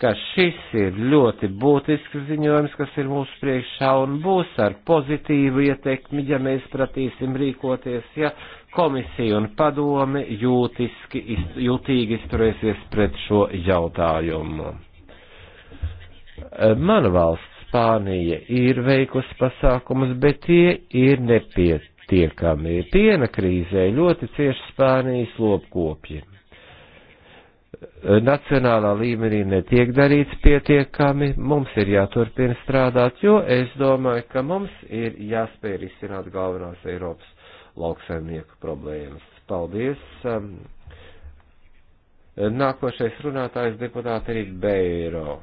ka šis ir ļoti būtisks ziņojums, kas ir mūsu priekšā un būs ar pozitīvu ietekmi, ja mēs pratīsim rīkoties, ja komisija un padome jūtiski, jūtīgi izturēsies pret šo jautājumu. Mana valsts Spānija ir veikusi pasākumus, bet tie ir nepietiekami pietiekami. Piena krīzē ļoti cieši Spānijas lopkopji. Nacionālā līmenī netiek darīts pietiekami, mums ir jāturpina strādāt, jo es domāju, ka mums ir jāspēj risināt galvenās Eiropas lauksaimnieku problēmas. Paldies! Um, nākošais runātājs deputāti ir Beiro.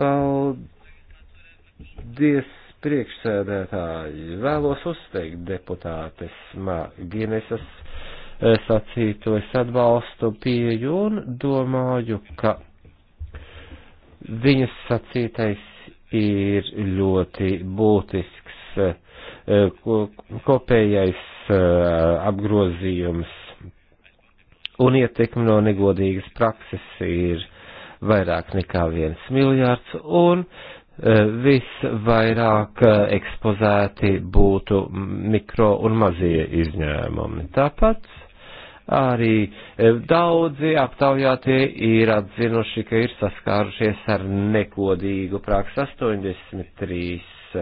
Paldies! priekšsēdētāji, vēlos uzteikt deputātes Maginesas eh, sacīto, es atbalstu pieju un domāju, ka viņas sacītais ir ļoti būtisks eh, kopējais eh, apgrozījums un ietekmi no negodīgas prakses ir vairāk nekā viens miljārds un uh, Eh, visvairāk eh, ekspozēti būtu mikro un mazie izņēmumi. Tāpat arī eh, daudzi aptaujātie ir atzinuši, ka ir saskārušies ar nekodīgu praksi 83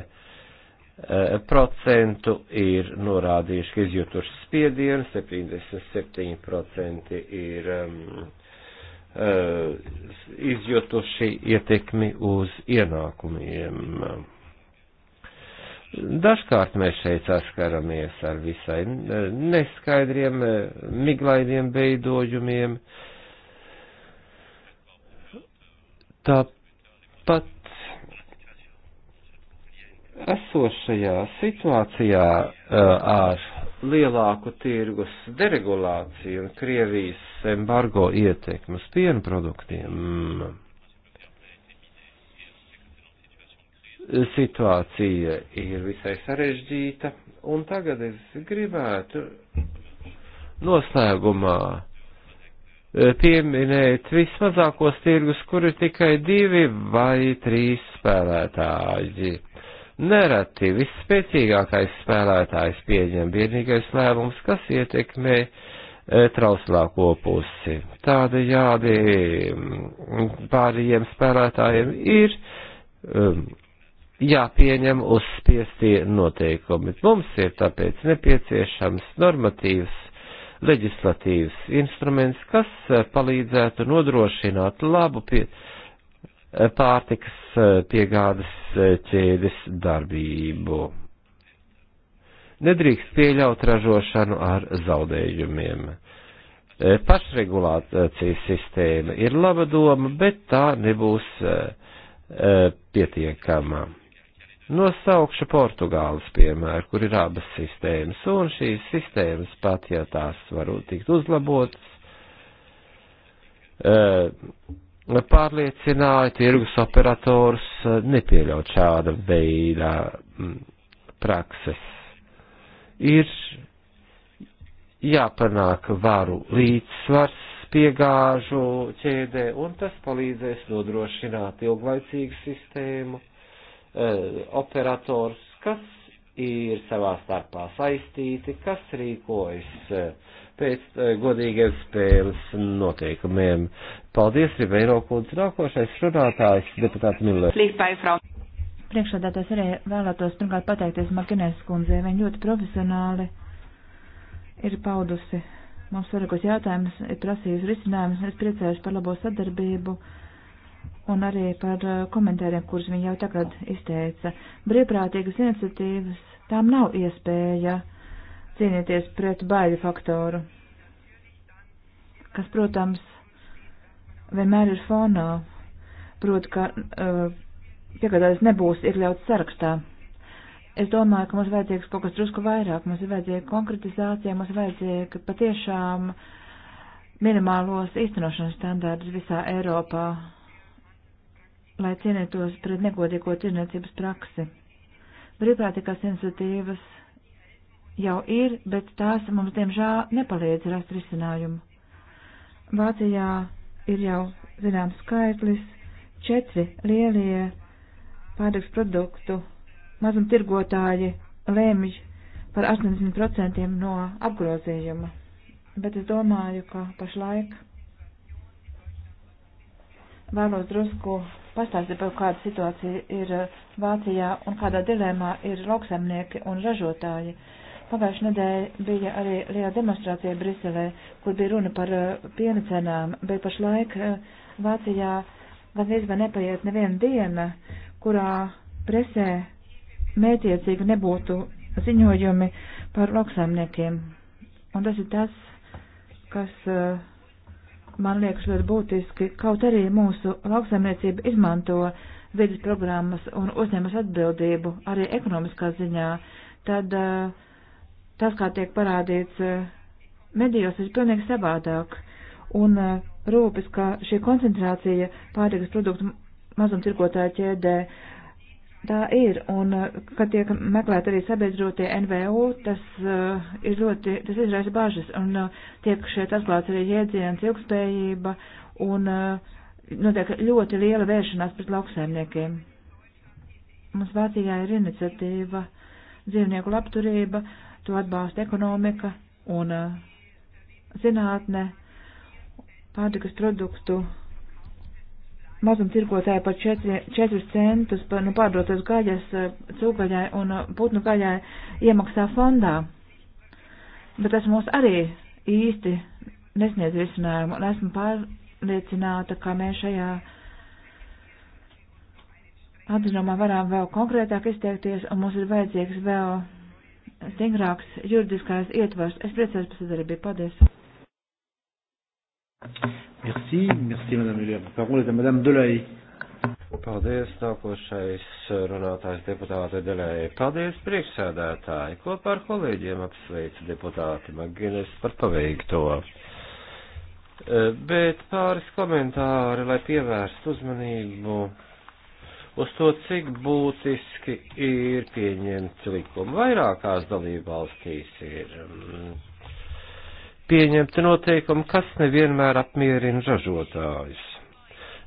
procentu ir norādījuši, ka izjutuši spiedienu, 77% ir um, Uh, izjutuši ietekmi uz ienākumiem. Dažkārt mēs šeit saskaramies ar visai neskaidriem, miglainiem beidojumiem. Tāpat esošajā situācijā uh, ar lielāku tirgus deregulāciju un Krievijas embargo ietekmi uz piena produktiem. Situācija ir visai sarežģīta, un tagad es gribētu noslēgumā eh, pieminēt vismazākos tirgus, kur ir tikai divi vai trīs spēlētāji Nereti visspēcīgākais spēlētājs pieņem vienīgais lēmums, kas ietekmē e, trauslāko pusi. Tāda jādi pārējiem spēlētājiem ir um, jāpieņem uzspiestie noteikumi. Mums ir tāpēc nepieciešams normatīvs leģislatīvs instruments, kas e, palīdzētu nodrošināt labu pie, uh, pārtikas eh, piegādes eh, ķēdes darbību. Nedrīkst pieļaut ražošanu ar zaudējumiem. Eh, pašregulācijas sistēma ir laba doma, bet tā nebūs pietiekama. Nosaukšu Portugāles piemēru, kur ir abas sistēmas, un šīs sistēmas pat, ja tās var tikt uzlabotas, pārliecināja tirgus operators eh, nepieļaut šāda veida mm, prakses. Ir jāpanāk varu līdzsvars piegāžu ķēdē, un tas palīdzēs nodrošināt ilglaicīgu sistēmu eh, operators, kas ir savā starpā saistīti, kas rīkojas eh, pēc eh, godīgiem spēles noteikumiem. Paldies, Ribeiro Kūdze. Nākošais runātājs, deputāts Miller. Priekšādātājs arī vēlētos pirmkārt pateikties Makinēs kundzei. Viņa ļoti profesionāli ir paudusi mums svarīgos jautājumus, ir prasījusi risinājumus. Es priecājos par labo sadarbību un arī par eh, komentāriem, kurus viņa jau tagad izteica. Brīvprātīgas iniciatīvas, tām nav iespēja. Ja cīnīties pret baiļu faktoru, kas, protams, vienmēr ir fonā, proti, ka uh, piegādājas nebūs iekļauts sarakstā. Es domāju, ka mums vajadzīgs kaut kas drusku vairāk, mums ir vajadzīga konkretizācija, mums ir vajadzīga patiešām minimālos īstenošanas standārdus visā Eiropā, lai cienītos pret negodīgo tirniecības praksi. Brīvprātīgās iniciatīvas jau ir, bet tās mums, diemžēl, nepalīdz rast risinājumu. Vācijā ir jau, zinām, skaitlis četri lielie pārtiks produktu mazumtirgotāji lēmj par 80% no apgrozījuma. Bet es domāju, ka pašlaik vēlos drusku pastāstīt par kādu situāciju ir Vācijā un kādā dilemā ir lauksaimnieki un ražotāji. Uh, Pagājušajā nedēļā bija arī liela demonstrācija Briselē, kur bija runa par eh, piena cenām, bet pašlaik eh, Vācijā gandrīz vai nepaiet neviena diena, kurā presē mētiecīgi nebūtu ziņojumi par lauksaimniekiem. Un tas ir tas, kas eh, man liekas ļoti būtiski, kaut arī mūsu lauksaimniecība izmanto vidas programmas un uzņemas atbildību arī ekonomiskā ziņā, tad uh, tas, kā tiek parādīts eh, medijos, ir pilnīgi savādāk. Un eh, rūpes, ka šī koncentrācija pārtikas produktu mazumtirgotāja ķēdē tā ir. Un, eh, kad tiek meklēt arī sabiedrotie NVO, tas uh, ir ļoti, tas izraisa bažas. Un uh, tiek šeit atklāts arī jēdziens ilgspējība un uh, notiek ļoti liela vēršanās pret lauksaimniekiem. Mums Vācijā ir iniciatīva dzīvnieku labturība. Uh, to atbalsta ekonomika un uh, zinātne, pārtikas produktu mazumtirgotāji par 4, 4 centus par nu, pārdotas gaļas eh, cūgaļai un eh, putnu gaļai iemaksā fondā. Bet tas mums arī īsti nesniedz risinājumu, un esmu pārliecināta, ka mēs šajā atzinumā varam vēl konkrētāk izteikties, un mums ir vajadzīgs vēl stingrāks juridiskais ietvars. Es priecājos par sadarbību. Paldies! Merci, merci, madame Müller. La parole est à madame Delahaye. Paldies, nākošais runātājs deputāte Delēja. Paldies, priekšsēdētāji. Kopā ar kolēģiem apsveicu deputāti Maginis par paveikto. Eh, bet pāris komentāri, lai pievērstu uzmanību uz to, cik būtiski ir pieņemt likumu. Vairākās dalībvalstīs ir mm, pieņemti noteikumi, kas nevienmēr apmierina ražotājus.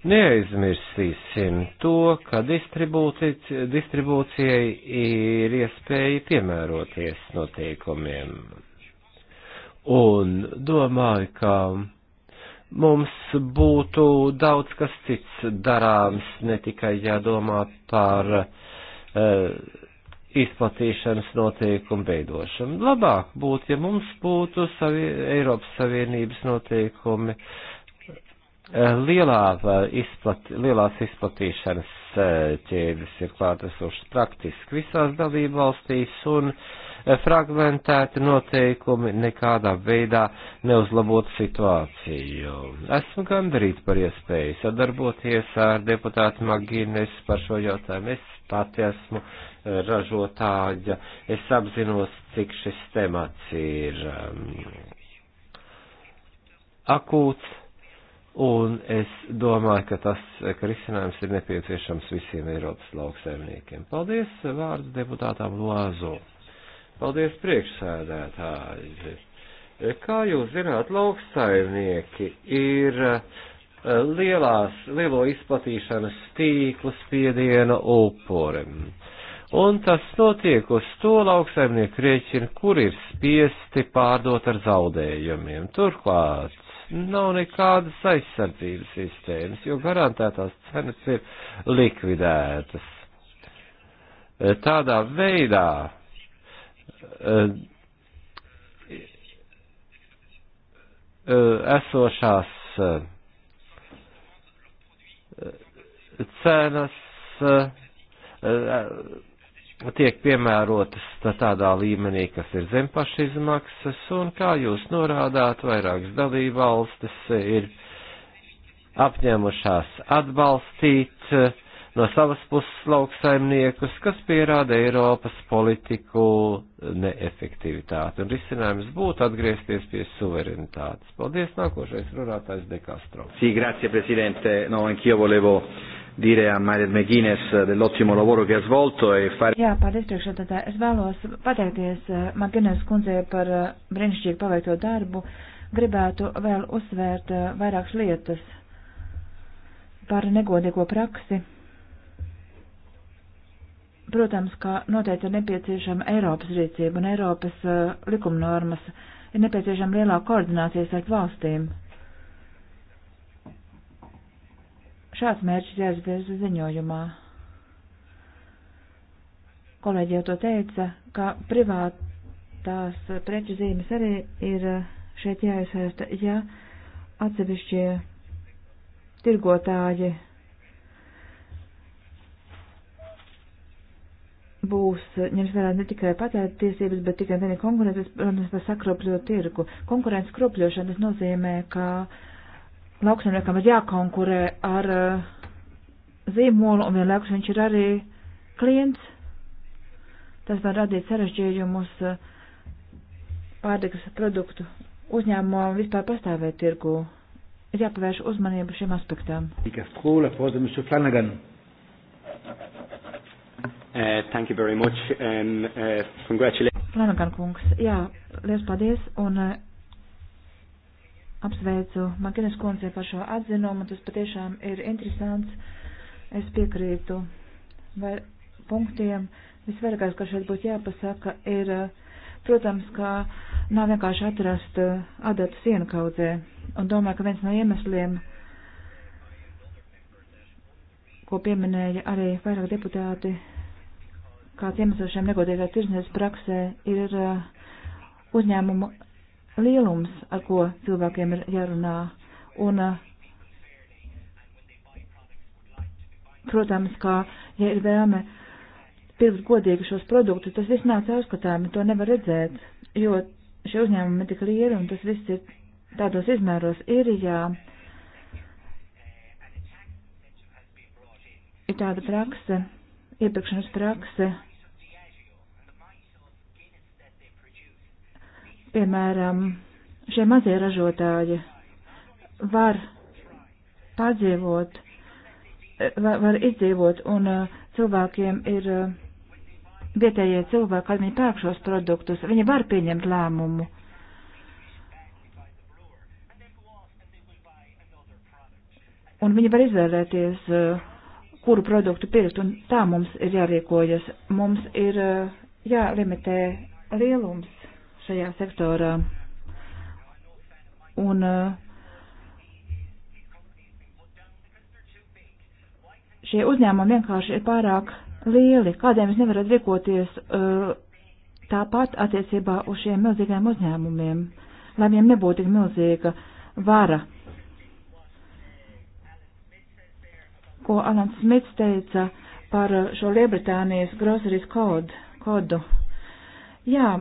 Neaizmirsīsim to, ka distribūcijai ir iespēja piemēroties noteikumiem. Un domāju, ka mums būtu daudz kas cits darāms, ne tikai jādomā par uh, izplatīšanas noteikumu veidošanu. Labāk būtu, ja mums būtu savi, Eiropas Savienības noteikumi e, lielā e, izplat, lielās izplatīšanas ķēdes ir klātesošas praktiski visās dalībvalstīs un uh, Eh, fragmentēti noteikumi nekādā veidā neuzlabot situāciju. Esmu gandarīts par iespēju sadarboties ar deputātu Magīnes par šo jautājumu. Es pati esmu eh, ražotāja. Es apzinos, cik šis temats ir um, akūts. Un es domāju, ka tas, ka risinājums ir nepieciešams visiem Eiropas lauksaimniekiem. Paldies vārdu deputātām Loazo. Paldies, priekšsēdētāji! Kā jūs zināt, lauksaimnieki ir eh, lielās, lielo izplatīšanas tīklu spiediena upurim. Un tas notiek uz to lauksaimnieku rēķinu, kur ir spiesti pārdot ar zaudējumiem. Turklāt nav nekādas aizsardzības sistēmas, jo garantētās cenas ir likvidētas. Tādā veidā esošās cenas tiek piemērotas tādā līmenī, kas ir zem pašizmaksas, un kā jūs norādāt, vairākas dalībvalstis ir apņēmušās atbalstīt no savas puses lauksaimniekus, kas pierāda Eiropas politiku neefektivitāti. Un risinājums būtu atgriezties pie suverenitātes. Paldies, nākošais runātājs Dekastro. Sī, grazie, prezidente. No, anch'io volevo dire a Maret McGuinness dell'ottimo lavoro che ha svolto e fare... Jā, paldies, priekšsēdētāji. Es vēlos pateikties eh, McGuinness kundzei par eh, brīnišķīgi paveikto darbu. Gribētu vēl uzsvērt eh, vairākas lietas par negodīgo praksi Protams, ka noteikti ir nepieciešama Eiropas rīcība un Eiropas uh, likumnormas, ir nepieciešama lielāka koordinācija starp valstīm. Šāds mērķis jāizvirza ziņojumā. Kolēģi jau to teica, ka privātās preču zīmes arī ir eh, šeit jāiesaista, ja atsevišķie tirgotāji būs ņems vērā ne tikai patērta tiesības, bet tikai viena konkurences, protams, par sakropļo tirgu. Konkurences kropļošana tas nozīmē, ka lauksaimniekam ir jākonkurē ar uh, zīmolu un vienlaikus viņš ir arī klients. Tas var radīt sarežģījumus uh, pārtikas produktu uzņēmumam vispār pastāvēt tirgu. Ir jāpavērš uzmanību šiem aspektām. Tikas trūla, protams, Flanagan. Uh, thank you very much and um, uh, congratulations. Flanagan kungs, jā, liels paldies un uh, apsveicu Maginas kundze par šo atzinumu. Tas patiešām ir interesants. Es piekrītu vai punktiem. Visvarīgākais, kas šeit būtu jāpasaka, ir, uh, protams, ka nav vienkārši atrast uh, adatu sienu kaudzē. Un domāju, ka viens no iemesliem, ko pieminēja arī vairāk deputāti, kāds iemesls šiem negodīgā tirsniecības praksē ir uh, uzņēmumu lielums, ar ko cilvēkiem ir jārunā. Un, uh, protams, kā, ja ir vēlme pirkt godīgi šos produktus, tas viss nāca aizskatāmi, to nevar redzēt, jo šie uzņēmumi ir tik lieli un tas viss ir tādos izmēros īrijā. Ir tāda prakse, iepirkšanas prakse, Piemēram, šie mazie ražotāji var pārdzīvot, var, var izdzīvot, un uh, cilvēkiem ir uh, vietējie cilvēki, kad viņi pērk šos produktus, viņi var pieņemt lēmumu. Un viņi var izvēlēties, uh, kuru produktu pirkt, un tā mums ir jārīkojas. Mums ir jālimitē lielums šajā sektorā. Un eh, šie uzņēmumi vienkārši ir pārāk lieli. Kādēļ jūs nevarat rīkoties eh, tāpat attiecībā uz šiem milzīgiem uzņēmumiem, lai viņiem nebūtu tik milzīga vara? Ko Alans Smits teica par eh, šo Liebritānijas groceries kodu? kodu. Jā,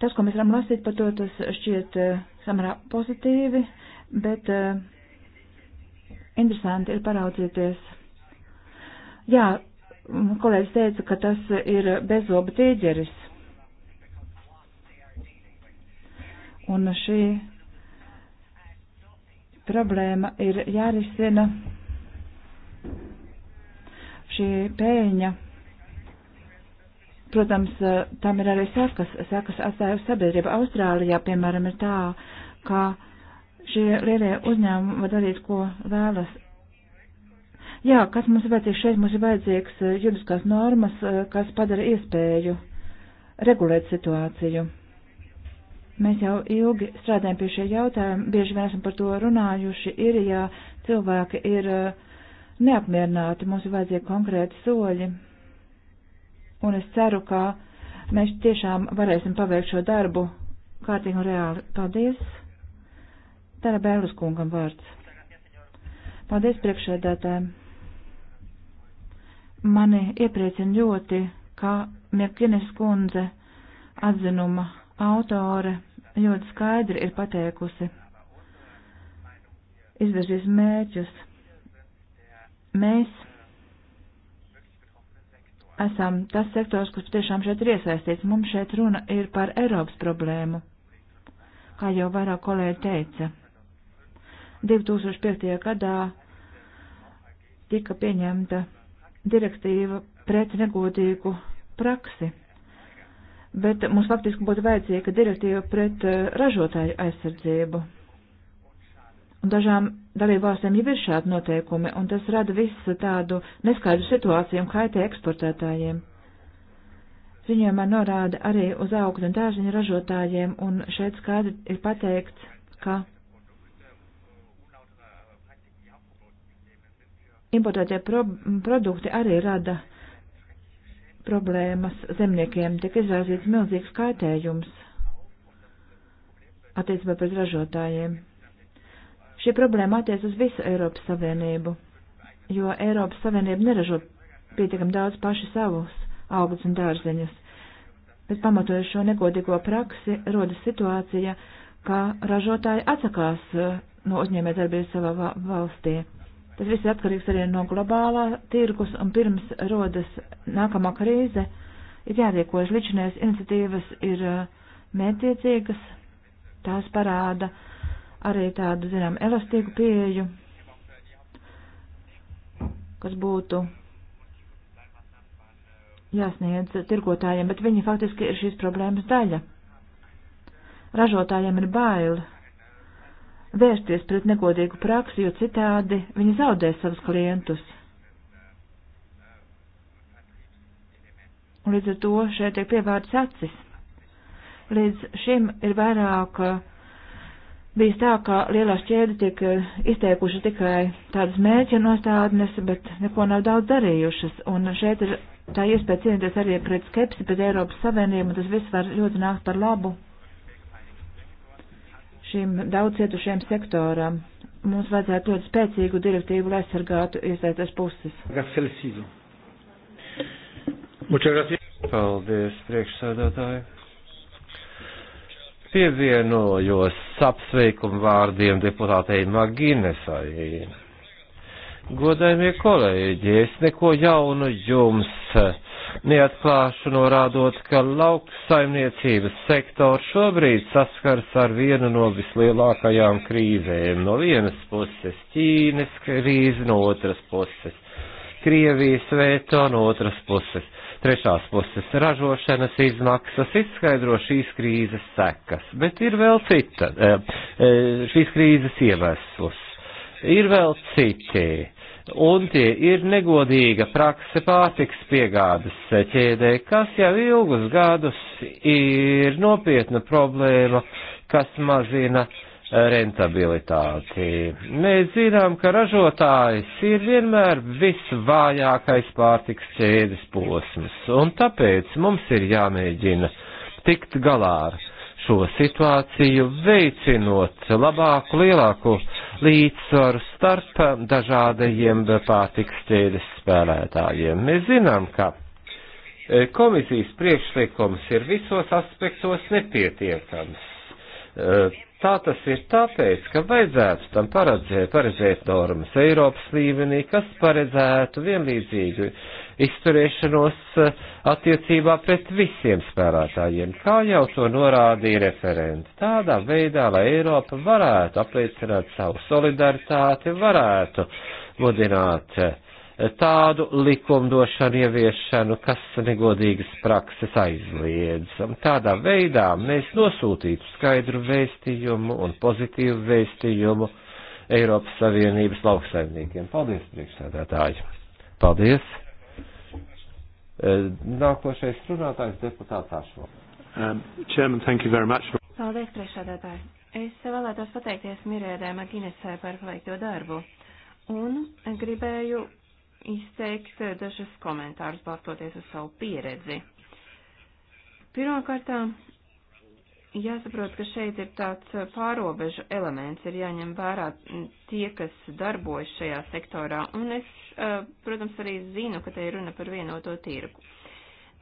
Tas, ko mēs varam lasīt par to, tas šķiet eh, samērā pozitīvi, bet eh, interesanti ir paraudzīties. Jā, kolēģis teica, ka tas ir bezoba tīģeris. Un šī problēma ir jārisina šī pēļņa Protams, eh, tam ir arī sekas, sekas atstāja uz sabiedrību. Austrālijā, piemēram, ir tā, ka šie lielie uzņēmumi var darīt, ko vēlas. Jā, kas mums ir vajadzīgs šeit? Mums ir vajadzīgs eh, juridiskās normas, eh, kas padara iespēju regulēt situāciju. Mēs jau ilgi strādājam pie šie jautājumi, bieži vien esam par to runājuši, ir, ja cilvēki ir neapmierināti, mums ir vajadzīgi konkrēti soļi un es ceru, ka mēs tiešām varēsim paveikt šo darbu kārtīgi un reāli. Paldies! Tāra Bēlis kungam vārds. Paldies priekšēdētājiem! Mani iepriecina ļoti, ka Mirkinis kundze atzinuma autore ļoti skaidri ir pateikusi, izvirzīs mērķus. Mēs esam tas sektors, kas tiešām šeit ir iesaistīts. Mums šeit runa ir par Eiropas problēmu, kā jau vairāk kolēģi teica. 2005. gadā tika pieņemta direktīva pret negodīgu praksi, bet mums faktiski būtu vajadzīga direktīva pret eh, ražotāju aizsardzību. Un dažām dalībvalstīm jau ir šādi noteikumi, un tas rada visu tādu neskaidru situāciju un kaitē eksportētājiem. Ziņojumā norāda arī uz augļu un dārziņu ražotājiem, un šeit skaidri ir pateikts, ka importētie pro produkti arī rada problēmas zemniekiem, tiek izraisīts milzīgs kaitējums attiecībā pret ražotājiem. Šī problēma attiec uz visu Eiropas Savienību, jo Eiropas Savienība neražo pietiekam daudz paši savus augus un dārzeņus, bet pamatojot šo negodīgo praksi, rodas situācija, ka ražotāji atsakās eh, no uzņēmē darbības savā valstī. Tas viss ir atkarīgs arī no globālā tirkus, un pirms rodas nākamā krīze, ir jārīkojas ličinējas iniciatīvas ir eh, mētiecīgas, tās parāda, uh, arī tādu, zinām, elastīgu pieeju, kas būtu jāsniedz tirgotājiem, bet viņi faktiski ir šīs problēmas daļa. Ražotājiem ir bail vērsties pret negodīgu praksi, jo citādi viņi zaudēs savus klientus. Līdz ar to šeit tiek pievērts acis. Līdz šim ir vairāk uh, bijis tā, ka lielās ķēdes tiek eh, izteikuši tikai tādas mērķa nostādnes, bet neko nav daudz darījušas. Un šeit ir tā iespēja cīnīties arī pret skepsi, pret Eiropas Savienību, un tas viss var ļoti nākt par labu šīm daudz cietušiem sektoram. Mums vajadzētu ļoti spēcīgu direktīvu, lai aizsargātu iesaistās puses. Paldies, priekšsēdētāji! pievienojos apsveikumu vārdiem deputātei Maginesai. Godājumie kolēģi, es neko jaunu jums neatklāšu norādot, ka lauksaimniecības sektors šobrīd saskars ar vienu no vislielākajām krīzēm. No vienas puses Ķīnas krīze, no otras puses Krievijas veto, no otras puses trešās puses ražošanas izmaksas, izskaidro šīs krīzes sekas, bet ir vēl cita, eh, eh, šīs krīzes iemeslus, ir vēl citi, un tie ir negodīga prakse pārtiks piegādes ķēdē, kas jau ilgus gadus ir nopietna problēma, kas mazina uh, rentabilitāti. Mēs zinām, ka ražotājs ir vienmēr visvājākais pārtiks ķēdes posms, un tāpēc mums ir jāmēģina tikt galā ar šo situāciju, veicinot labāku, lielāku līdzsvaru starp dažādajiem pārtiks ķēdes spēlētājiem. Mēs zinām, ka e, komisijas priekšlikums ir visos aspektos nepietiekams e, Tā tas ir tāpēc, ka vajadzētu tam paredzēt, paredzēt normas Eiropas līmenī, kas paredzētu vienlīdzīgu izturēšanos eh, attiecībā pret visiem spēlētājiem, kā jau to norādīja referents. Tādā veidā, lai Eiropa varētu apliecināt savu solidaritāti, varētu mudināt uh, tādu likumdošanu ieviešanu, kas negodīgas prakses aizliedz. Tādā veidā mēs nosūtītu skaidru vēstījumu un pozitīvu vēstījumu Eiropas Savienības lauksaimniekiem. Paldies, priekšsēdētāji! Paldies! E, nākošais runātājs deputāts Ašvo. Um, chairman, thank you very much. Paldies, priekšsēdētāji. Es vēlētos pateikties Mirēdē Maginesē par veikto darbu. Un gribēju izteikt eh, dažas komentārus, balstoties uz savu pieredzi. Pirmkārtām, jāsaprot, ka šeit ir tāds pārobežu elements, ir jāņem vērā tie, kas darbojas šajā sektorā, un es, eh, protams, arī zinu, ka te ir runa par vienoto tirgu.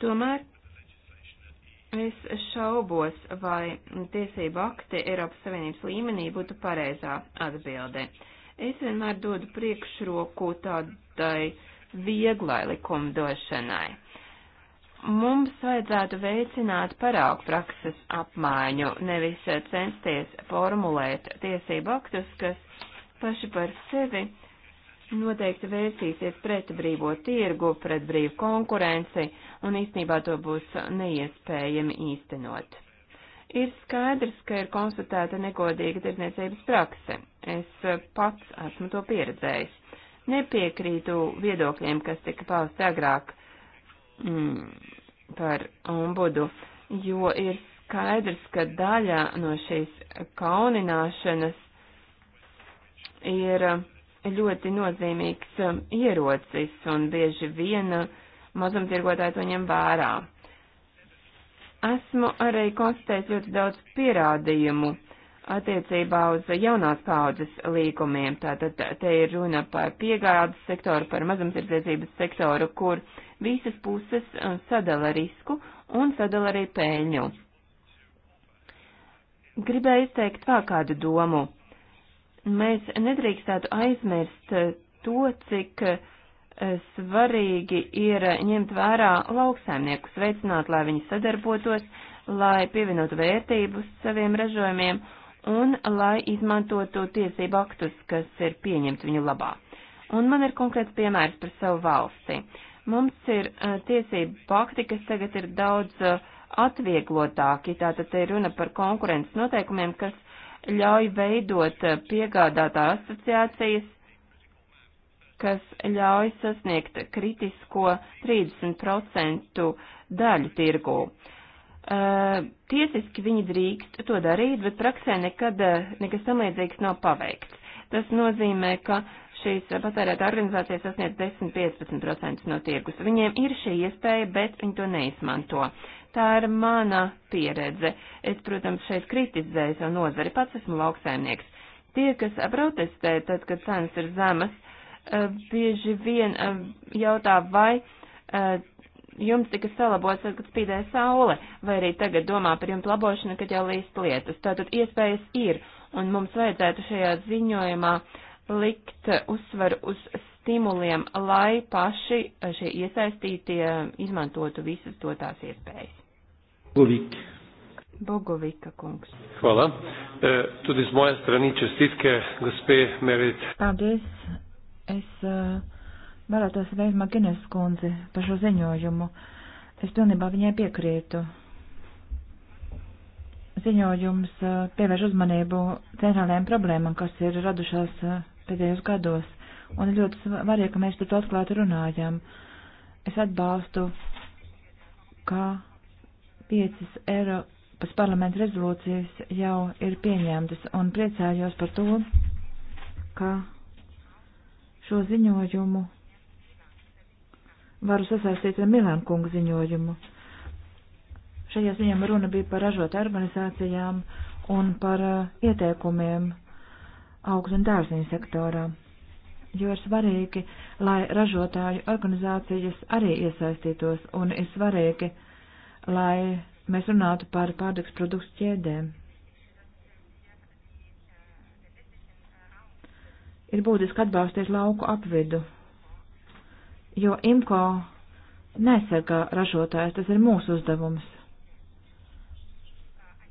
Tomēr es šaubos, vai tiesība akti Eiropas Savienības līmenī būtu pareizā atbilde. Uh, Es vienmēr dodu priekšroku tādai vieglai likumdošanai. Mums vajadzētu veicināt parāku prakses apmaiņu, nevis censties formulēt tiesību aktus, kas paši par sevi noteikti vērsīsies pret brīvo tirgu, pret brīvu konkurenci, un īstenībā to būs neiespējami īstenot. Ir skaidrs, ka ir konstatēta negodīga tirdzniecības prakse. Es eh, pats esmu to pieredzējis. Nepiekrītu viedokļiem, kas tika pausti agrāk mm, par ombudu, jo ir skaidrs, ka daļa no šīs kaunināšanas ir eh, ļoti nozīmīgs eh, ierocis un bieži viena mazumtirgotāja to ņem vērā. Esmu arī konstatējis ļoti daudz pierādījumu attiecībā uz jaunās paudzes līgumiem. Tātad te ir runa par piegādes sektoru, par mazumtirdzniecības sektoru, kur visas puses uh, sadala risku un sadala arī peļņu. Gribēju izteikt vēl kādu domu. Mēs nedrīkstētu aizmirst uh, to, cik uh, svarīgi ir ņemt vērā lauksaimniekus, veicināt, lai viņi sadarbotos, lai pievienotu vērtību saviem ražojumiem un lai izmantotu tiesību aktus, kas ir pieņemti viņu labā. Un man ir konkrēts piemērs par savu valsti. Mums ir eh, tiesību akti, kas tagad ir daudz eh, atvieglotāki, tātad te ir runa par konkurences noteikumiem, kas ļauj veidot eh, piegādātāju asociācijas, kas ļauj sasniegt kritisko 30% daļu tirgū. Uh, tiesiski viņi drīkst to darīt, bet praksē nekad eh, nekas samlīdzīgs nav paveikts. Tas nozīmē, ka šīs patērēta organizācijas sasniedz 10-15% no tirgus. Viņiem ir šī iespēja, bet viņi to neizmanto. Tā ir mana pieredze. Es, protams, šeit kritizēju savu nozari, pats esmu lauksaimnieks. Tie, kas protestē tad, kad cenas ir zemas, Eh, bieži vien eh, jautā, vai eh, jums tika salabots, kad spīdēja saule, vai arī tagad domā par jums labošanu, kad jau līst lietas. Tātad iespējas ir, un mums vajadzētu šajā ziņojumā likt uzsvaru uz stimuliem, lai paši šie iesaistītie izmantotu visas dotās iespējas. Bogovik. Bogovika kungs. Hvala. E, tudi z moje strani čestitke, gospe Merit. Paldies Es uh, vēlētos veikt Maginas kundzi par šo ziņojumu. Es pilnībā viņai piekrītu. Ziņojums uh, pievērš uzmanību centrālajām problēmām, kas ir radušās uh, pēdējos gados, un ir ļoti svarīgi, ka mēs par to atklāti runājam. Es atbalstu, ka 5 eiro pēc parlamenta rezolūcijas jau ir pieņemtas, un priecājos par to, ka šo ziņojumu varu sasaistīt ar Milāna kunga ziņojumu. Šajā ziņām runa bija par ražotu organizācijām un par uh, ieteikumiem augstu un dārziņu sektorā, jo ir svarīgi, lai ražotāju organizācijas arī iesaistītos un ir svarīgi, lai mēs runātu par pārtiks produktu ķēdēm. ir būtiski atbalstīt lauku apvidu, jo IMCO nesargā ražotājs, tas ir mūsu uzdevums.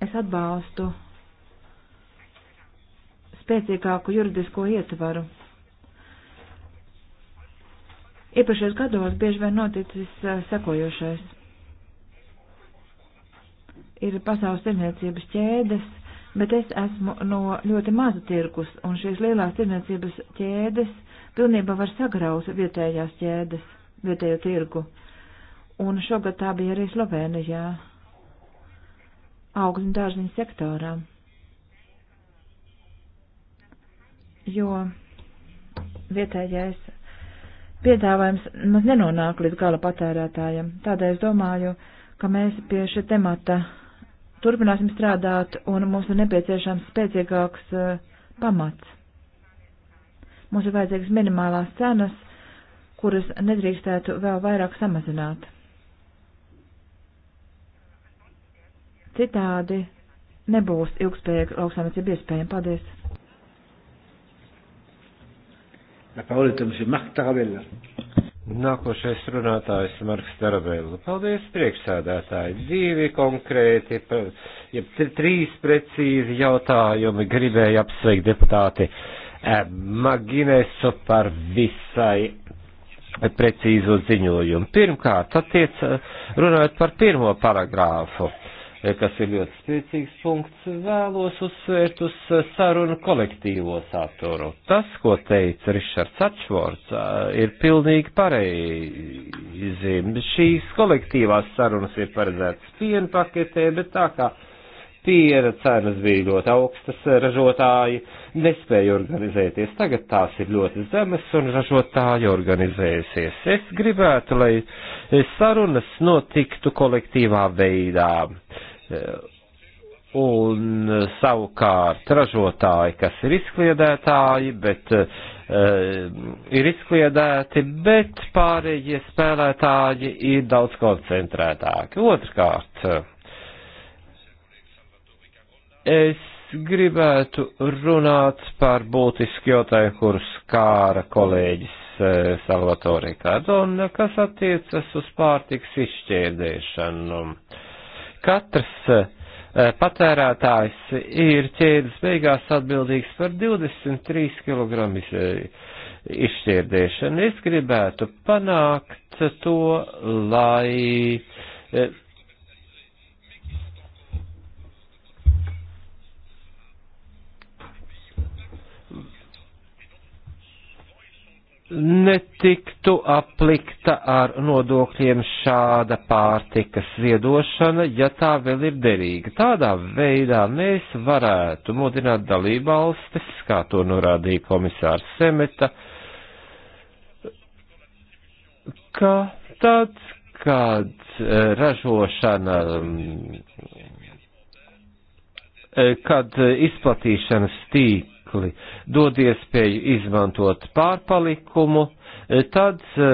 Es atbalstu spēcīgāku juridisko ietvaru. Iepriekšējos gados bieži vien noticis sekojošais. Ir pasaules tirniecības ķēdes bet es esmu no ļoti maza tirgus, un šīs lielās tirniecības ķēdes pilnībā var sagraut vietējās ķēdes, vietējo tirgu. Un šogad tā bija arī Slovenijā, augļu un dārziņu sektorā. Jo vietējais piedāvājums maz nenonāk līdz gala patērētājiem. Tādēļ es domāju, ka mēs pie šī temata turpināsim strādāt un mums ir nepieciešams spēcīgāks eh, pamats. Mums ir vajadzīgas minimālās cenas, kuras nedrīkstētu vēl vairāk samazināt. Citādi nebūs ilgspējīga lauksaimniecība iespējama. Paldies! La parole est à M. Marc Taravella. Nākošais runātājs Marks Tarabēlu. Paldies, priekšsādātāji. Divi konkrēti, ja trīs precīzi jautājumi gribēja apsveikt deputāti eh, Maginesu par visai precīzo ziņojumu. Pirmkārt, attiec eh, runājot par pirmo paragrāfu. Eh, kas ir ļoti spēcīgs punkts, vēlos uzsvērt uz eh, sarunu kolektīvo saturu. Tas, ko teica Rišards Atšvorts, eh, ir pilnīgi pareizi. Šīs kolektīvās sarunas ir paredzētas piena paketē, bet tā kā piena cenas bija ļoti augstas, ražotāji nespēja organizēties. Tagad tās ir ļoti zemes un ražotāji organizēsies. Es gribētu, lai sarunas notiktu kolektīvā veidā. Uh, Eh, un eh, savukārt ražotāji, kas ir izkliedētāji, bet uh, ir izkliedēti, bet pārējie spēlētāji ir daudz koncentrētāki. Otrkārt, es gribētu runāt par būtisku jautājumu, kurus kāra kolēģis Salvatore Kardona, kas attiecas uz pārtiks izšķērdēšanu. Uh, Katrs eh, patērētājs ir ķēdes beigās atbildīgs par 23 kg izšķirdēšanu. Es gribētu panākt to, lai eh, netiktu aplikta ar nodokļiem šāda pārtikas ziedošana, ja tā vēl ir derīga. Tādā veidā mēs varētu mudināt dalībvalstis, kā to norādīja komisārs Semeta, ka tad, kad eh, ražošana, eh, kad izplatīšanas tīk līdzekli dod iespēju izmantot pārpalikumu, e, tad e,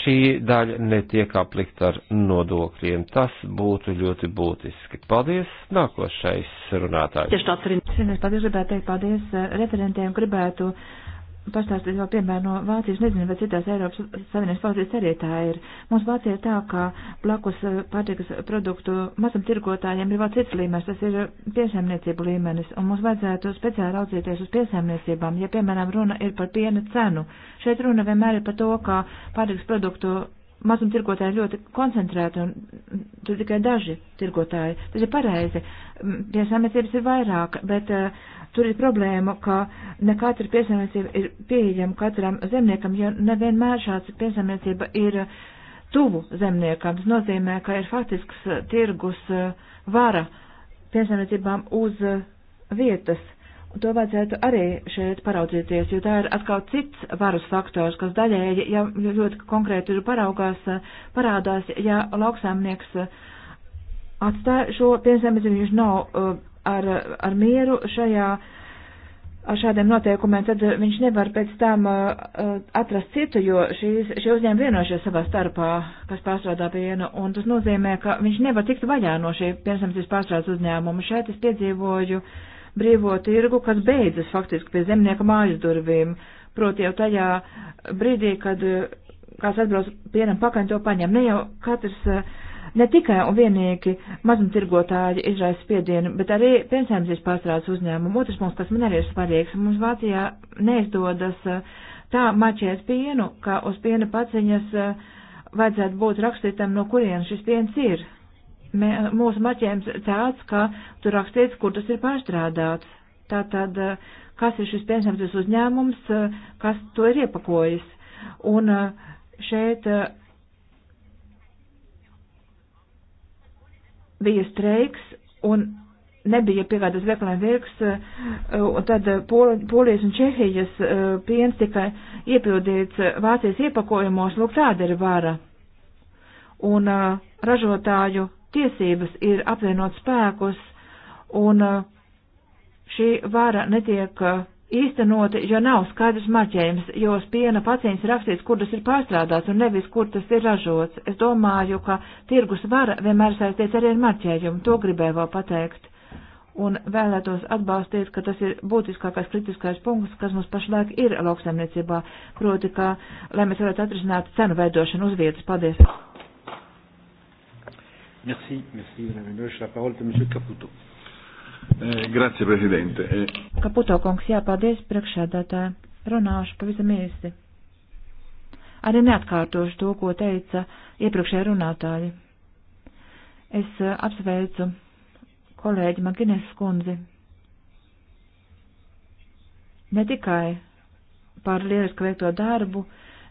šī daļa netiek aplikt ar nodokļiem. Tas būtu ļoti būtiski. Paldies nākošais runātājs. Tieši tāds arī. Paldies, gribētu teikt paldies e, referentiem, gribētu uh, pastāstīt vēl piemēru no Vācijas, nezinu, vai citās Eiropas Savienības valstīs arī tā ir. Mums Vācija ir tā, ka blakus eh, pārtikas produktu mazumtirgotājiem ir vēl cits līmenis, tas ir eh, piesēmniecību līmenis, un mums vajadzētu speciāli raudzīties uz piesēmniecībām, ja, piemēram, runa ir par piena cenu. Šeit runa vienmēr ir par to, ka pārtikas produktu mazumtirgotāji ļoti koncentrēti un mm, tur tikai daži tirgotāji. Tas ir pareizi. Mm, Piesāmniecības ir vairāk, bet uh, Tur ir problēma, ka ne katra piesamiecība ir pieejama katram zemniekam, jo nevienmēr šāds piesamiecība ir tuvu zemniekam. Tas nozīmē, ka ir faktisks tirgus eh, vara piesamiecībām uz eh, vietas. Un to vajadzētu arī šeit paraudzīties, jo tā ir atkal cits varus faktors, kas daļēji, ja ļoti konkrēti ir paraugās, eh, parādās, ja lauksēmnieks atstāja šo piensaimniecību, viņš nav uh, ar, ar mieru šajā, ar šādiem noteikumiem, tad viņš nevar pēc tam uh, uh, atrast citu, jo šīs, šie uzņēmumi vienojušies savā starpā, kas pārstrādā pienu, un tas nozīmē, ka viņš nevar tikt vaļā no šī piensamcības pārstrādes uzņēmuma. Šeit es piedzīvoju brīvo tirgu, kas beidzas faktiski pie zemnieka mājas durvīm, proti jau tajā brīdī, kad uh, kāds atbrauc pienam pakaļ to paņem. Ne jau katrs uh, Ne tikai un vienīgi mazumtirgotāji izraisa spiedienu, bet arī piensaimniecības pārstrādes uzņēmumu. Otrs punkts, kas man arī ir svarīgs, mums Vācijā neizdodas eh, tā mačēt pienu, ka uz piena paciņas eh, vajadzētu būt rakstītam, no kurien šis piens ir. Mē, mūsu maķējums tāds, ka tur rakstīts, kur tas ir pārstrādāts. Tātad, eh, kas ir šis piensaimniecības uzņēmums, kas to ir iepakojis. Un šeit bija streiks un nebija piegādas veikaliem virks, eh, un tad polijas un čehijas eh, piens tika iepildīts Vācijas iepakojumos, lūk, tāda ir vara. Un eh, ražotāju tiesības ir apvienot spēkus, un šī vara netiek īstenoti, jo nav skaidrs marķējums, jo uz piena paciņas rakstīts, kur tas ir pārstrādāts un nevis, kur tas ir ražots. Es domāju, ka tirgus var vienmēr saistīts arī ar marķējumu, to gribēju vēl pateikt. Un vēlētos atbalstīt, ka tas ir būtiskākais kritiskais punkts, kas mums pašlaik ir lauksaimniecībā, proti, ka, lai mēs varētu atrisināt cenu veidošanu uz vietas. Paldies! Merci, merci, madame Lenoche. La parole est à monsieur Caputo. Eh, grazie, prezidente. Eh, Kaputo kungs, jā, paldies priekšēdētāji. Runāšu pavisam īsi. Arī neatkārtošu to, ko teica iepriekšējā runātāja. Es eh, apsveicu kolēģi Magines kundzi. Ne tikai par lielisku veikto darbu,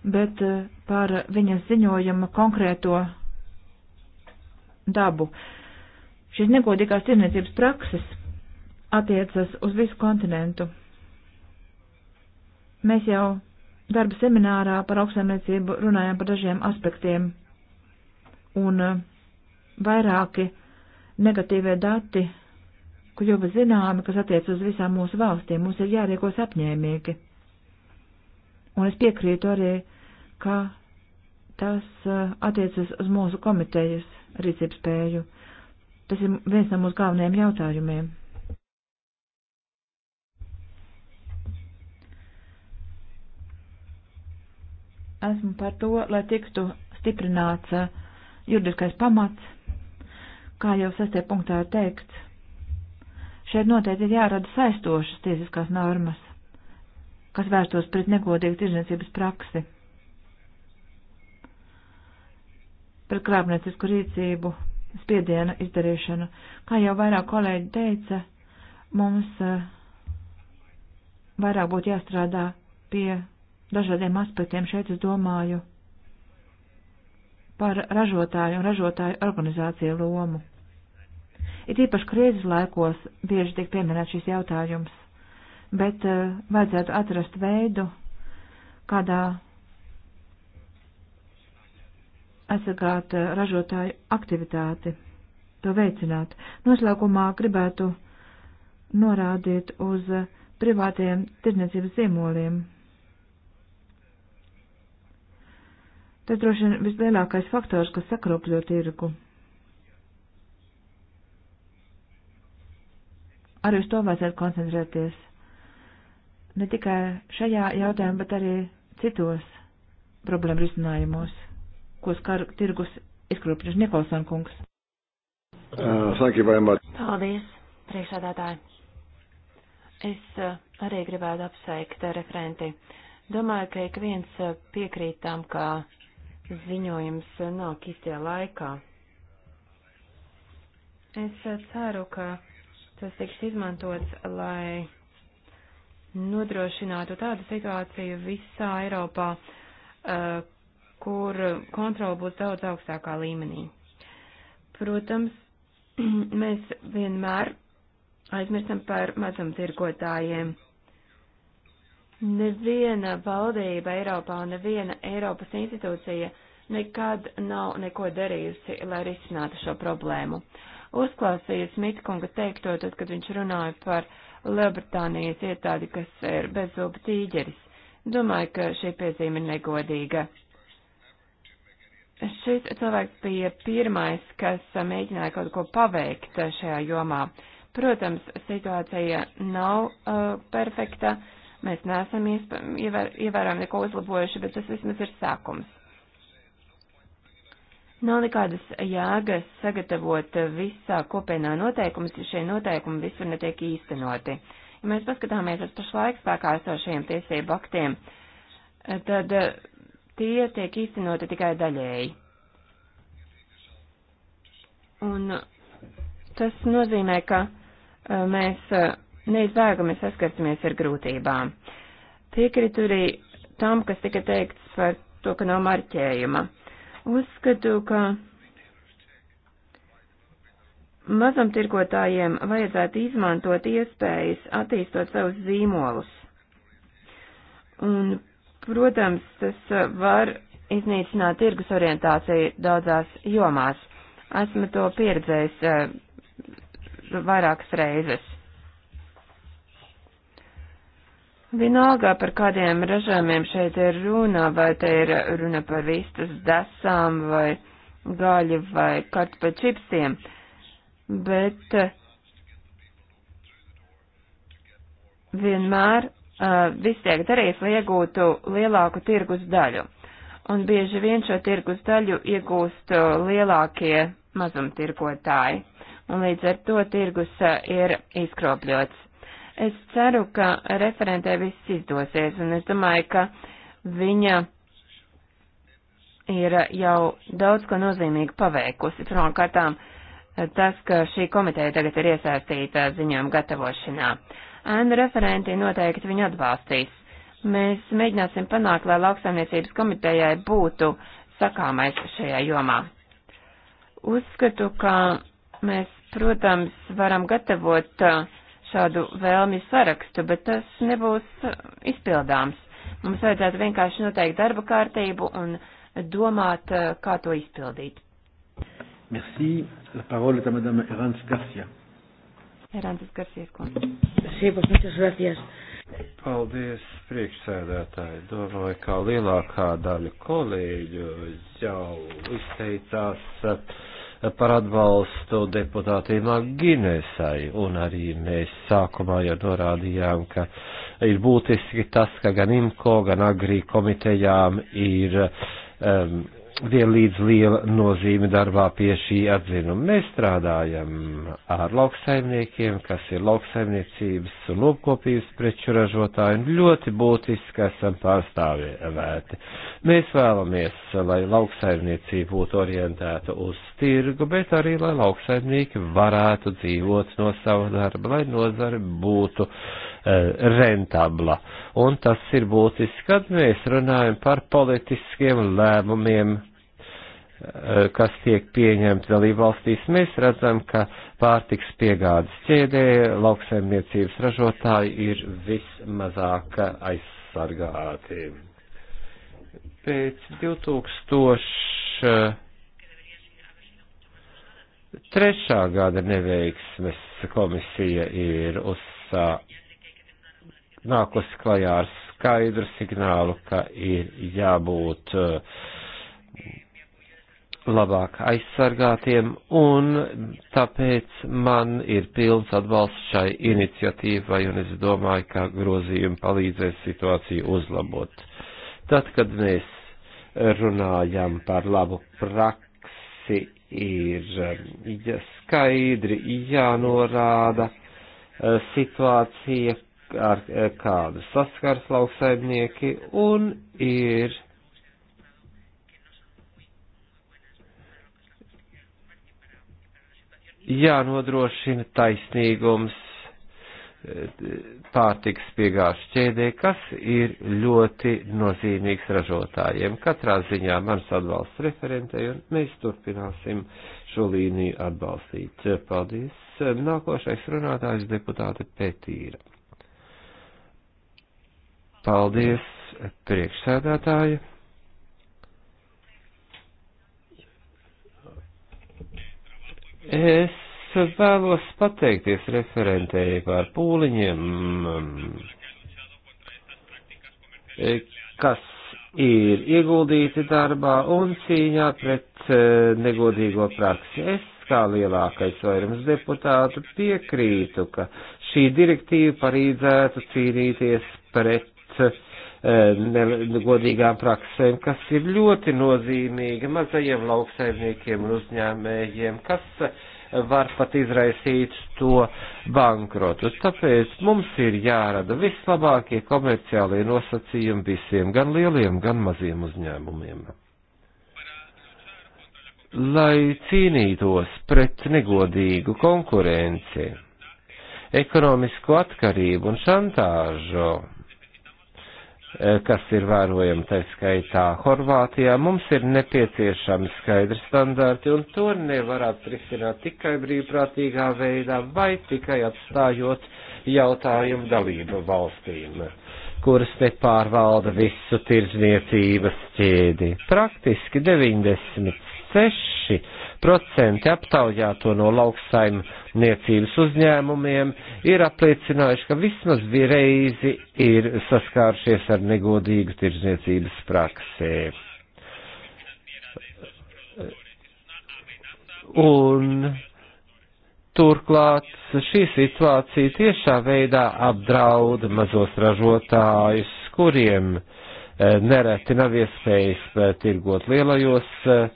bet par viņas ziņojuma konkrēto dabu. Šis negodīgās tirniecības prakses attiecas uz visu kontinentu. Mēs jau darba seminārā par augstsēmniecību runājām par dažiem aspektiem, un uh, vairāki negatīvie dati, kur jau zināmi, kas attiec uz visām mūsu valstīm, mums ir jārīkos apņēmīgi. Un es piekrītu arī, ka tas uh, attiecas uz mūsu komitejas rīcības spēju. Tas ir viens no mūsu galvenajiem jautājumiem. esmu par to, lai tiktu stiprināts uh, juridiskais pamats, kā jau sastie punktā ir teikts. Šeit noteikti ir jārada saistošas tiesiskās normas, kas vērstos pret negodīgu tirzniecības praksi, pret krāpniecisku rīcību, spiediena izdarīšanu. Kā jau vairāk kolēģi teica, mums uh, vairāk būtu jāstrādā pie dažādiem aspektiem. Šeit es domāju par ražotāju un ražotāju organizāciju lomu. Ir īpaši krīzes laikos bieži tiek pieminēts šis jautājums, bet uh, vajadzētu atrast veidu, kādā aizsargāt uh, ražotāju aktivitāti, to veicināt. Noslēgumā gribētu norādīt uz uh, privātiem tirdzniecības zīmoliem. Tas droši vien vislielākais faktors, kas sakropļo tirgu. Arī uz to vajadzētu koncentrēties. Ne tikai šajā jautājumā, bet arī citos problēmu risinājumos, ko skar tirgus izkropļus Nikolson kungs. Uh, Paldies, priekšādātāji. Es uh, arī gribētu apsveikt referenti. Domāju, ka ik viens uh, piekrītām, ka ziņojums nāk īstajā laikā. Es eh, ceru, ka tas tiks izmantots, lai nodrošinātu tādu situāciju visā Eiropā, eh, kur kontrola būs daudz augstākā līmenī. Protams, mēs vienmēr aizmirstam par mazumtirgotājiem. Neviena valdība Eiropā un neviena Eiropas institūcija nekad nav neko darījusi, lai risinātu šo problēmu. Uzklausīju Smitkunga teikto, tad, kad viņš runāja par Lielbritānijas iestādi, kas ir bezzuba tīģeris. Domāju, ka šī piezīme ir negodīga. Šis cilvēks bija pirmais, kas mēģināja kaut ko paveikt šajā jomā. Protams, situācija nav uh, perfekta Mēs neesam ievērojami neko uzlabojuši, bet tas vismaz ir sākums. Nav nekādas jēgas sagatavot visā kopienā noteikumus, ja šie noteikumi visur netiek īstenoti. Ja mēs paskatāmies uz pašlaik spēkā esošajiem tiesību aktiem, tad tie tiek īstenoti tikai daļēji. Un tas nozīmē, ka mēs neizbēgami saskarsimies ar grūtībām. Piekrītu arī tam, kas tika teikts par to, ka nav marķējuma. Uzskatu, ka mazumtirkotājiem vajadzētu izmantot iespējas attīstot savus zīmolus. Un, protams, tas var iznīcināt tirgus orientāciju daudzās jomās. Esmu to pieredzējis eh, vairākas reizes. Vienalga par kādiem ražojumiem šeit ir runa, vai te ir runa par vistas desām vai gaļu vai kartupeļu čipsiem, bet eh, vienmēr uh, viss tiek darīts, lai iegūtu lielāku tirgus daļu. Un bieži vien šo tirgus daļu iegūst eh, lielākie mazumtirgotāji, un līdz ar to tirgus uh, ir izkropļots. Es ceru, ka referentē viss izdosies, un es domāju, ka viņa ir jau daudz ko nozīmīgi paveikusi. Pirmkārtām, tas, ka šī komiteja tagad ir iesaistīta ziņām gatavošanā. Ēnu referenti noteikti viņu atbalstīs. Mēs mēģināsim panākt, lai lauksaimniecības komitejai būtu sakāmais šajā jomā. Uzskatu, ka mēs, protams, varam gatavot uh, šādu vēlmju sarakstu, bet tas nebūs izpildāms. Mums vajadzētu vienkārši noteikt darba kārtību un domāt, eh, kā to izpildīt. Merci. La parole est à Madame Erance Garcia. Erance Garcia, kundze. Sí, pues muchas gracias. Paldies, priekšsēdētāji. Domāju, kā lielākā daļa kolēģu jau izteicās. Uh, par atbalstu deputātiem Ginesai, un arī mēs sākumā jau norādījām, ka ir būtiski tas, ka gan IMCO, gan AGRI komitejām ir um, vienlīdz liela nozīme darbā pie šī atzinuma. Mēs strādājam ar lauksaimniekiem, kas ir lauksaimniecības un lopkopības preču ražotāji, un ļoti būtiski esam pārstāvēti. Mēs vēlamies, lai lauksaimniecība būtu orientēta uz tirgu, bet arī, lai lauksaimnieki varētu dzīvot no sava darba, lai nozare būtu e, rentabla. Un tas ir būtiski, kad mēs runājam par politiskiem lēmumiem Eh, kas tiek pieņemti dalībvalstīs, mēs redzam, ka pārtiks piegādes ķēdē lauksaimniecības ražotāji ir vismazāk aizsargāti. Pēc 2003. gada neveiksmes komisija ir uzsā nākusi klajā ar skaidru signālu, ka ir jābūt uh, labāk aizsargātiem, un tāpēc man ir pilns atbalsts šai iniciatīvai, un es domāju, ka grozījumi palīdzēs situāciju uzlabot. Tad, kad mēs runājam par labu praksi, ir ja skaidri jānorāda eh, situācija, ar eh, kādu saskars lauksaimnieki, un ir jānodrošina taisnīgums e, pārtiks piegāžu ķēdē, kas ir ļoti nozīmīgs ražotājiem. Katrā ziņā mans atbalsts referentei un mēs turpināsim šo līniju atbalstīt. Paldies. Nākošais runātājs deputāte Petīra. Paldies priekšsēdētāju. Es vēlos pateikties referentēji par pūliņiem, kas ir ieguldīti darbā un cīņā pret e, negodīgo praksi. Es kā lielākais vairums deputātu piekrītu, ka šī direktīva parīdzētu cīnīties pret E, negodīgām praksēm, kas ir ļoti nozīmīga mazajiem lauksaimniekiem un uzņēmējiem, kas var pat izraisīt to bankrotu. Tāpēc mums ir jārada vislabākie komerciālie nosacījumi visiem, gan lieliem, gan maziem uzņēmumiem. Lai cīnītos pret negodīgu konkurenci, ekonomisko atkarību un šantāžu, Eh, kas ir vērojama tā skaitā Horvātijā. Mums ir nepieciešami skaidri standarti, un to nevarētu risināt tikai brīvprātīgā veidā vai tikai atstājot jautājumu dalību valstīm, kuras nepārvalda visu tirzniecības ķēdi. Praktiski 96 Procenti aptaujāto no lauksaimniecības uzņēmumiem ir apliecinājuši, ka vismaz reizi ir saskāršies ar negodīgu tirzniecības praksē. Un Turklāt šī situācija tiešā veidā apdraud mazos ražotājus, kuriem eh, nereti nav iespējas eh, tirgot lielajos eh,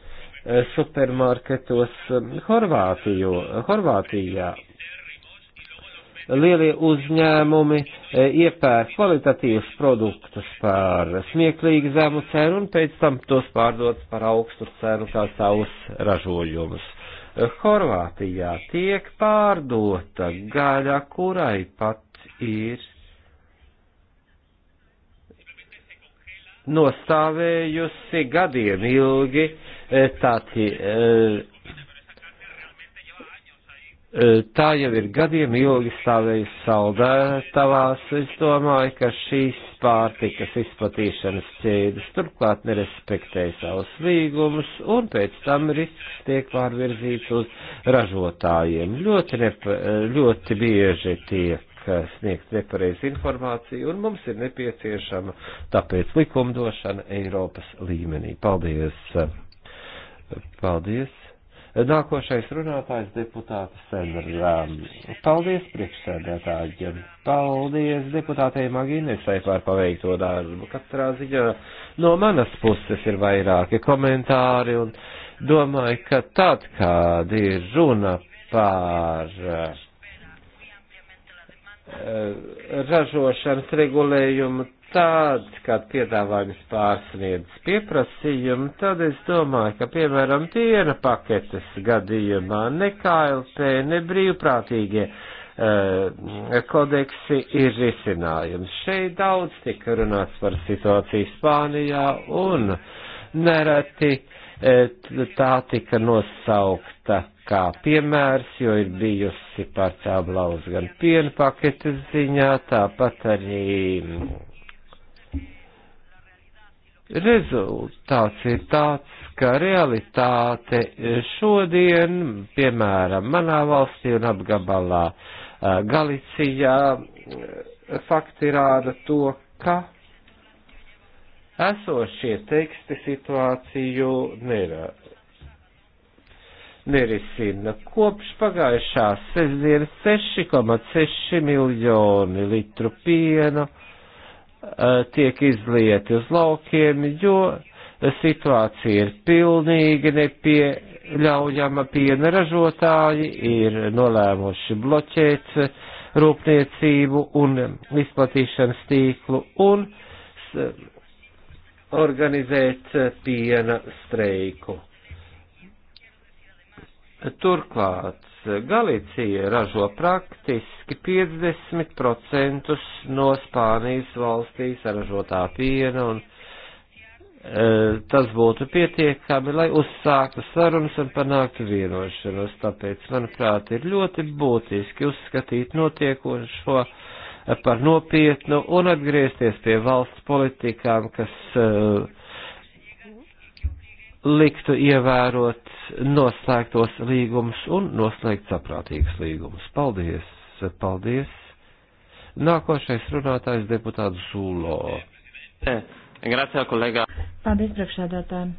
Eh, supermarketos eh, Horvātijo, Horvātijā. Lielie uzņēmumi eh, iepērk kvalitatīvus produktus par smieklīgi zemu cenu un pēc tam tos pārdod par augstu cenu kā savus ražojumus. Horvātijā tiek pārdota gaļa, kurai pat ir nostāvējusi gadiem ilgi E, tāti, e, e, tā jau ir gadiem ilgi stāvējusi saldētavās. Es domāju, ka šīs pārtikas izplatīšanas ķēdes turklāt nerespektē savus līgumus un pēc tam risks tiek pārvirzīts uz ražotājiem. Ļoti, nep, ļoti bieži tiek sniegt nepareizi informāciju un mums ir nepieciešama tāpēc likumdošana Eiropas līmenī. Paldies! Paldies. Nākošais runātājs deputāta Senram. Paldies priekšsēdētājiem. Paldies deputātei Magīnesai par paveikto darbu. Katrā ziņā no manas puses ir vairāki komentāri un domāju, ka tad, kad ir runa par eh, ražošanas regulējumu, tad, kad piedāvājums pārsniedz pieprasījumu, tad es domāju, ka, piemēram, piena paketes gadījumā ne KLP, ne brīvprātīgie uh, kodeksi ir risinājums. Šeit daudz tika runāts par situāciju Spānijā un nereti uh, tā tika nosaukta kā piemērs, jo ir bijusi pārcēblauz gan piena paketes ziņā, tāpat arī Rezultāts ir tāds, ka realitāte šodien, piemēram, manā valstī un apgabalā Galicijā, fakti rāda to, ka esošie teksti situāciju nerā. Nerisina kopš pagājušās sestdienas 6,6 miljoni litru piena tiek izlieti uz laukiem, jo situācija ir pilnīgi nepieļaujama. Piena ražotāji ir nolēmuši bloķēt rūpniecību un izplatīšanas tīklu un organizēt piena streiku. Turklāt Galicija ražo praktiski 50% no Spānijas valstī saražotā piena, un e, tas būtu pietiekami, lai uzsāktu sarunas un panāktu vienošanos. Tāpēc, manuprāt, ir ļoti būtiski uzskatīt notiekošo par nopietnu un atgriezties pie valsts politikām, kas. E, liktu ievērot noslēgtos līgumus un noslēgt saprātīgus līgumus. Paldies, paldies. Nākošais runātājs deputāts Zulo. Paldies, priekšsēdētājiem.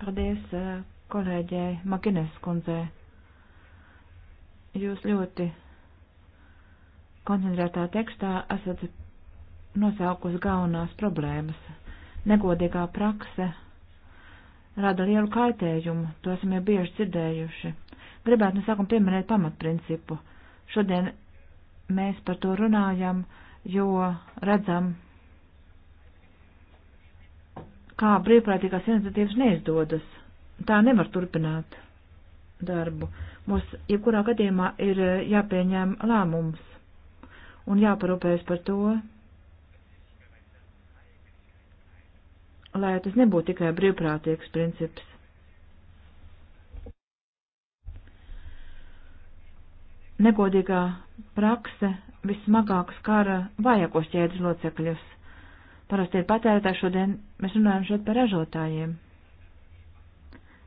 Paldies eh, kolēģei Magines kundzē. Jūs ļoti koncentrētā tekstā esat nosaukus galvenās problēmas negodīgā prakse rada lielu kaitējumu, to esam jau bieži dzirdējuši. Gribētu no sākuma pieminēt pamatprincipu. Šodien mēs par to runājam, jo redzam, kā brīvprātīgās iniciatīvas neizdodas. Tā nevar turpināt darbu. Mums, jebkurā gadījumā, ir jāpieņem lēmums un jāparūpējas par to, lai tas nebūtu tikai brīvprātīgs princips. Negodīgā prakse vismagāk skara vajagos ķēdes locekļus. Parasti ir patērētāji šodien, mēs runājam šeit par ražotājiem.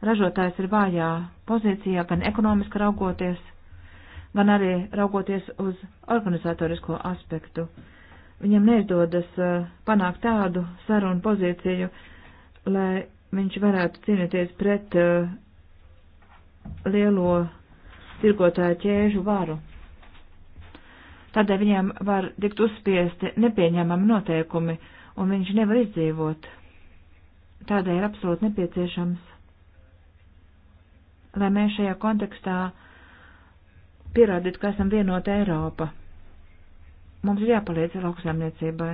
Ražotājs ir vājā pozīcijā gan ekonomiski raugoties, gan arī raugoties uz organizatorisko aspektu viņam neizdodas eh, panākt tādu sarunu pozīciju, lai viņš varētu cīnīties pret eh, lielo tirgotāju ķēžu varu. Tādēļ viņiem var tikt uzspiesti nepieņemami noteikumi, un viņš nevar izdzīvot. Tādēļ ir absolūti nepieciešams, lai mēs šajā kontekstā pierādītu, ka esam vienota Eiropa mums ir jāpaliec lauksaimniecībai.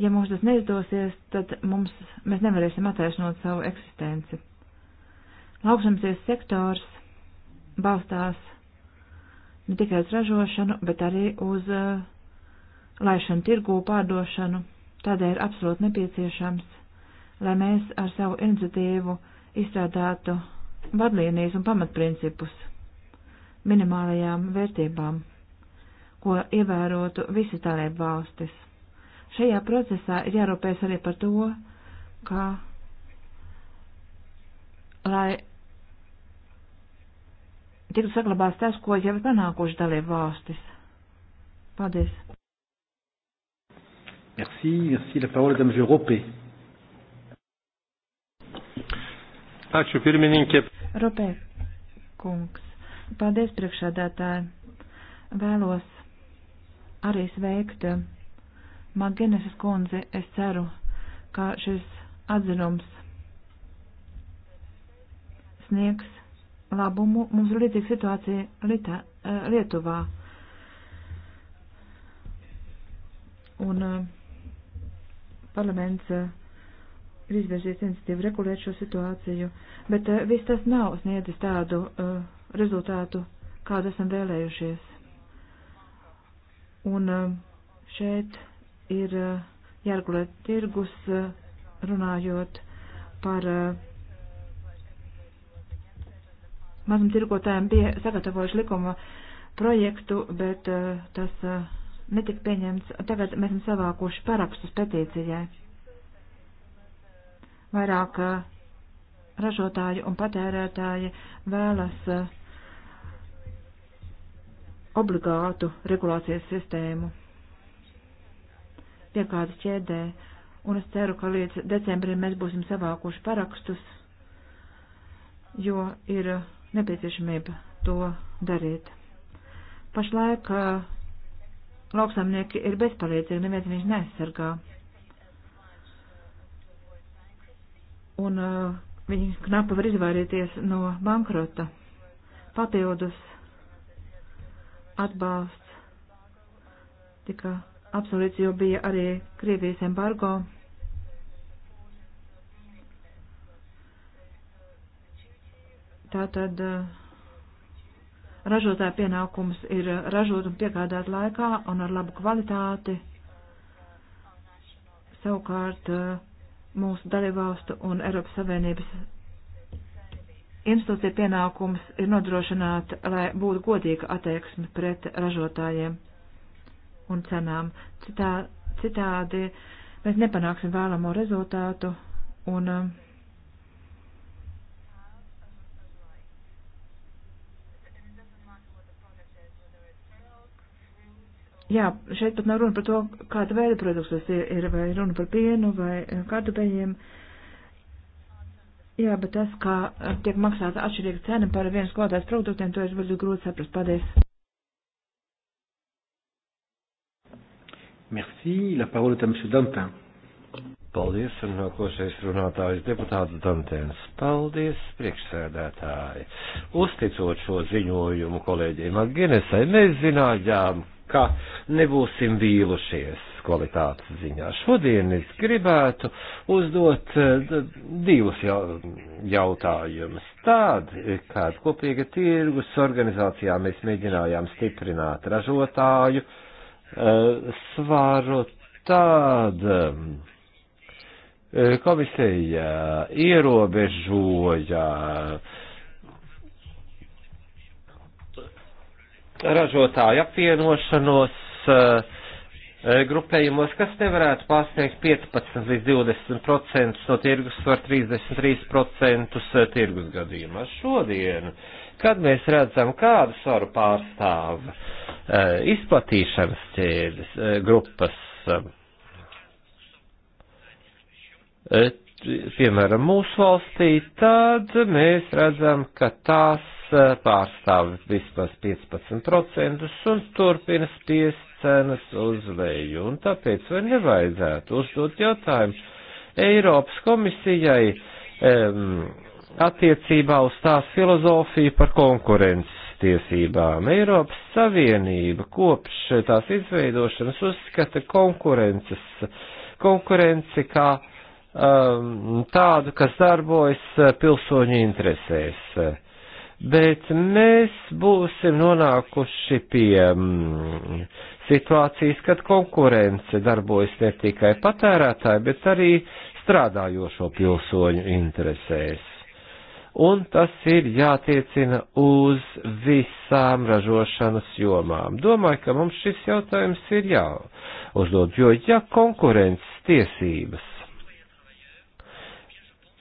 Ja mums tas neizdosies, tad mums, mēs nevarēsim attaisnot savu eksistenci. Lauksaimniecības sektors balstās ne tikai uz ražošanu, bet arī uz uh, laišanu tirgū pārdošanu. Tādēļ ir absolūti nepieciešams, lai mēs ar savu iniciatīvu izstrādātu vadlīnijas un pamatprincipus minimālajām vērtībām ko ievērotu visas dalību valstis. Šajā procesā ir jārūpēs arī par to, ka, lai tiktu saglabās tas, ko jau ir panākuši dalību valstis. Paldies. Merci, merci, la parole dame Juropē. Ačiū pirmininkė. Ropē, kungs. Paldies priekšādātāji. Vēlos arī sveikt eh, Maginesas kundzi. Es ceru, ka šis atzinums sniegs labumu. Mums ir līdzīga situācija Lita, eh, Lietuvā. Un eh, parlaments ir izvērsies iniciatīvu regulēt šo situāciju, bet viss tas nav sniedzis tādu rezultātu, kādu esam vēlējušies. Un eh, šeit ir eh, jāregulē tirgus, eh, runājot par mazumtirgotājiem bija sagatavojuši likuma projektu, bet tas netika pieņemts. Tagad mēs esam savākuši parakstus petīcijai. Vairāk ražotāji un patērētāji vēlas uh, obligātu regulācijas sistēmu pie kāda ķēdē, un es ceru, ka līdz decembrim mēs būsim savākuši parakstus, jo ir nepieciešamība to darīt. Pašlaik lauksamnieki ir bezpalīdzīgi, neviens viņus neaizsargā. Un uh, viņi knapi var izvairīties no bankrota. Papildus atbalsts tika apsolīts, jo bija arī Krievijas embargo. Tātad eh, ražotāja pienākums ir ražot un piegādāt laikā un ar labu kvalitāti. Savukārt eh, mūsu dalībvalstu un Eiropas Savienības institūcija pienākums ir nodrošināt, lai būtu godīga attieksme pret ražotājiem un cenām. Citā, citādi mēs nepanāksim vēlamo rezultātu un um, Jā, šeit pat nav runa par to, kāda veida produkts tas ir, vai runa par pienu vai kartupeļiem. Uh, Jā, bet tas, kā tiek maksāta atšķirīga cena par vienas kvalitātes produktiem, to es varu grūti saprast. Paldies. Merci. La parole est à M. Dantin. Paldies, un nākošais runātājs deputāts Dantēns. Paldies, priekšsēdētāji. Uzticot šo ziņojumu kolēģiem Agenesai, mēs zinājām, ka nebūsim vīlušies kvalitātes ziņā. Šodien es gribētu uzdot eh, divus jautājumus. Tādi, kāda kopīga tirgus organizācijā mēs mēģinājām stiprināt ražotāju eh, svaru, tāda eh, komisija ierobežoja ražotāju apvienošanos uh, E, grupējumos, kas nevarētu pārsniegt 15 līdz 20% no tirgus var 33% e, tirgus gadījumā. Šodien, kad mēs redzam, kādu svaru pārstāv e, izplatīšanas ķēdes grupas, piemēram, mūsu valstī, tad mēs redzam, ka tās pārstāv vismaz 15% un turpina spiest cenas uz leju. Un tāpēc vai nevajadzētu uzdot jautājumu Eiropas komisijai um, attiecībā uz tās filozofiju par konkurences tiesībām. Eiropas Savienība kopš tās izveidošanas uzskata konkurences, konkurenci kā um, tādu, kas darbojas pilsoņu interesēs. Bet mēs būsim nonākuši pie um, situācijas, kad konkurence darbojas ne tikai patērētāju, bet arī strādājošo pilsoņu interesēs. Un tas ir jātiecina uz visām ražošanas jomām. Domāju, ka mums šis jautājums ir jāuzdod, jo ja konkurences tiesības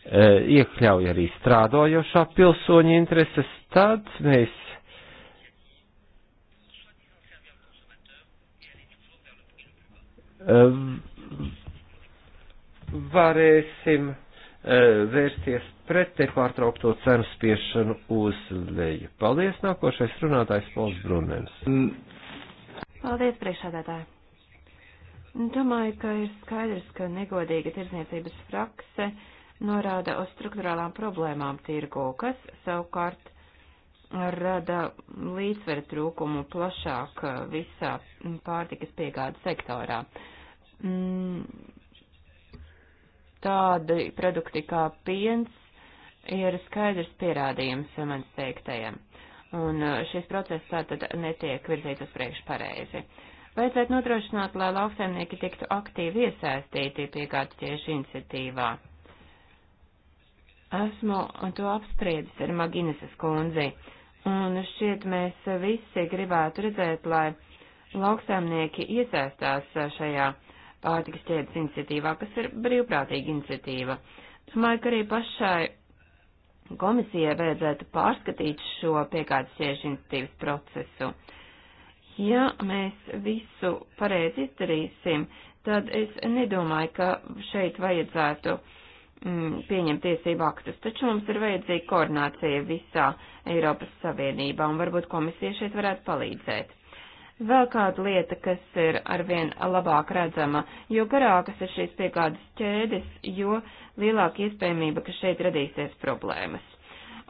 eh, iekļauj arī strādojošā pilsoņa intereses, tad mēs Ehm, varēsim ehm, vērsties pret nepārtraukto cenu spiešanu uz leju. Paldies, nākošais runātājs Pols Brunens. Paldies, priekšādātāji. Domāju, ka ir skaidrs, ka negodīga tirzniecības prakse norāda uz struktūrālām problēmām tirgū, kas savukārt rada līdzsveru trūkumu plašāk visā pārtikas piegādes sektorā. Uh, Mm, tādi produkti kā piens ir skaidrs pierādījums manis teiktajam. Un uh, šis process tātad netiek virzīts uz priekšu pareizi. Vajadzētu nodrošināt, lai lauksaimnieki tiktu aktīvi iesaistīti piegādes tieši iniciatīvā. Esmu to apspriedis ar Maginesas kundzi, un šķiet mēs visi gribētu redzēt, lai lauksaimnieki iesaistās šajā uh, pārtikas ķēdes iniciatīvā, kas ir brīvprātīga iniciatīva. Domāju, ka arī pašai komisijai vajadzētu pārskatīt šo piekādas ķēžu iniciatīvas procesu. Ja mēs visu pareizi izdarīsim, tad es nedomāju, ka šeit vajadzētu mm, pieņemt tiesību aktus, taču mums ir vajadzīga koordinācija visā Eiropas Savienībā, un varbūt komisija šeit varētu palīdzēt. Vēl kāda lieta, kas ir arvien labāk redzama, jo garākas ir šīs piegādas ķēdes, jo lielāka iespējamība, ka šeit radīsies problēmas.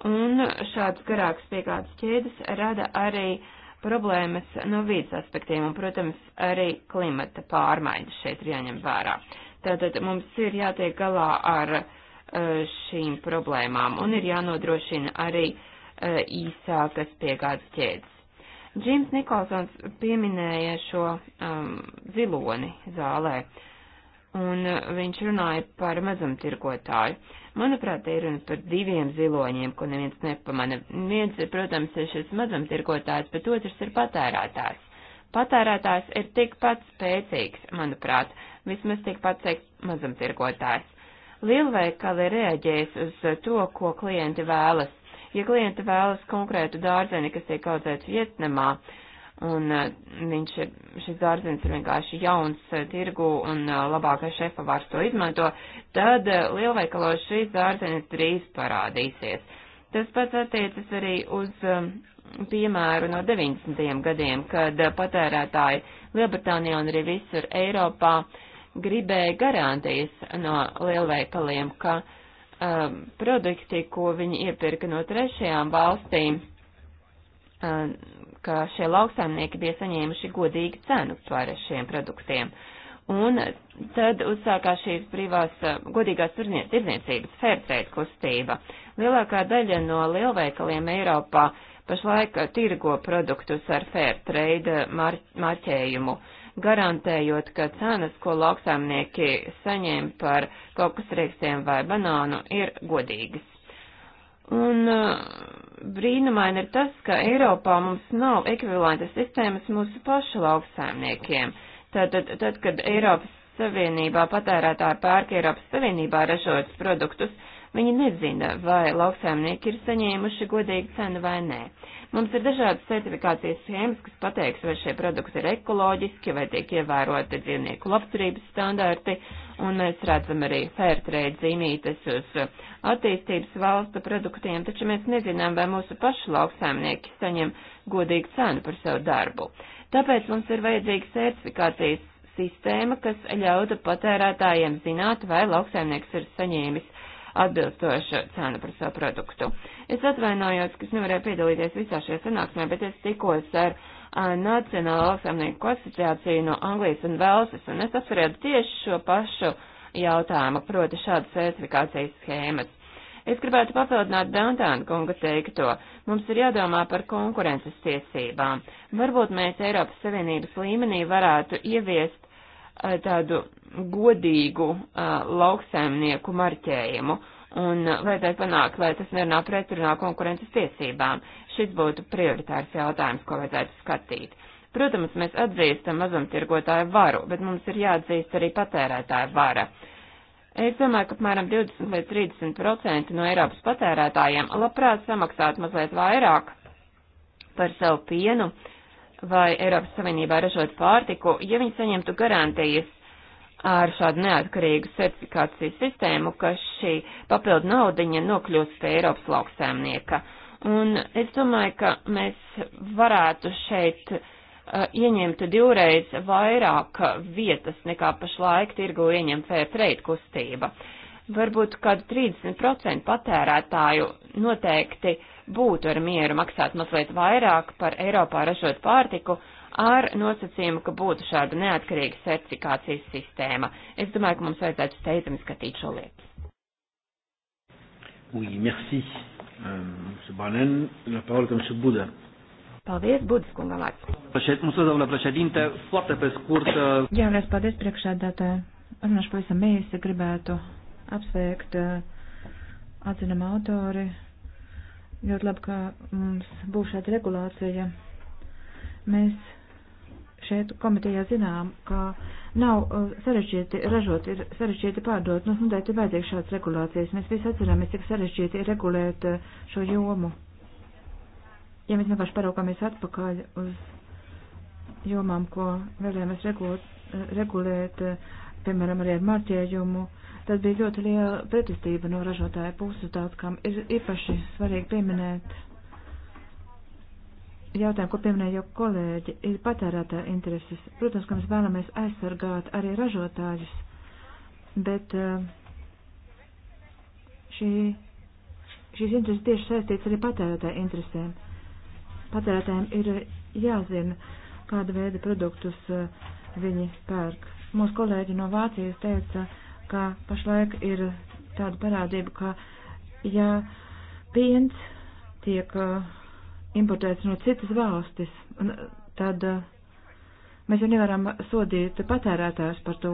Un šāds garāks piegādas ķēdes rada arī problēmas no vīdes aspektiem, un, protams, arī klimata pārmaiņas šeit ir jāņem vērā. Tātad mums ir jātiek galā ar e, šīm problēmām, un ir jānodrošina arī e, īsākas piegādas ķēdes. Džims Nikolsons pieminēja šo um, ziloni zālē, un uh, viņš runāja par mazumtirgotāju. Manuprāt, te ir runa par diviem ziloņiem, ko neviens nepamana. Viens ir, protams, ir šis mazumtirgotājs, bet otrs ir patērētājs. Patērētājs ir tikpat spēcīgs, manuprāt, vismaz tikpat teikt mazumtirgotājs. Lielveikali reaģēs uz to, ko klienti vēlas. Ja klienti vēlas konkrētu dārzeni, kas tiek audzēts Vietnamā, un uh, viņš ir, šis dārzens ir vienkārši jauns uh, tirgu un uh, labākais šefa vārds to izmanto, tad lielveikalos šīs dārzenes drīz parādīsies. Tas pats attiecas arī uz um, piemēru no 90. gadiem, kad patērētāji Lielbritānijā un arī visur Eiropā gribēja garantijas no lielveikaliem, ka uh, um, produkti, ko viņi iepirka no trešajām valstīm, um, ka šie lauksaimnieki bija saņēmuši godīgu cenu par šiem produktiem. Un tad uzsākās šīs brīvās uh, godīgās tirdzniecības fairtrade kustība. Lielākā daļa no lielveikaliem Eiropā pašlaik tirgo produktus ar fairtrade uh, mar marķējumu. Uh, garantējot, ka cenas, ko lauksaimnieki saņem par kokosrīksiem vai banānu, ir godīgas. Un uh, brīnumaini ir tas, ka Eiropā mums nav ekvivalenta sistēmas mūsu pašu lauksaimniekiem. Tātad, tad, tad, kad Eiropas Savienībā patērētāji pērk Eiropas Savienībā ražotas produktus, viņi nezina, vai lauksaimnieki ir saņēmuši godīgu cenu vai nē. Mums ir dažādas certifikācijas schēmas, kas pateiks, vai šie produkti ir ekoloģiski, vai tiek ievēroti dzīvnieku labturības standarti, un mēs redzam arī fairtrade zīmītes uz attīstības valstu produktiem, taču mēs nezinām, vai mūsu pašu lauksaimnieki saņem godīgu cenu par savu darbu. Tāpēc mums ir vajadzīga certifikācijas sistēma, kas ļautu patērētājiem zināt, vai lauksaimnieks ir saņēmis atbilstošu cenu par savu produktu. Es atvainojos, ka es nevarēju piedalīties visā šajā sanāksmē, bet es tikos ar uh, Nacionālo lauksaimnieku asociāciju no Anglijas un Velsas, un es apsvarēju tieši šo pašu jautājumu, proti šādas certifikācijas schēmas. Es gribētu papildināt Dantāna kunga teikto. Mums ir jādomā par konkurences tiesībām. Varbūt mēs Eiropas Savienības līmenī varētu ieviest tādu godīgu lauksaimnieku marķējumu un vajadzētu panākt, lai tas nerunā pretrunā konkurences tiesībām. Šis būtu prioritārs jautājums, ko vajadzētu skatīt. Protams, mēs atzīstam mazumtirgotāju varu, bet mums ir jāatzīst arī patērētāju vara. Es domāju, ka apmēram 20 līdz 30% no Eiropas patērētājiem labprāt samaksātu mazliet vairāk par savu pienu, uh, vai Eiropas Savienībā ražot pārtiku, ja viņi saņemtu garantijas ar šādu neatkarīgu certifikācijas sistēmu, ka šī papildu naudiņa nokļūst pie Eiropas lauksēmnieka. Un es domāju, ka mēs varētu šeit uh, ieņemt divreiz vairāk vietas nekā pašlaik tirgu ieņem fair trade kustība. Varbūt kādu 30% patērētāju noteikti uh, būtu ar mieru maksāt mazliet vairāk par Eiropā ražot pārtiku ar nosacījumu, ka būtu šāda neatkarīga certifikācijas sistēma. Es domāju, ka mums vajadzētu steidzami skatīt šo lietu. Oui, merci. Um, Banen, la parole comme ce Bouddha. Paldies, Budas kungam vārds. Mūsu domnā prešedinte, foarte pe scurt. Jā, un uh, es paldies priekšādātāju. Runāšu pavisam īsi, gribētu apsveikt uh, atzinam autori Ļoti labi, ka mums būs šāda regulācija. Mēs šeit komitejā zinām, ka nav uh, sarežģīti ražot, ir sarežģīti pārdot. Mums nu, noteikti ir vajadzīgs šāds regulācijas. Mēs visi atceramies, cik sarežģīti ir regulēt uh, šo jomu. Ja mēs vienkārši paraugāmies atpakaļ uz jomām, ko vēlējāmies uh, regulēt, regulēt piemēram, arī ar marķējumu, Tad bija ļoti liela pretestība no ražotāja puses, tāds, kam ir īpaši svarīgi pieminēt jautājumu, ko pieminēja jau kolēģi, ir patērētāja intereses. Protams, ka mēs vēlamies aizsargāt arī ražotājus, bet eh, šī, šīs intereses tieši saistīts arī patērētāja interesēm. Patērētājiem ir jāzina, kāda veida produktus eh, viņi pērk. Mūsu kolēģi no Vācijas teica, ka ka pašlaik ir tāda parādība, ka ja piens tiek eh, importēts no citas valstis, eh, tad eh, mēs jau nevaram sodīt patērētājus par to.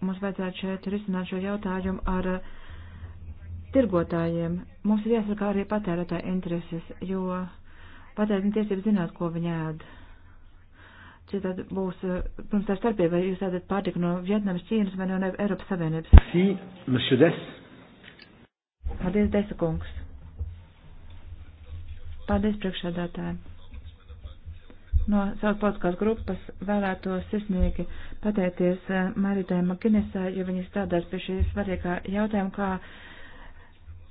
Mums vajadzētu šeit risināt šo jautājumu ar tirgotājiem. Mums ir jāsaka arī patērētāja intereses, jo patērētāji tiesības zināt, ko viņi ēda citādi būs, eh, protams, tā starpība, vai jūs tātad pārtika no Vietnamas, Ķīnas vai no Eiropas Savienības. Sī, monsieur Des. Paldies, Desa kungs. Paldies, priekšādātāji. No savas politiskās grupas vēlētos sirsnīgi pateikties eh, Maritai Makinesai, jo viņa strādās pie šī svarīgā jautājuma, kā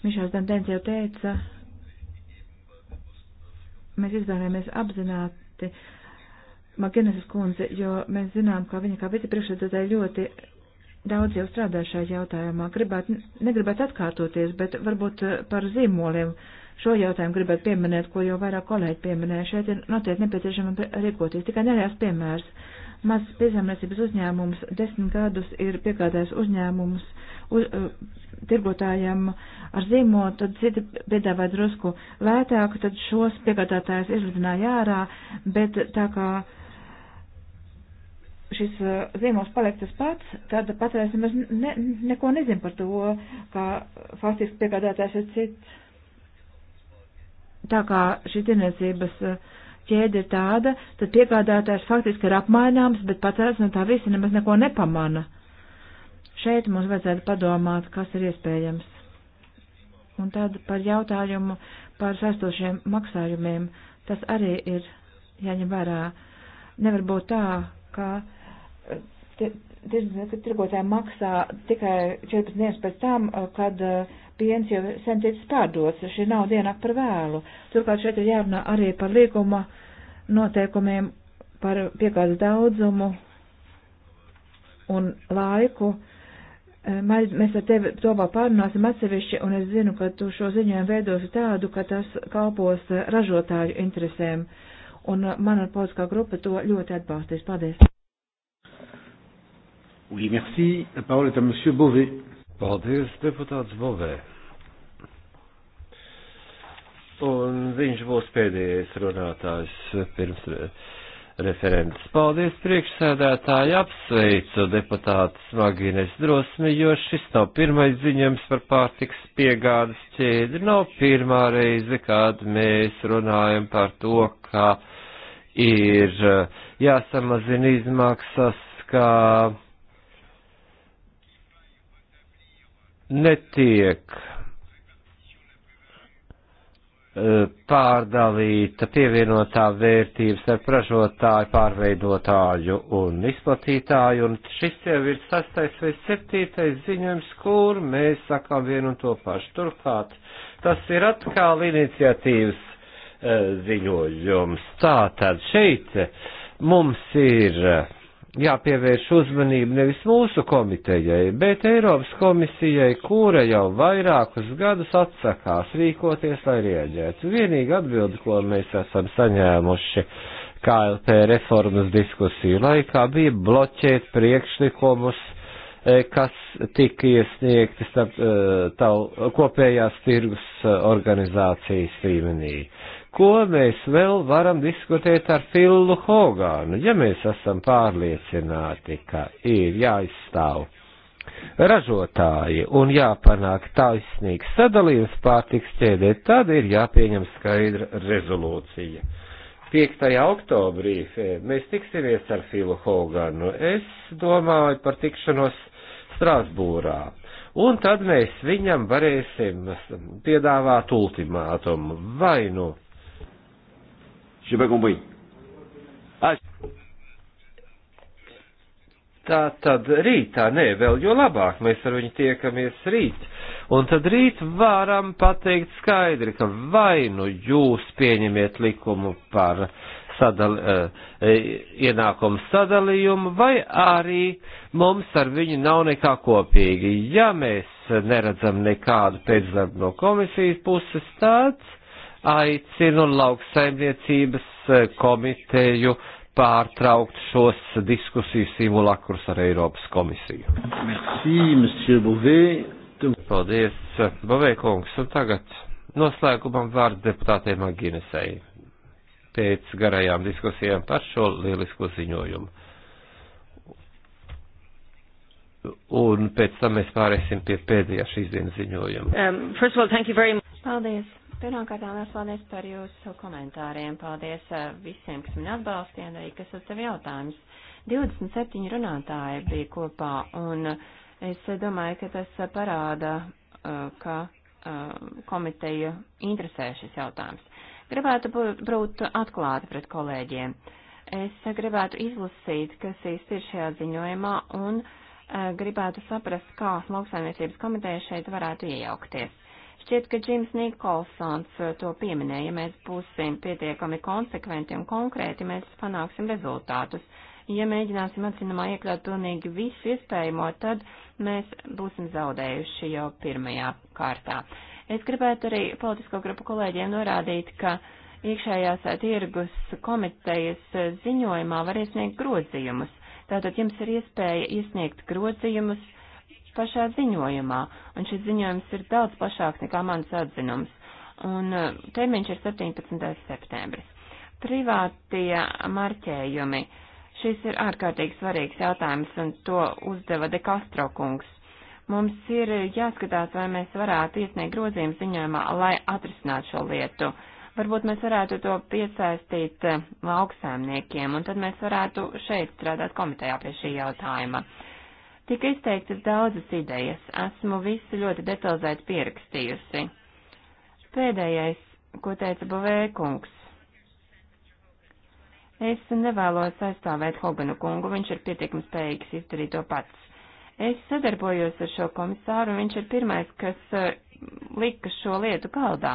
Mišās Dantens jau teica. Mēs izvēlējāmies apzināti Maginesas kundze, jo mēs zinām, ka viņa kā vicepriekšsēdētāja ļoti daudz jau strādā šajā jautājumā. Gribētu, negribētu atkārtoties, bet varbūt eh, par zīmoliem šo jautājumu gribētu pieminēt, ko jau vairāk kolēģi pieminēja. Šeit ir noteikti nepieciešama rīkoties. Tikai nereāls piemērs. Mazs piezemniecības uzņēmums desmit gadus ir piegādājis uzņēmums uz, uh, tirgotājiem ar zīmolu, tad citi piedāvāja drusku lētāku, tad šos piegādātājus izlidināja ārā, bet tā kā uh, šis uh, zīmols paliek tas pats, tad patērēs nemaz ne, neko nezin par to, ka faktiski piegādātājs ir cits. Tā kā šī tirniecības uh, ķēde ir tāda, tad piegādātājs faktiski ir apmaināms, bet patērēs no tā visi nemaz neko nepamana. Šeit mums vajadzētu padomāt, kas ir iespējams. Un tad par jautājumu par saistošiem maksājumiem, tas arī ir jāņem vērā. Nevar būt tā, ka tirgotāji maksā tikai 14 dienas pēc tam, eh, kad eh, piens jau sen ticis pārdots, šī nav dienāk par vēlu. Turklāt šeit ir jārunā arī par līguma noteikumiem, par piegādes daudzumu un laiku. Eh, mēs ar tevi to vēl pārunāsim atsevišķi, un es zinu, ka tu šo ziņojumu veidosi tādu, ka tas kalpos ražotāju interesēm, un mana politiskā grupa to ļoti atbalstīs. Paldies! Oui, merci. La parole est à Monsieur Bové. Paldies, deputāts Bovē. Un viņš būs pēdējais runātājs pirms referents. Paldies, priekšsēdētāji, apsveicu deputātu Smagines drosmi, jo šis nav pirmais ziņojums par pārtiks piegādes ķēdi. Nav pirmā reize, kad mēs runājam par to, ka ir jāsamazina izmaksas, ka netiek eh, pārdalīta pievienotā vērtības ar pražotāju, pārveidotāju un izplatītāju, un šis jau ir sastais vai septītais ziņojums, kur mēs sakām vienu un to pašu. Turklāt tas ir atkal iniciatīvas eh, ziņojums. Tātad šeit mums ir eh, jāpievērš uzmanība nevis mūsu komitejai, bet Eiropas komisijai, kura jau vairākus gadus atsakās rīkoties, lai rieģētu. Vienīga atbilde, ko mēs esam saņēmuši KLP reformas diskusiju laikā, bija bloķēt priekšlikumus, e, kas tika iesniegti starp, e, tā, kopējās tirgus e, organizācijas līmenī ko mēs vēl varam diskutēt ar Filu Hogānu, ja mēs esam pārliecināti, ka ir jāizstāv ražotāji un jāpanāk taisnīgs sadalījums pārtiks ķēdē, tad ir jāpieņem skaidra rezolūcija. 5. oktobrī eh, mēs tiksimies ar Filu Hoganu. Es domāju par tikšanos Strasbūrā. Un tad mēs viņam varēsim piedāvāt ultimātumu vai nu. No J'ai pas compris. Ah. Tā tad rītā, nē, vēl jo labāk, mēs ar viņu tiekamies rīt. Un tad rīt varam pateikt skaidri, ka vai nu jūs pieņemiet likumu par sadal, eh, eh, ienākumu sadalījumu, vai arī mums ar viņu nav nekā kopīgi. Ja mēs neredzam nekādu pēcdarbu no komisijas puses, tāds aicinu lauksaimniecības eh, komiteju pārtraukt šos diskusiju simulakrus ar Eiropas komisiju. Merci, Paldies, Bovē kungs, un tagad noslēgumam vārds deputātei Maginesei pēc garajām diskusijām par šo lielisko ziņojumu. Un pēc tam mēs pārēsim pie pēdējā šīs dienas ziņojuma. Um, all, Paldies! Pirmkārt, liels paldies par jūsu komentāriem. Paldies uh, visiem, kas mani atbalstīja, arī kas uzdev jautājumus. 27 runātāji bija kopā, un es domāju, ka tas parāda, uh, ka uh, komiteja interesē šis jautājums. Gribētu būt, būt atklāti pret kolēģiem. Es gribētu izlasīt, kas īsti ir šajā ziņojumā, un gribētu saprast, kā lauksaimniecības komiteja šeit varētu iejaukties. Šķiet, ka Džims Nikolsons eh, to pieminēja, ja mēs būsim pietiekami konsekventi un konkrēti, mēs panāksim rezultātus. Ja mēģināsim atzinumā iekļaut pilnīgi visu iespējamo, tad mēs būsim zaudējuši jau pirmajā kārtā. Es gribētu arī politisko grupu kolēģiem norādīt, ka iekšējās tirgus komitejas eh, ziņojumā var iesniegt grozījumus. Tātad jums ir iespēja iesniegt grozījumus pašā ziņojumā, un šis ziņojums ir daudz plašāks nekā mans atzinums, un uh, termiņš ir 17. septembris. Privātie marķējumi. Šis ir ārkārtīgi svarīgs jautājums, un to uzdeva De Castro kungs. Mums ir jāskatās, vai mēs varētu iesniegt grozījumu ziņojumā, lai atrisinātu šo lietu. Varbūt mēs varētu to piesaistīt uh, lauksēmniekiem, un tad mēs varētu šeit strādāt komitejā pie šī jautājuma. Uh, Tika izteiktas daudzas idejas, esmu visu ļoti detalizēti pierakstījusi. Pēdējais, ko teica Bovēkungs. Es nevēlos aizstāvēt Hoganu kungu, viņš ir pietiekami spējīgs izdarīt to pats. Es sadarbojos ar šo komisāru, viņš ir pirmais, kas eh, lika šo lietu kaldā.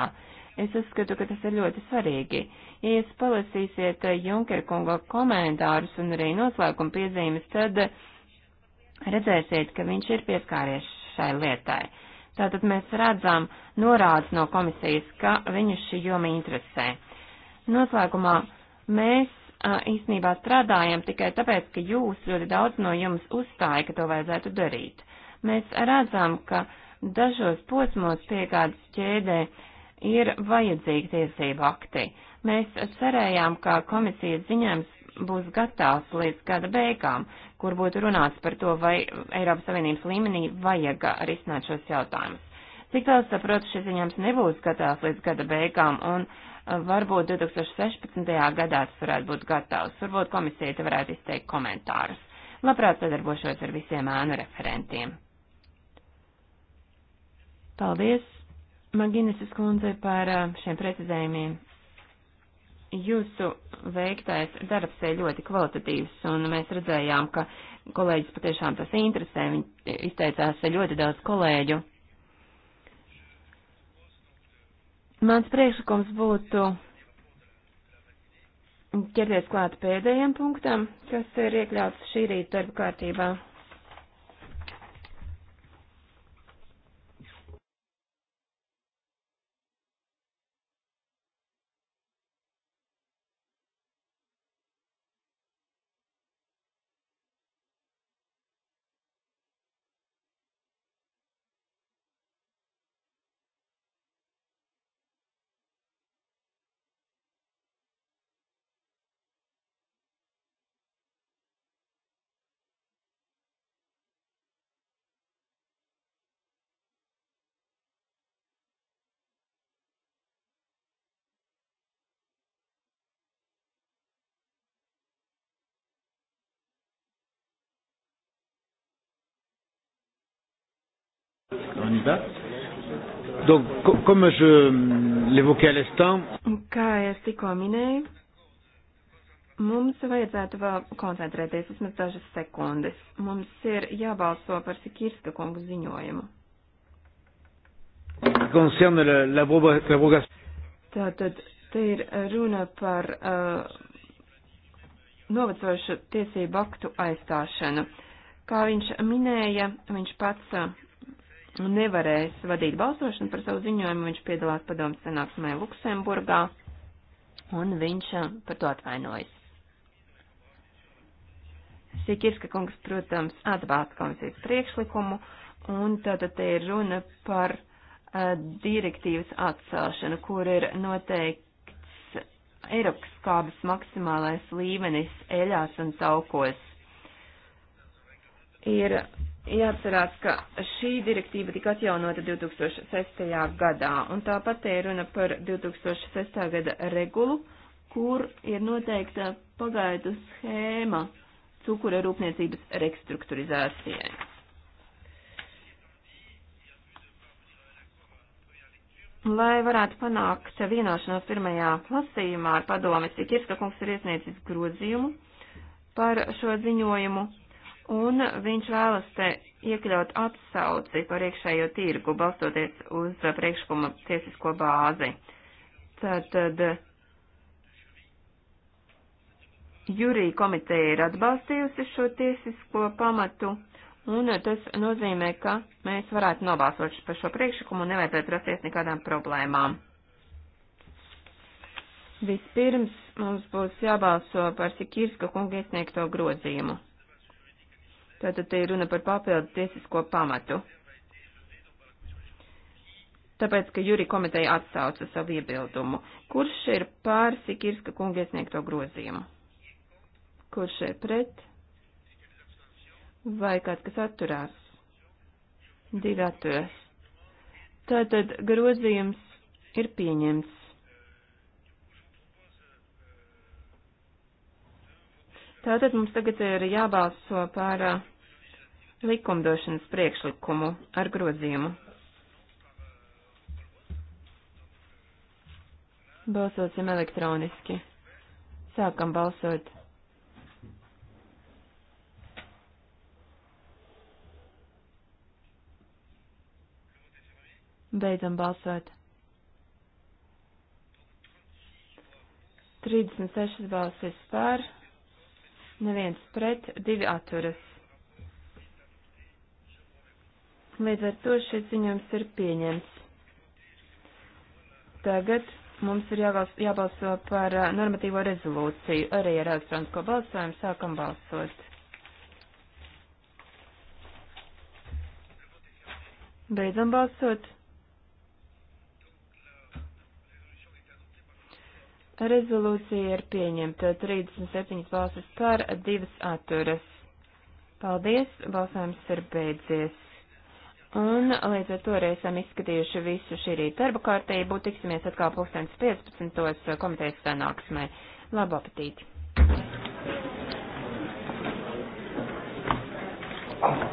Es uzskatu, ka tas ir ļoti svarīgi. Ja jūs palasīsiet eh, Junkerkunga komentārus un arī noslēguma piezīmes, tad redzēsiet, ka viņš ir pieskāries šai lietai. Tātad mēs redzam norādes no komisijas, ka viņu šī joma interesē. Noslēgumā mēs a, īstenībā strādājam tikai tāpēc, ka jūs ļoti daudz no jums uzstāja, ka to vajadzētu darīt. Mēs redzam, ka dažos posmos piegādes ķēdē ir vajadzīgi tiesību akti. Mēs cerējām, ka komisijas ziņojums būs gatavs līdz gada beigām, kur būtu runāts par to, vai Eiropas Savienības līmenī vajag risināt šos jautājumus. Cik tālu saprotu, šis ziņojums nebūs gatavs līdz gada beigām, un uh, varbūt 2016. gadā tas varētu būt gatavs. Varbūt komisija te varētu izteikt komentārus. Labprāt sadarbošos ar visiem ēnu referentiem. Paldies, Magineses kundze, par uh, šiem precizējumiem Jūsu veiktais darbs ir ļoti kvalitatīvs, un mēs redzējām, ka kolēģis patiešām tas interesē. Viņi izteicās ļoti daudz kolēģu. Mans priekšlikums būtu ķerties klāt pēdējiem punktam, kas ir iekļauts šī rīta darba kārtībā. On y va Donc, comme je l'évoquais à l'instant. Kā es tikko minēju, mums vajadzētu vēl koncentrēties vismaz dažas sekundes. Mums ir jābalso par Sikirska kungu ziņojumu. Tātad te ir runa par uh, novecojušu tiesību aktu aizstāšanu. Kā viņš minēja, viņš pats uh, nevarēs vadīt balsošanu par savu ziņojumu, viņš piedalās padomu sanāksmē Luksemburgā, un viņš eh, par to atvainojas. Sikirska kungs, protams, atbalsta komisijas priekšlikumu, un tātad te ir runa par uh, direktīvas atcelšanu, kur ir noteikts Eiropaskābes maksimālais līmenis eļās un taukos. Ir Jāatcerās, ka šī direktīva tika atjaunota 2006. gadā, un tāpat te ir runa par 2006. gada regulu, kur ir noteikta pagaidu schēma cukura rūpniecības restruktūrizācijai. Lai varētu panākt vienošanos pirmajā lasījumā ar padomi, Sikirska kungs ir iesniecis grozījumu par šo ziņojumu un viņš vēlas te iekļaut atsauci par iekšējo tirgu, balstoties uz priekšlikuma tiesisko bāzi. Tātad jurī komiteja ir atbalstījusi šo tiesisko pamatu, un tas nozīmē, ka mēs varētu nobalsot par šo priekšlikumu un nevajadzētu rasties nekādām problēmām. Vispirms mums būs jābalso par Sikirska kunga iesniegto grozījumu. Tātad te ir runa par papildu tiesisko pamatu. Tāpēc, ka Juri komiteja atsauca savu iebildumu. Kurš ir pār Sikirska kunga iesniegto grozījumu? Kurš ir pret? Vai kāds, kas atturās? Divi atturās. Tātad grozījums ir pieņemts. Tātad mums tagad ir jābalso par. Uh, likumdošanas priekšlikumu ar grozījumu. Balsosim elektroniski. Sākam balsot. Beidzam balsot. 36 balsis pār, neviens pret, divi atturas. Līdz ar to šis ziņojums ir pieņemts. Tagad mums ir jābalso par normatīvo rezolūciju. Arī ar elektronisko balsojumu sākam balsot. Beidzam balsot. Rezolūcija ir pieņemta 37 balsis par, 2 atturas. Paldies, balsājums ir beidzies. Un līdz ar to arī esam izskatījuši visu šī rīta darba kārtību. Tiksimies atkal 2015. komitejas sanāksmē. Labu apetīti! Thank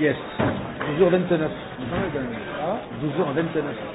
you. Yes. 12h29. 12h29.